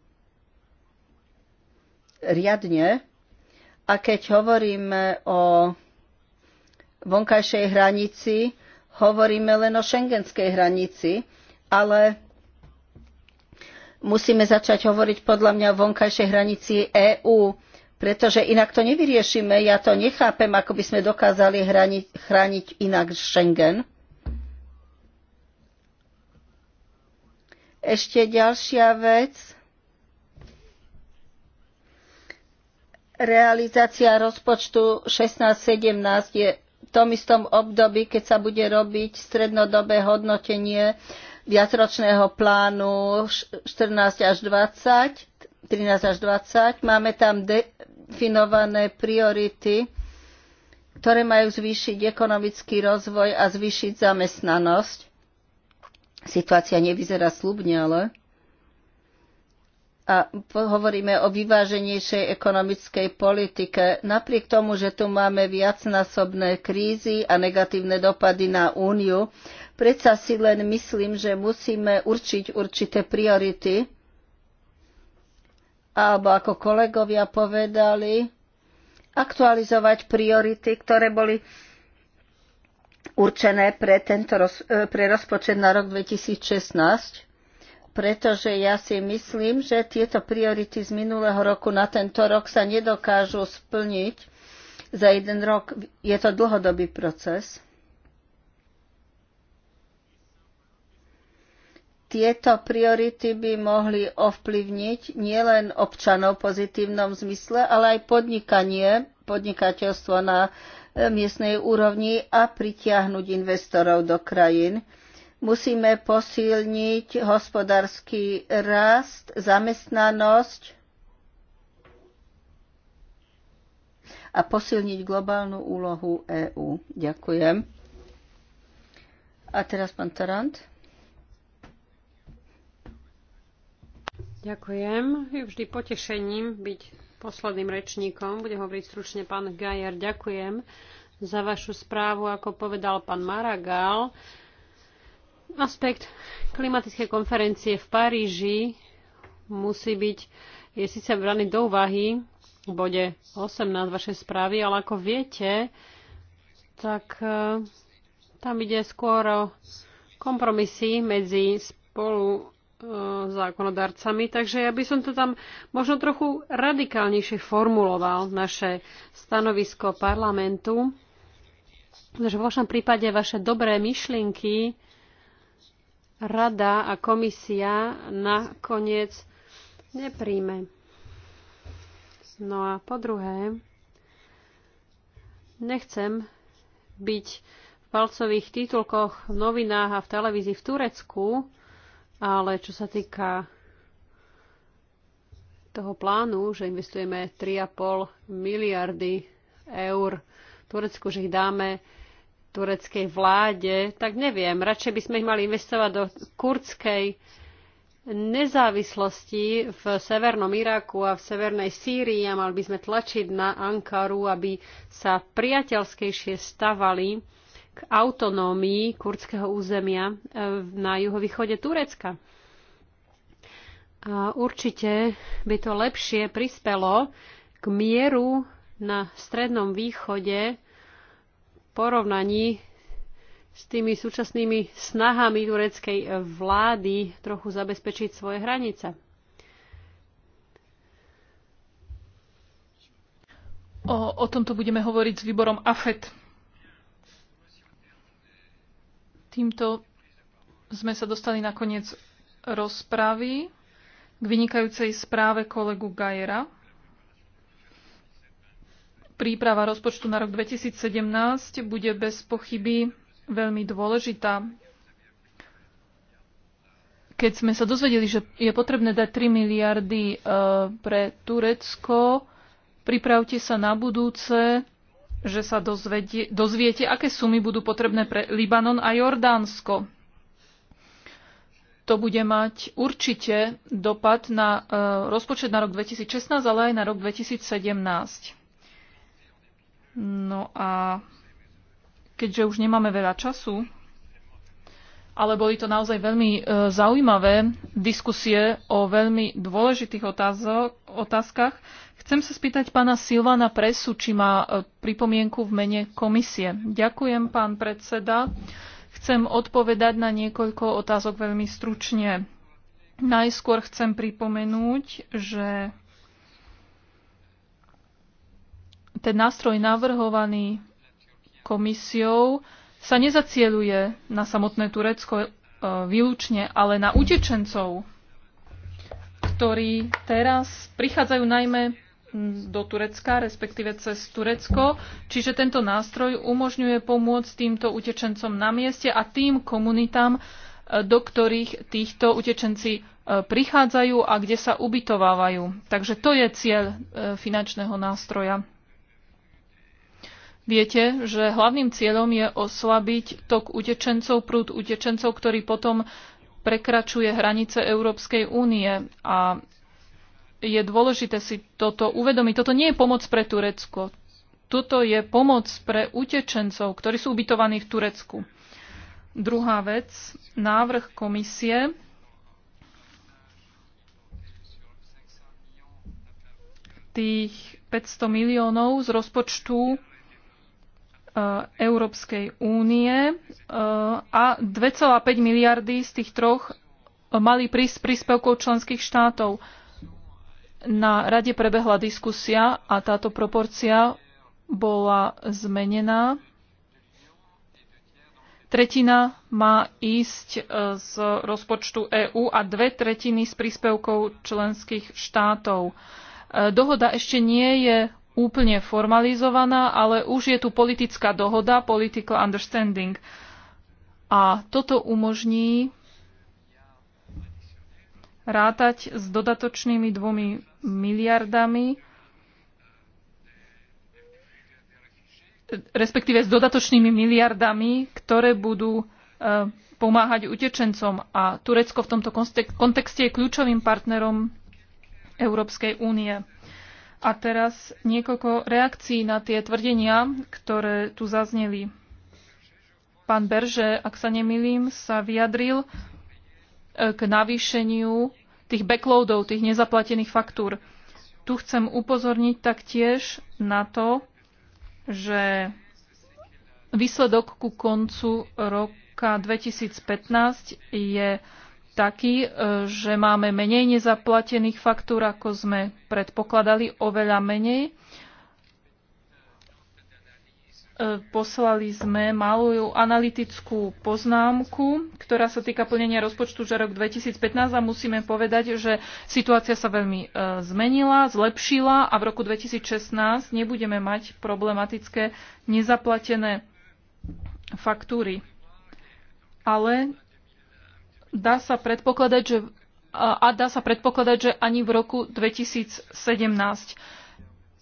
riadne a keď hovoríme o vonkajšej hranici, hovoríme len o šengenskej hranici, ale musíme začať hovoriť podľa mňa o vonkajšej hranici EÚ, pretože inak to nevyriešime. Ja to nechápem, ako by sme dokázali hraniť, chrániť inak Schengen. Ešte ďalšia vec. realizácia rozpočtu 16-17 je v tom istom období, keď sa bude robiť strednodobé hodnotenie viacročného plánu 14 až 20, 13 až 20. Máme tam definované priority, ktoré majú zvýšiť ekonomický rozvoj a zvýšiť zamestnanosť. Situácia nevyzerá slubne, ale a hovoríme o vyváženejšej ekonomickej politike. Napriek tomu, že tu máme viacnásobné krízy a negatívne dopady na úniu, predsa si len myslím, že musíme určiť určité priority. Alebo ako kolegovia povedali, aktualizovať priority, ktoré boli určené pre, tento, e, pre rozpočet na rok 2016 pretože ja si myslím, že tieto priority z minulého roku na tento rok sa nedokážu splniť za jeden rok. Je to dlhodobý proces. Tieto priority by mohli ovplyvniť nielen občanov v pozitívnom zmysle, ale aj podnikanie, podnikateľstvo na e, miestnej úrovni a pritiahnuť investorov do krajín Musíme posilniť hospodársky rast, zamestnanosť a posilniť globálnu úlohu EÚ. Ďakujem. A teraz pán Tarant. Ďakujem. Je vždy potešením byť posledným rečníkom. Bude hovoriť stručne pán Gajer. Ďakujem za vašu správu, ako povedal pán Maragal. Aspekt klimatickej konferencie v Paríži musí byť, je síce braný do úvahy v bode 18 vašej správy, ale ako viete, tak eh, tam ide skôr o kompromisy medzi spolu eh, zákonodarcami, takže ja by som to tam možno trochu radikálnejšie formuloval, naše stanovisko parlamentu, pretože v vašom prípade vaše dobré myšlienky rada a komisia nakoniec nepríjme. No a po druhé, nechcem byť v palcových titulkoch v novinách a v televízii v Turecku, ale čo sa týka toho plánu, že investujeme 3,5 miliardy eur v Turecku, že ich dáme tureckej vláde, tak neviem. Radšej by sme ich mali investovať do kurdskej nezávislosti v severnom Iraku a v severnej Sýrii a mali by sme tlačiť na Ankaru, aby sa priateľskejšie stavali k autonómii kurdského územia e, na juhovýchode Turecka. A určite by to lepšie prispelo k mieru na Strednom východe, porovnaní s tými súčasnými snahami tureckej vlády trochu zabezpečiť svoje hranice. O, o tomto budeme hovoriť s výborom AFET. Týmto sme sa dostali na koniec rozpravy k vynikajúcej správe kolegu Gajera. Príprava rozpočtu na rok 2017 bude bez pochyby veľmi dôležitá. Keď sme sa dozvedeli, že je potrebné dať 3 miliardy e, pre Turecko, pripravte sa na budúce, že sa dozvedie, dozviete, aké sumy budú potrebné pre Libanon a Jordánsko. To bude mať určite dopad na e, rozpočet na rok 2016, ale aj na rok 2017. No a keďže už nemáme veľa času, ale boli to naozaj veľmi e, zaujímavé diskusie o veľmi dôležitých otázok, otázkach, chcem sa spýtať pána Silvana Presu, či má e, pripomienku v mene komisie. Ďakujem, pán predseda. Chcem odpovedať na niekoľko otázok veľmi stručne. Najskôr chcem pripomenúť, že ten nástroj navrhovaný komisiou sa nezacieluje na samotné Turecko e, výlučne, ale na utečencov, ktorí teraz prichádzajú najmä do Turecka, respektíve cez Turecko. Čiže tento nástroj umožňuje pomôcť týmto utečencom na mieste a tým komunitám, e, do ktorých týchto utečenci e, prichádzajú a kde sa ubytovávajú. Takže to je cieľ finančného nástroja. Viete, že hlavným cieľom je oslabiť tok utečencov, prúd utečencov, ktorý potom prekračuje hranice Európskej únie. A je dôležité si toto uvedomiť. Toto nie je pomoc pre Turecko. Toto je pomoc pre utečencov, ktorí sú ubytovaní v Turecku. Druhá vec, návrh komisie tých 500 miliónov z rozpočtu Eh, Európskej únie eh, a 2,5 miliardy z tých troch eh, mali prísť príspevkov členských štátov. Na rade prebehla diskusia a táto proporcia bola zmenená. Tretina má ísť z rozpočtu EÚ a dve tretiny z príspevkov členských štátov. Dohoda ešte nie je úplne formalizovaná, ale už je tu politická dohoda, political understanding. A toto umožní rátať s dodatočnými dvomi miliardami, respektíve s dodatočnými miliardami, ktoré budú e, pomáhať utečencom. A Turecko v tomto kontexte je kľúčovým partnerom Európskej únie. A teraz niekoľko reakcií na tie tvrdenia, ktoré tu zazneli. Pán Berže, ak sa nemýlim, sa vyjadril e, k navýšeniu tých backloadov, tých nezaplatených faktúr. Tu chcem upozorniť taktiež na to, že výsledok ku koncu roka 2015 je taký, e, že máme menej nezaplatených faktúr, ako sme predpokladali, oveľa menej. E, poslali sme malú analytickú poznámku, ktorá sa týka plnenia rozpočtu za rok 2015 a musíme povedať, že situácia sa veľmi e, zmenila, zlepšila a v roku 2016 nebudeme mať problematické nezaplatené faktúry. Ale Dá sa predpokladať, že a dá sa predpokladať, že ani v roku 2017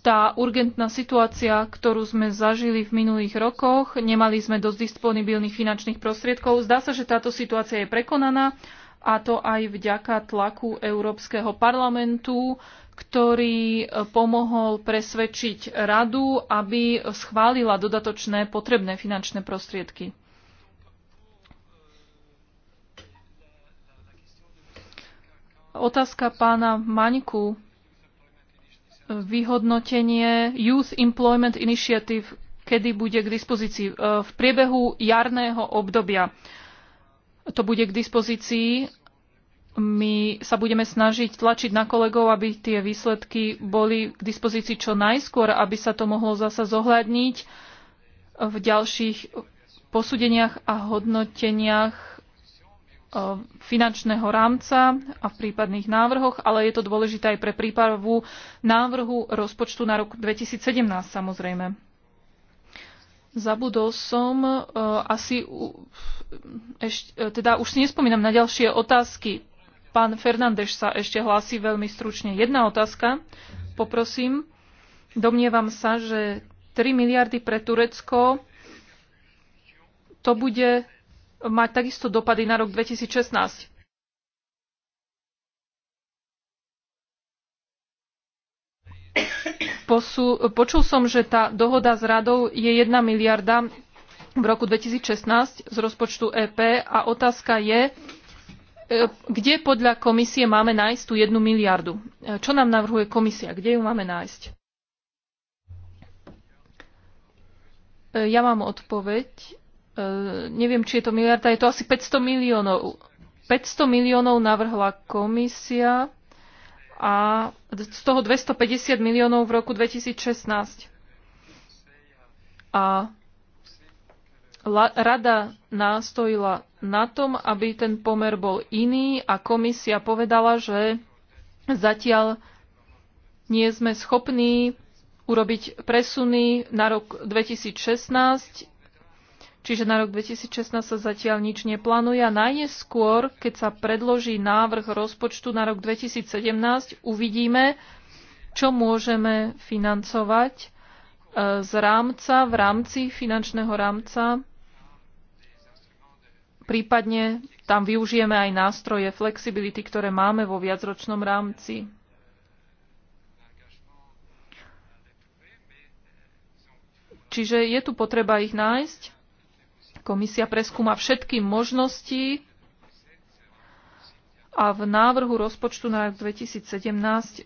tá urgentná situácia, ktorú sme zažili v minulých rokoch, nemali sme dosť disponibilných finančných prostriedkov. Zdá sa, že táto situácia je prekonaná a to aj vďaka tlaku Európskeho parlamentu, ktorý e, pomohol presvedčiť radu, aby schválila dodatočné potrebné finančné prostriedky. Otázka pána Maňku. Vyhodnotenie Youth Employment Initiative, kedy bude k dispozícii? E, v priebehu jarného obdobia to bude k dispozícii. My sa budeme snažiť tlačiť na kolegov, aby tie výsledky boli k dispozícii čo najskôr, aby sa to mohlo zasa zohľadniť v ďalších posúdeniach a hodnoteniach E, finančného rámca a v prípadných návrhoch, ale je to dôležité aj pre prípravu návrhu rozpočtu na rok 2017 samozrejme. Zabudol som e, asi, ešte, teda už si nespomínam na ďalšie otázky. Pán Fernández sa ešte hlási veľmi stručne. Jedna otázka, poprosím. Domnievam sa, že 3 miliardy pre Turecko to bude mať takisto dopady na rok 2016. Posu, počul som, že tá dohoda s radou je 1 miliarda v roku 2016 z rozpočtu EP a otázka je, e, kde podľa komisie máme nájsť tú 1 miliardu? E, čo nám navrhuje komisia? Kde ju máme nájsť? E, ja mám odpoveď E, neviem, či je to miliarda, je to asi 500 miliónov. 500 miliónov navrhla komisia a z toho 250 miliónov v roku 2016. A rada nástojila na tom, aby ten pomer bol iný a komisia povedala, že zatiaľ nie sme schopní urobiť presuny na rok 2016 Čiže na rok 2016 sa zatiaľ nič neplánuje a najneskôr, keď sa predloží návrh rozpočtu na rok 2017, uvidíme, čo môžeme financovať e, z rámca, v rámci finančného rámca. Prípadne tam využijeme aj nástroje flexibility, ktoré máme vo viacročnom rámci. Čiže je tu potreba ich nájsť Komisia preskúma všetky možnosti a v návrhu rozpočtu na rok 2017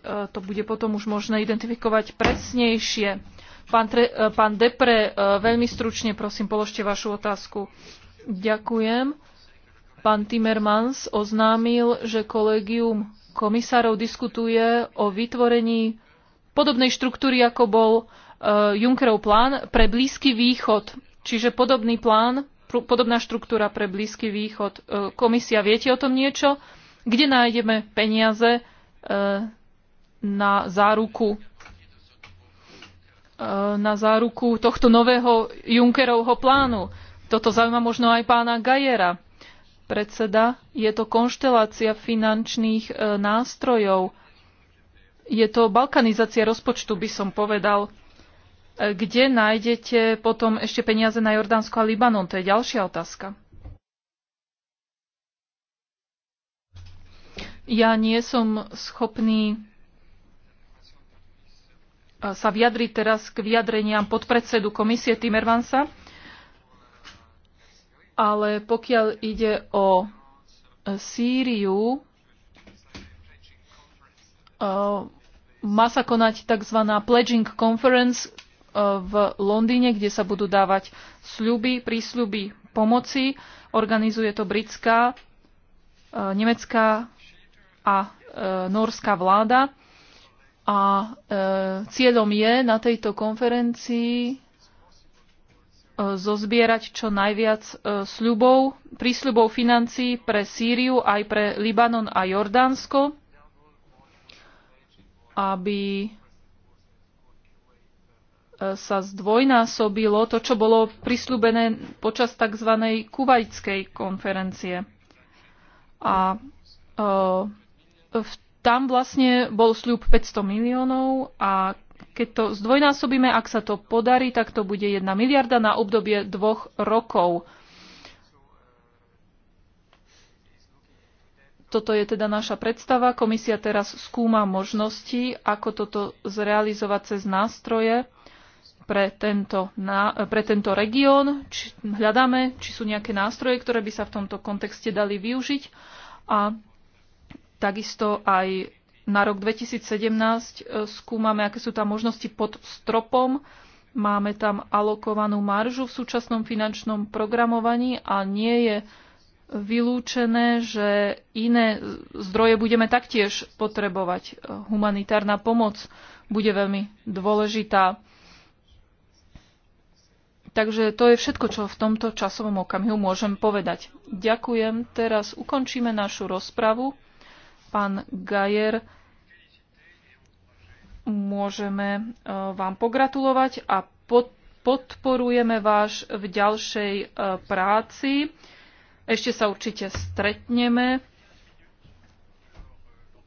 e, to bude potom už možné identifikovať presnejšie. Pán, Tre, e, pán Depre, e, veľmi stručne prosím, položte vašu otázku. Ďakujem. Pán Timmermans oznámil, že kolegium komisárov diskutuje o vytvorení podobnej štruktúry, ako bol Junckerov plán pre Blízky východ. Čiže podobný plán podobná štruktúra pre Blízky východ. E, komisia, viete o tom niečo? Kde nájdeme peniaze e, na záruku e, na záruku tohto nového Junckerovho plánu. Toto zaujíma možno aj pána Gajera. Predseda, je to konštelácia finančných nástrojov. Je to balkanizácia rozpočtu, by som povedal. E, kde nájdete potom ešte peniaze na Jordánsko a Libanon? To je ďalšia otázka. Ja nie som schopný e, sa vyjadriť teraz k vyjadreniam podpredsedu komisie Timmermansa, ale pokiaľ ide o e, Sýriu, má sa konať tzv. pledging conference, E, v Londýne, kde sa budú dávať sľuby, prísľuby pomoci. Organizuje to britská, e, nemecká a e, norská vláda. A cieľom je na tejto konferencii zozbierať čo najviac sľubov, prísľubov financií pre Sýriu, aj pre Libanon a Jordánsko, aby sa zdvojnásobilo to, čo bolo prislúbené počas tzv. kuvajskej konferencie. A e, tam vlastne bol sľub 500 miliónov a keď to zdvojnásobíme, ak sa to podarí, tak to bude 1 miliarda na obdobie dvoch rokov. Toto je teda naša predstava. Komisia teraz skúma možnosti, ako toto zrealizovať cez nástroje pre tento, pre tento región. Či, hľadáme, či sú nejaké nástroje, ktoré by sa v tomto kontexte dali využiť. A takisto aj na rok 2017 e, skúmame, aké sú tam možnosti pod stropom. Máme tam alokovanú maržu v súčasnom finančnom programovaní a nie je vylúčené, že iné zdroje budeme taktiež potrebovať. E, humanitárna pomoc bude veľmi dôležitá Takže to je všetko, čo v tomto časovom okamihu môžem povedať. Ďakujem. Teraz ukončíme našu rozpravu. Pán Gajer, môžeme e, vám pogratulovať a podporujeme vás v ďalšej e, práci. Ešte sa určite stretneme.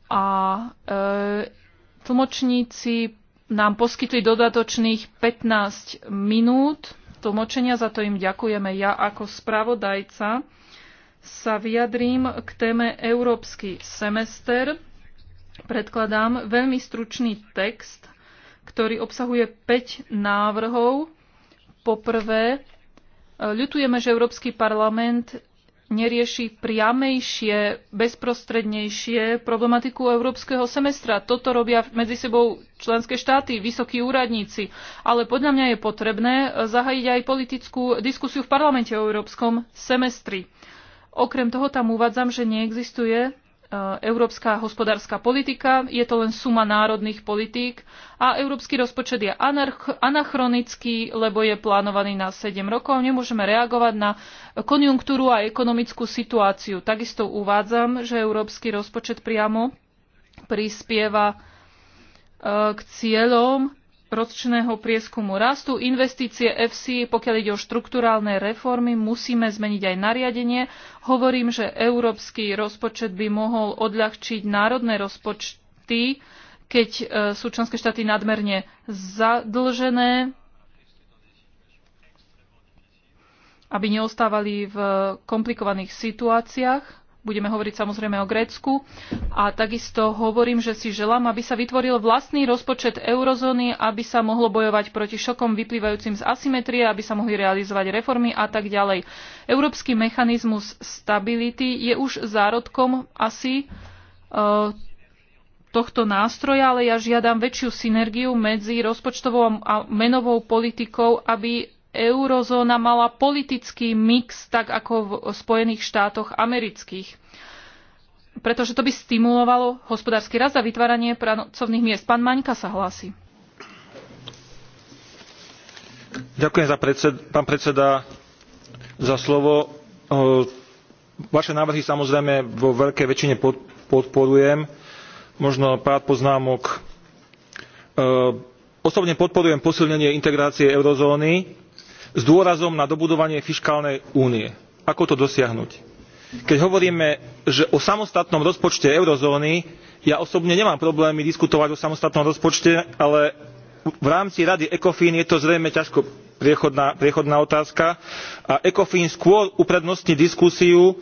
A e, tlmočníci nám poskytli dodatočných 15 minút tlmočenia, za to im ďakujeme. Ja ako spravodajca sa vyjadrím k téme Európsky semester. Predkladám veľmi stručný text, ktorý obsahuje 5 návrhov. Poprvé, ľutujeme, že Európsky parlament nerieši priamejšie, bezprostrednejšie problematiku európskeho semestra. Toto robia medzi sebou členské štáty, vysokí úradníci. Ale podľa mňa je potrebné zahajiť aj politickú diskusiu v parlamente o európskom semestri. Okrem toho tam uvádzam, že neexistuje E, európska hospodárska politika, je to len suma národných politík a európsky rozpočet je anachronický, lebo je plánovaný na 7 rokov. Nemôžeme reagovať na konjunktúru a ekonomickú situáciu. Takisto uvádzam, že európsky rozpočet priamo prispieva e, k cieľom ročného prieskumu rastu, investície FC, pokiaľ ide o štrukturálne reformy, musíme zmeniť aj nariadenie. Hovorím, že európsky rozpočet by mohol odľahčiť národné rozpočty, keď e, sú členské štáty nadmerne zadlžené, aby neostávali v komplikovaných situáciách. Budeme hovoriť samozrejme o Grécku. A takisto hovorím, že si želám, aby sa vytvoril vlastný rozpočet eurozóny, aby sa mohlo bojovať proti šokom vyplývajúcim z asymetrie, aby sa mohli realizovať reformy a tak ďalej. Európsky mechanizmus stability je už zárodkom asi e, tohto nástroja, ale ja žiadam väčšiu synergiu medzi rozpočtovou a menovou politikou, aby eurozóna mala politický mix, tak ako v Spojených štátoch amerických. Pretože to by stimulovalo hospodársky rast a vytváranie pracovných miest. Pán Maňka sa hlási. Ďakujem za predsed, pán predseda za slovo. Vaše návrhy samozrejme vo veľkej väčšine pod, podporujem. Možno pár poznámok. Osobne podporujem posilnenie integrácie eurozóny s dôrazom na dobudovanie fiškálnej únie. Ako to dosiahnuť? Keď hovoríme že o samostatnom rozpočte eurozóny, ja osobne nemám problémy diskutovať o samostatnom rozpočte, ale v rámci rady ECOFIN je to zrejme ťažko priechodná, priechodná otázka a ECOFIN skôr uprednostní diskusiu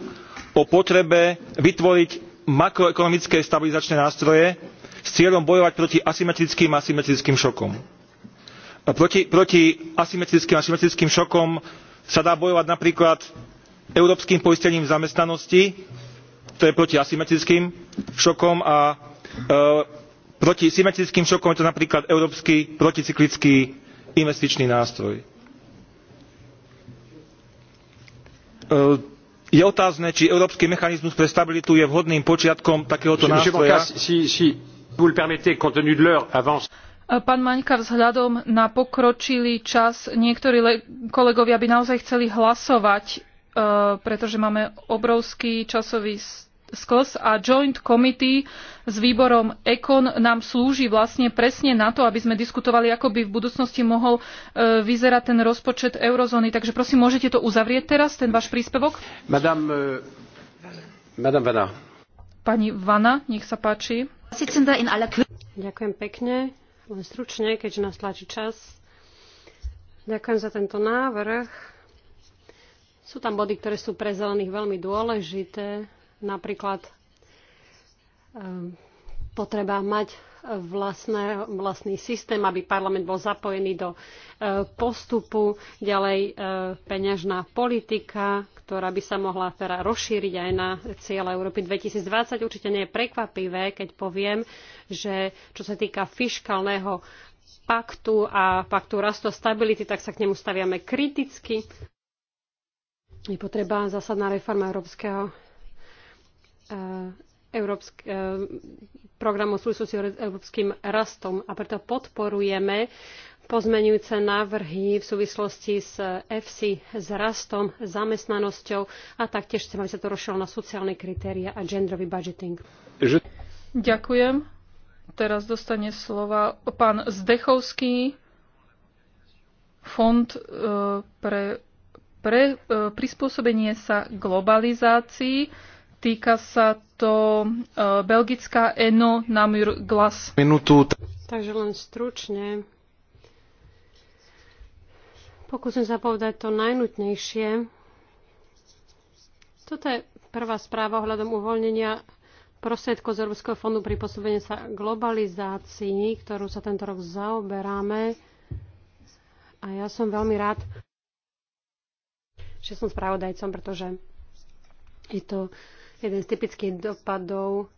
o potrebe vytvoriť makroekonomické stabilizačné nástroje s cieľom bojovať proti asymetrickým a symetrickým šokom proti, proti asymetrickým a symetrickým šokom sa dá bojovať napríklad európskym poistením zamestnanosti to je proti asymetrickým šokom a e, proti symetrickým šokom je to napríklad európsky proticyklický investičný nástroj. E, je otázne, či európsky mechanizmus pre stabilitu je vhodným počiatkom takéhoto nástroja. E, pán Maňka, vzhľadom na pokročilý čas, niektorí kolegovia by naozaj chceli hlasovať, e, pretože máme obrovský časový sklz a Joint Committee s výborom ECON nám slúži vlastne presne na to, aby sme diskutovali, ako by v budúcnosti mohol e, vyzerať ten rozpočet eurozóny. Takže prosím, môžete to uzavrieť teraz, ten váš príspevok? Madame, Madame Vana. Pani Vana, nech sa páči. Ďakujem pekne len stručne, keďže nás tlačí čas. Ďakujem za tento návrh. Sú tam body, ktoré sú pre zelených veľmi dôležité, napríklad um, potreba mať vlastné, vlastný systém, aby parlament bol zapojený do e, postupu, ďalej e, peňažná politika, ktorá by sa mohla teda rozšíriť aj na cieľa Európy 2020. Určite nie je prekvapivé, keď poviem, že čo sa týka fiškálneho paktu a paktu rastu a stability, tak sa k nemu staviame kriticky. Je potreba zásadná reforma európskeho e, európsk, e, programu súvislosti s európskym rastom a preto podporujeme pozmenujúce návrhy v súvislosti s EFSI, s rastom, zamestnanosťou a taktiež chcem, aby sa to rozšilo na sociálne kritéria a genderový budgeting. Ďakujem. Teraz dostane slova pán Zdechovský, Fond e, pre, pre e, prispôsobenie sa globalizácii Týka sa to e, belgická Eno na Glas. Minutu. Takže len stručne. Pokúsim sa povedať to najnutnejšie. Toto je prvá správa ohľadom uvoľnenia prostriedkov z Európskeho fondu pri posúbení sa globalizácii, ktorú sa tento rok zaoberáme. A ja som veľmi rád, že som spravodajcom, pretože je to Jeden z typických dopadov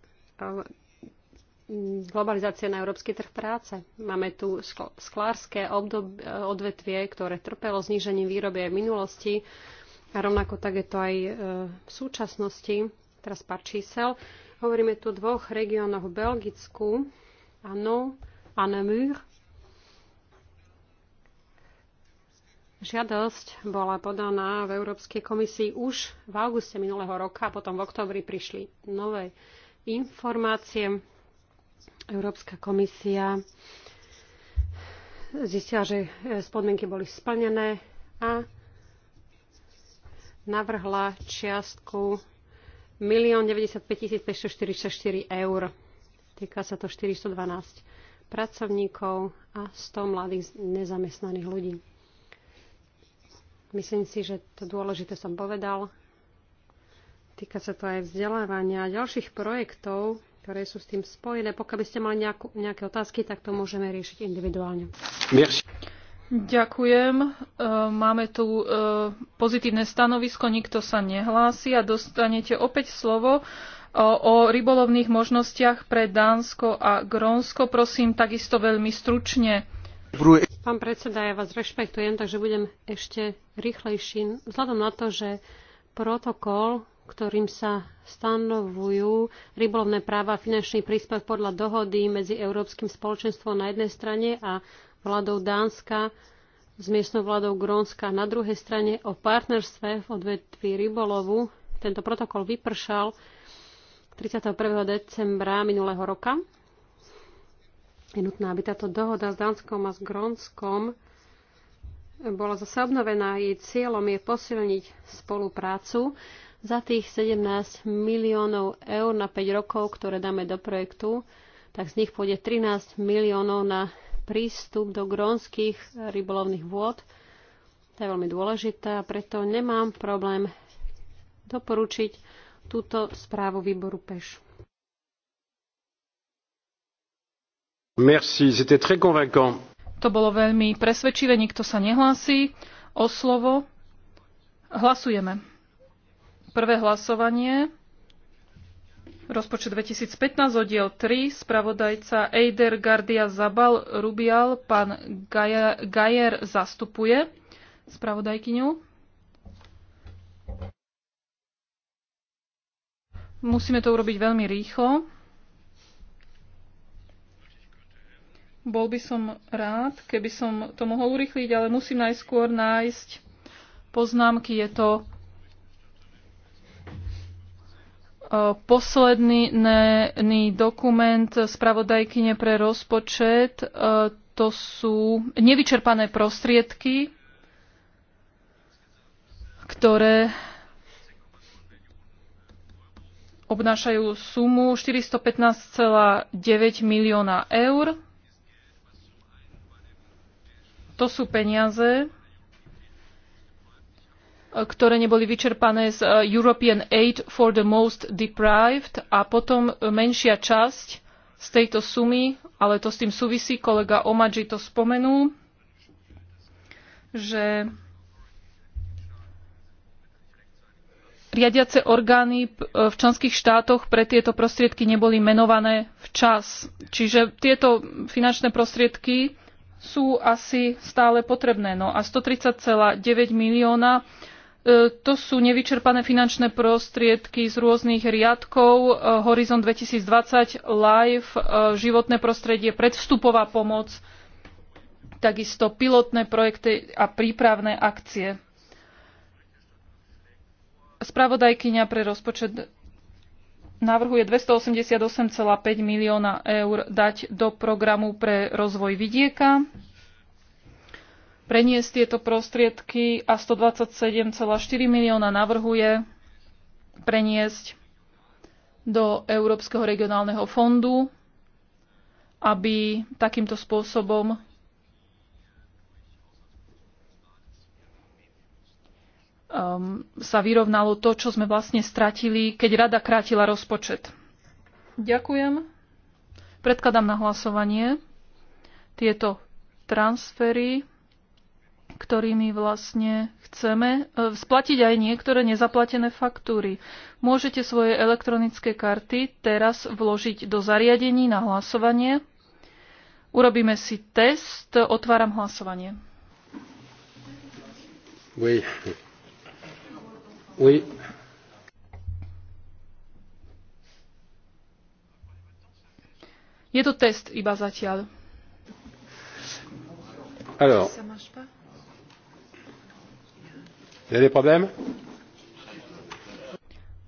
mm, globalizácie na európsky trh práce. Máme tu sklárske odvetvie, ktoré trpelo znížením výroby aj v minulosti a rovnako tak je to aj e, v súčasnosti, teraz pár čísel. Hovoríme tu o dvoch regiónoch v Belgicku, Ano a Namur, Žiadosť bola podaná v Európskej komisii už v auguste minulého roka a potom v oktobri prišli nové informácie. Európska komisia zistila, že spodmienky boli splnené a navrhla čiastku 1 95 544 eur. Týka sa to 412 pracovníkov a 100 mladých nezamestnaných ľudí. Myslím si, že to dôležité som povedal. Týka sa to aj vzdelávania a ďalších projektov, ktoré sú s tým spojené. Pokiaľ by ste mali nejakú, nejaké otázky, tak to môžeme riešiť individuálne. Merci. Ďakujem. E, máme tu e, pozitívne stanovisko, nikto sa nehlási a dostanete opäť slovo e, o rybolovných možnostiach pre Dánsko a Grónsko. Prosím, takisto veľmi stručne. Pán predseda, ja vás rešpektujem, takže budem ešte rýchlejší. Vzhľadom na to, že protokol, ktorým sa stanovujú rybolovné práva a finančný príspevok podľa dohody medzi Európskym spoločenstvom na jednej strane a vládou Dánska s miestnou vládou Grónska na druhej strane o partnerstve v odvetví rybolovu. Tento protokol vypršal 31. decembra minulého roka je nutná, aby táto dohoda s Dánskom a s Grónskom bola zase obnovená. Jej cieľom je posilniť spoluprácu za tých 17 miliónov eur na 5 rokov, ktoré dáme do projektu, tak z nich pôjde 13 miliónov na prístup do grónskych rybolovných vôd. To je veľmi dôležité a preto nemám problém doporučiť túto správu výboru PEŠ. Merci, c'était très convaincant. To bolo veľmi presvedčivé, nikto sa nehlási o slovo. Hlasujeme. Prvé hlasovanie. Rozpočet 2015, oddiel 3, spravodajca Eider Gardia Zabal Rubial, pán Gajer, zastupuje spravodajkyňu. Musíme to urobiť veľmi rýchlo. Bol by som rád, keby som to mohol urychliť, ale musím najskôr nájsť poznámky. Je to e, posledný dokument spravodajkyne pre rozpočet. E, to sú nevyčerpané prostriedky, ktoré obnášajú sumu 415,9 milióna eur. To sú peniaze, ktoré neboli vyčerpané z eh, European Aid for the Most Deprived a potom eh, menšia časť z tejto sumy, ale to s tým súvisí, kolega Omadži to spomenul, že riadiace orgány eh, v členských štátoch pre tieto prostriedky neboli menované včas. Čiže tieto finančné prostriedky sú asi stále potrebné. No a 130,9 milióna e, to sú nevyčerpané finančné prostriedky z rôznych riadkov, e, Horizon 2020, LIFE, e, životné prostredie, predvstupová pomoc, takisto pilotné projekty a prípravné akcie. Spravodajkyňa pre rozpočet navrhuje 288,5 milióna eur dať do programu pre rozvoj vidieka, preniesť tieto prostriedky a 127,4 milióna navrhuje preniesť do Európskeho regionálneho fondu, aby takýmto spôsobom um, sa vyrovnalo to, čo sme vlastne stratili, keď rada krátila rozpočet. Ďakujem. Predkladám na hlasovanie tieto transfery, ktorými vlastne chceme e, splatiť aj niektoré nezaplatené faktúry. Môžete svoje elektronické karty teraz vložiť do zariadení na hlasovanie. Urobíme si test. Otváram hlasovanie. Oui. Oui. Je to test iba zatiaľ. Alors. Il y a des problèmes?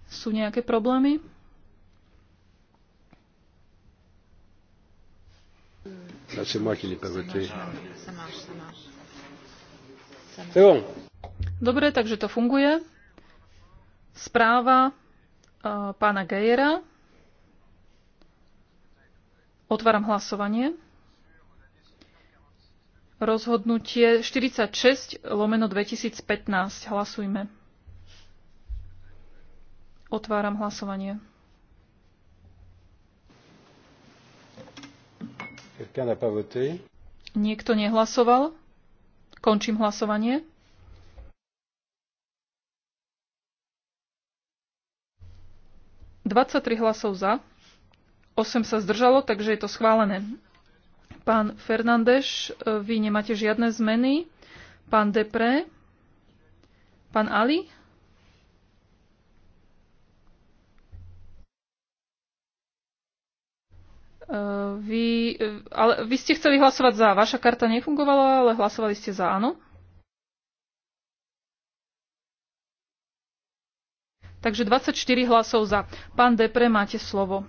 Sú nejaké problémy? Là, c'est moi qui l'ai pas voté. C'est bon. Dobre, takže to funguje. Správa e, pána Gejera. Otváram hlasovanie. Rozhodnutie 46 lomeno 2015. Hlasujme. Otváram hlasovanie. Niekto nehlasoval? Končím hlasovanie. 23 hlasov za, 8 sa zdržalo, takže je to schválené. Pán Fernandeš, e, vy nemáte žiadne zmeny. Pán Depre, pán Ali. E, vy, e, ale vy ste chceli hlasovať za. Vaša karta nefungovala, ale hlasovali ste za áno. Takže 24 hlasov za. Pán Depre, máte slovo.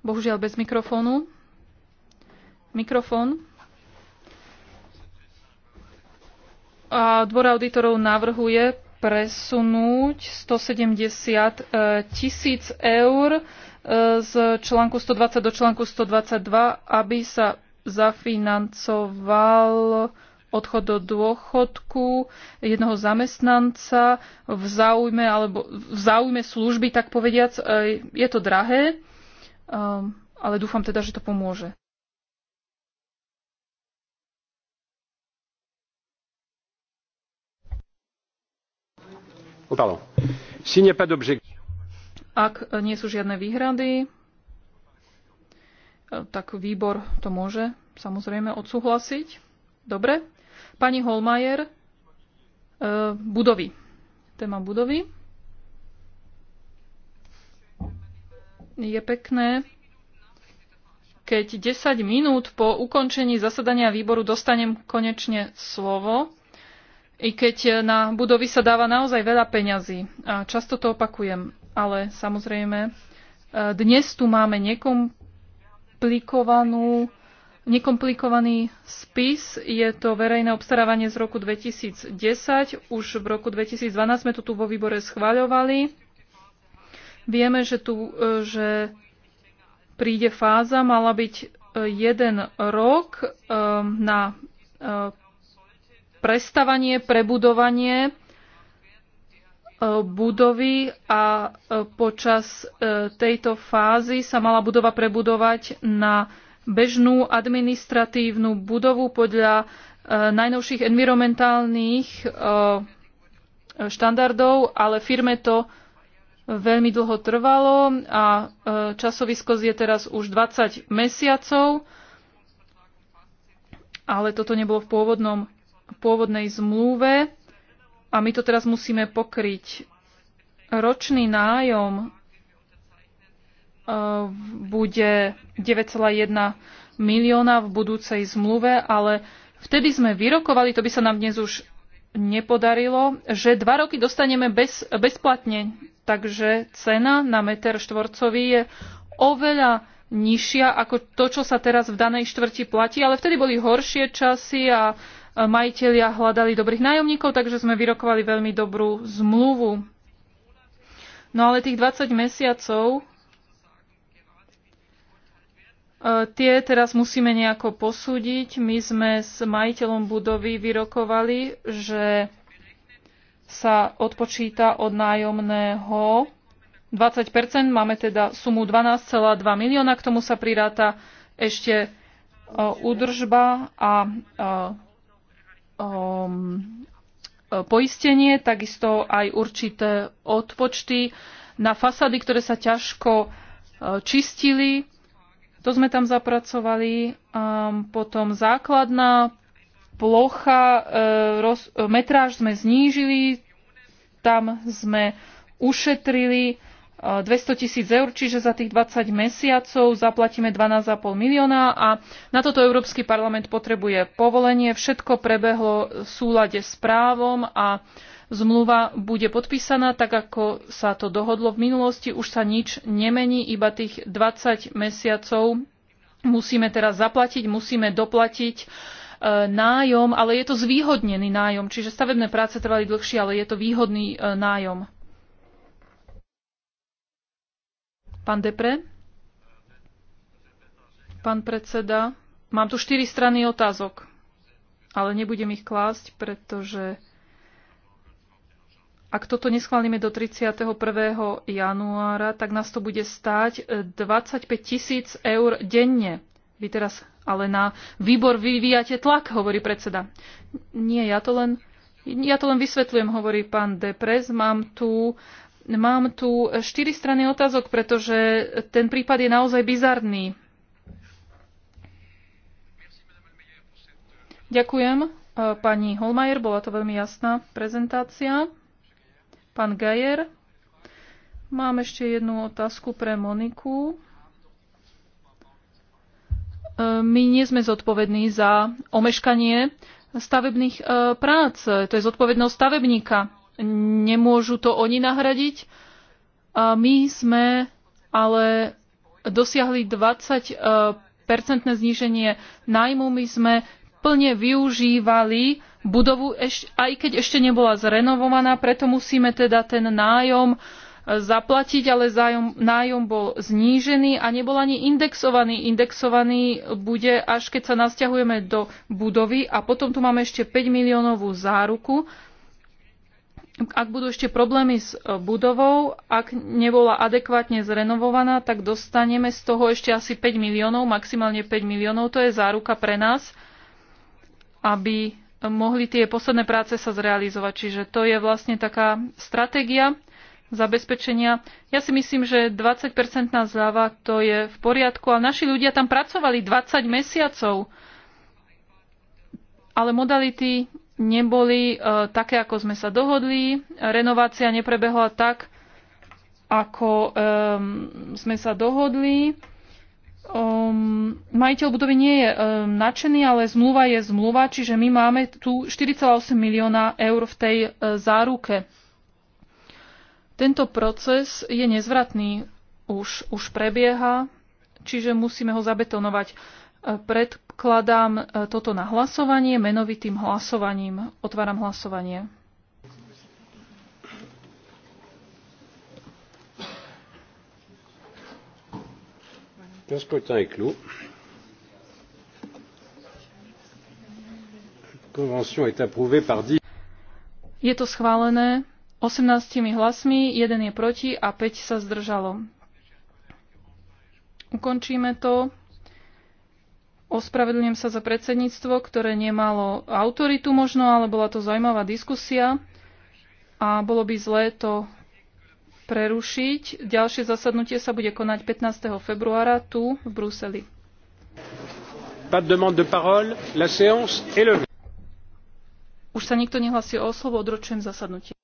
Bohužiaľ bez mikrofónu. Mikrofón. A dvor auditorov navrhuje presunúť 170 e, tisíc eur e, z článku 120 do článku 122, aby sa zafinancoval odchod do dôchodku jednoho zamestnanca v záujme, alebo v záujme služby, tak povediac, e, je to drahé, e, ale dúfam teda, že to pomôže. Ak nie sú žiadne výhrady, e, tak výbor to môže samozrejme odsúhlasiť. Dobre, Pani Holmajer, e, budovy. Téma budovy. Je pekné, keď 10 minút po ukončení zasadania výboru dostanem konečne slovo, i keď na budovy sa dáva naozaj veľa peňazí. A často to opakujem, ale samozrejme, e, dnes tu máme nekomplikovanú nekomplikovaný spis. Je to verejné obstarávanie z roku 2010. Už v roku 2012 sme to tu vo výbore schváľovali. Vieme, že, tu, e, že príde fáza, mala byť e, jeden rok e, na prestavanie, prebudovanie budovy a počas tejto fázy sa mala budova prebudovať na bežnú administratívnu budovu podľa e, najnovších environmentálnych e, štandardov, ale firme to veľmi dlho trvalo a e, časoviskosť je teraz už 20 mesiacov, ale toto nebolo v pôvodnom, pôvodnej zmluve a my to teraz musíme pokryť. Ročný nájom bude 9,1 milióna v budúcej zmluve, ale vtedy sme vyrokovali, to by sa nám dnes už nepodarilo, že dva roky dostaneme bez, bezplatne. Takže cena na meter štvorcový je oveľa nižšia ako to, čo sa teraz v danej štvrti platí, ale vtedy boli horšie časy a majiteľia hľadali dobrých nájomníkov, takže sme vyrokovali veľmi dobrú zmluvu. No ale tých 20 mesiacov E, tie teraz musíme nejako posúdiť. My sme s majiteľom budovy vyrokovali, že sa odpočíta od nájomného 20 Máme teda sumu 12,2 milióna. K tomu sa priráta ešte e, údržba a e, um, poistenie, takisto aj určité odpočty na fasady, ktoré sa ťažko čistili to sme tam zapracovali. Um, potom základná plocha, uh, roz, metráž sme znížili, tam sme ušetrili 200 uh, tisíc eur, čiže za tých 20 mesiacov zaplatíme 12,5 milióna a na toto Európsky parlament potrebuje povolenie. Všetko prebehlo v súlade s právom a Zmluva bude podpísaná tak, ako sa to dohodlo v minulosti. Už sa nič nemení, iba tých 20 mesiacov musíme teraz zaplatiť, musíme doplatiť e, nájom, ale je to zvýhodnený nájom, čiže stavebné práce trvali dlhšie, ale je to výhodný e, nájom. Pán Depre? Pán predseda? Mám tu štyri strany otázok, ale nebudem ich klásť, pretože ak toto neschválime do 31. januára, tak nás to bude stáť 25 e, tisíc eur denne. Vy teraz ale na výbor vyvíjate tlak, hovorí predseda. Nie, ja to len, ja to len vysvetľujem, hovorí pán Deprez. Mám tu, mám tu štyri strany otázok, pretože ten prípad je naozaj bizarný. Ďakujem. E, pani Holmajer, bola to veľmi jasná prezentácia. Pán Gajer, mám ešte jednu otázku pre Moniku. E, my nie sme zodpovední za omeškanie stavebných e, prác. To je zodpovednosť stavebníka. Nemôžu to oni nahradiť. A my sme ale dosiahli 20-percentné e, zníženie nájmu. My sme plne využívali budovu, aj keď ešte nebola zrenovovaná, preto musíme teda ten nájom e, zaplatiť, ale zájom, nájom bol znížený a nebol ani indexovaný. Indexovaný bude až keď sa nasťahujeme do budovy a potom tu máme ešte 5 miliónovú záruku. Ak budú ešte problémy s e, budovou, ak nebola adekvátne zrenovovaná, tak dostaneme z toho ešte asi 5 miliónov, maximálne 5 miliónov. To je záruka pre nás, aby mohli tie posledné práce sa zrealizovať. Čiže to je vlastne taká stratégia zabezpečenia. Ja si myslím, že 20-percentná zľava to je v poriadku, ale naši ľudia tam pracovali 20 mesiacov, ale modality neboli e, také, ako sme sa dohodli. Renovácia neprebehla tak, ako e, sme sa dohodli um, majiteľ budovy nie je um, nadšený, ale zmluva je zmluva, čiže my máme tu 4,8 milióna eur v tej uh, záruke. Tento proces je nezvratný, už, už prebieha, čiže musíme ho zabetonovať. Uh, predkladám uh, toto na hlasovanie menovitým hlasovaním. Otváram hlasovanie. Le scrutin est clos. Convention est approuvée par 10. Je to schválené 18 hlasmi, jeden je proti a 5 sa zdržalo. Ukončíme to. Ospravedlňujem sa za predsedníctvo, ktoré nemalo autoritu možno, ale bola to zaujímavá diskusia a bolo by zlé to prerušiť. Ďalšie zasadnutie sa bude konať 15. februára tu v Bruseli. Pas de demande de parole, la séance est levée. Už sa nikto nehlasí o slovo, odročujem zasadnutie.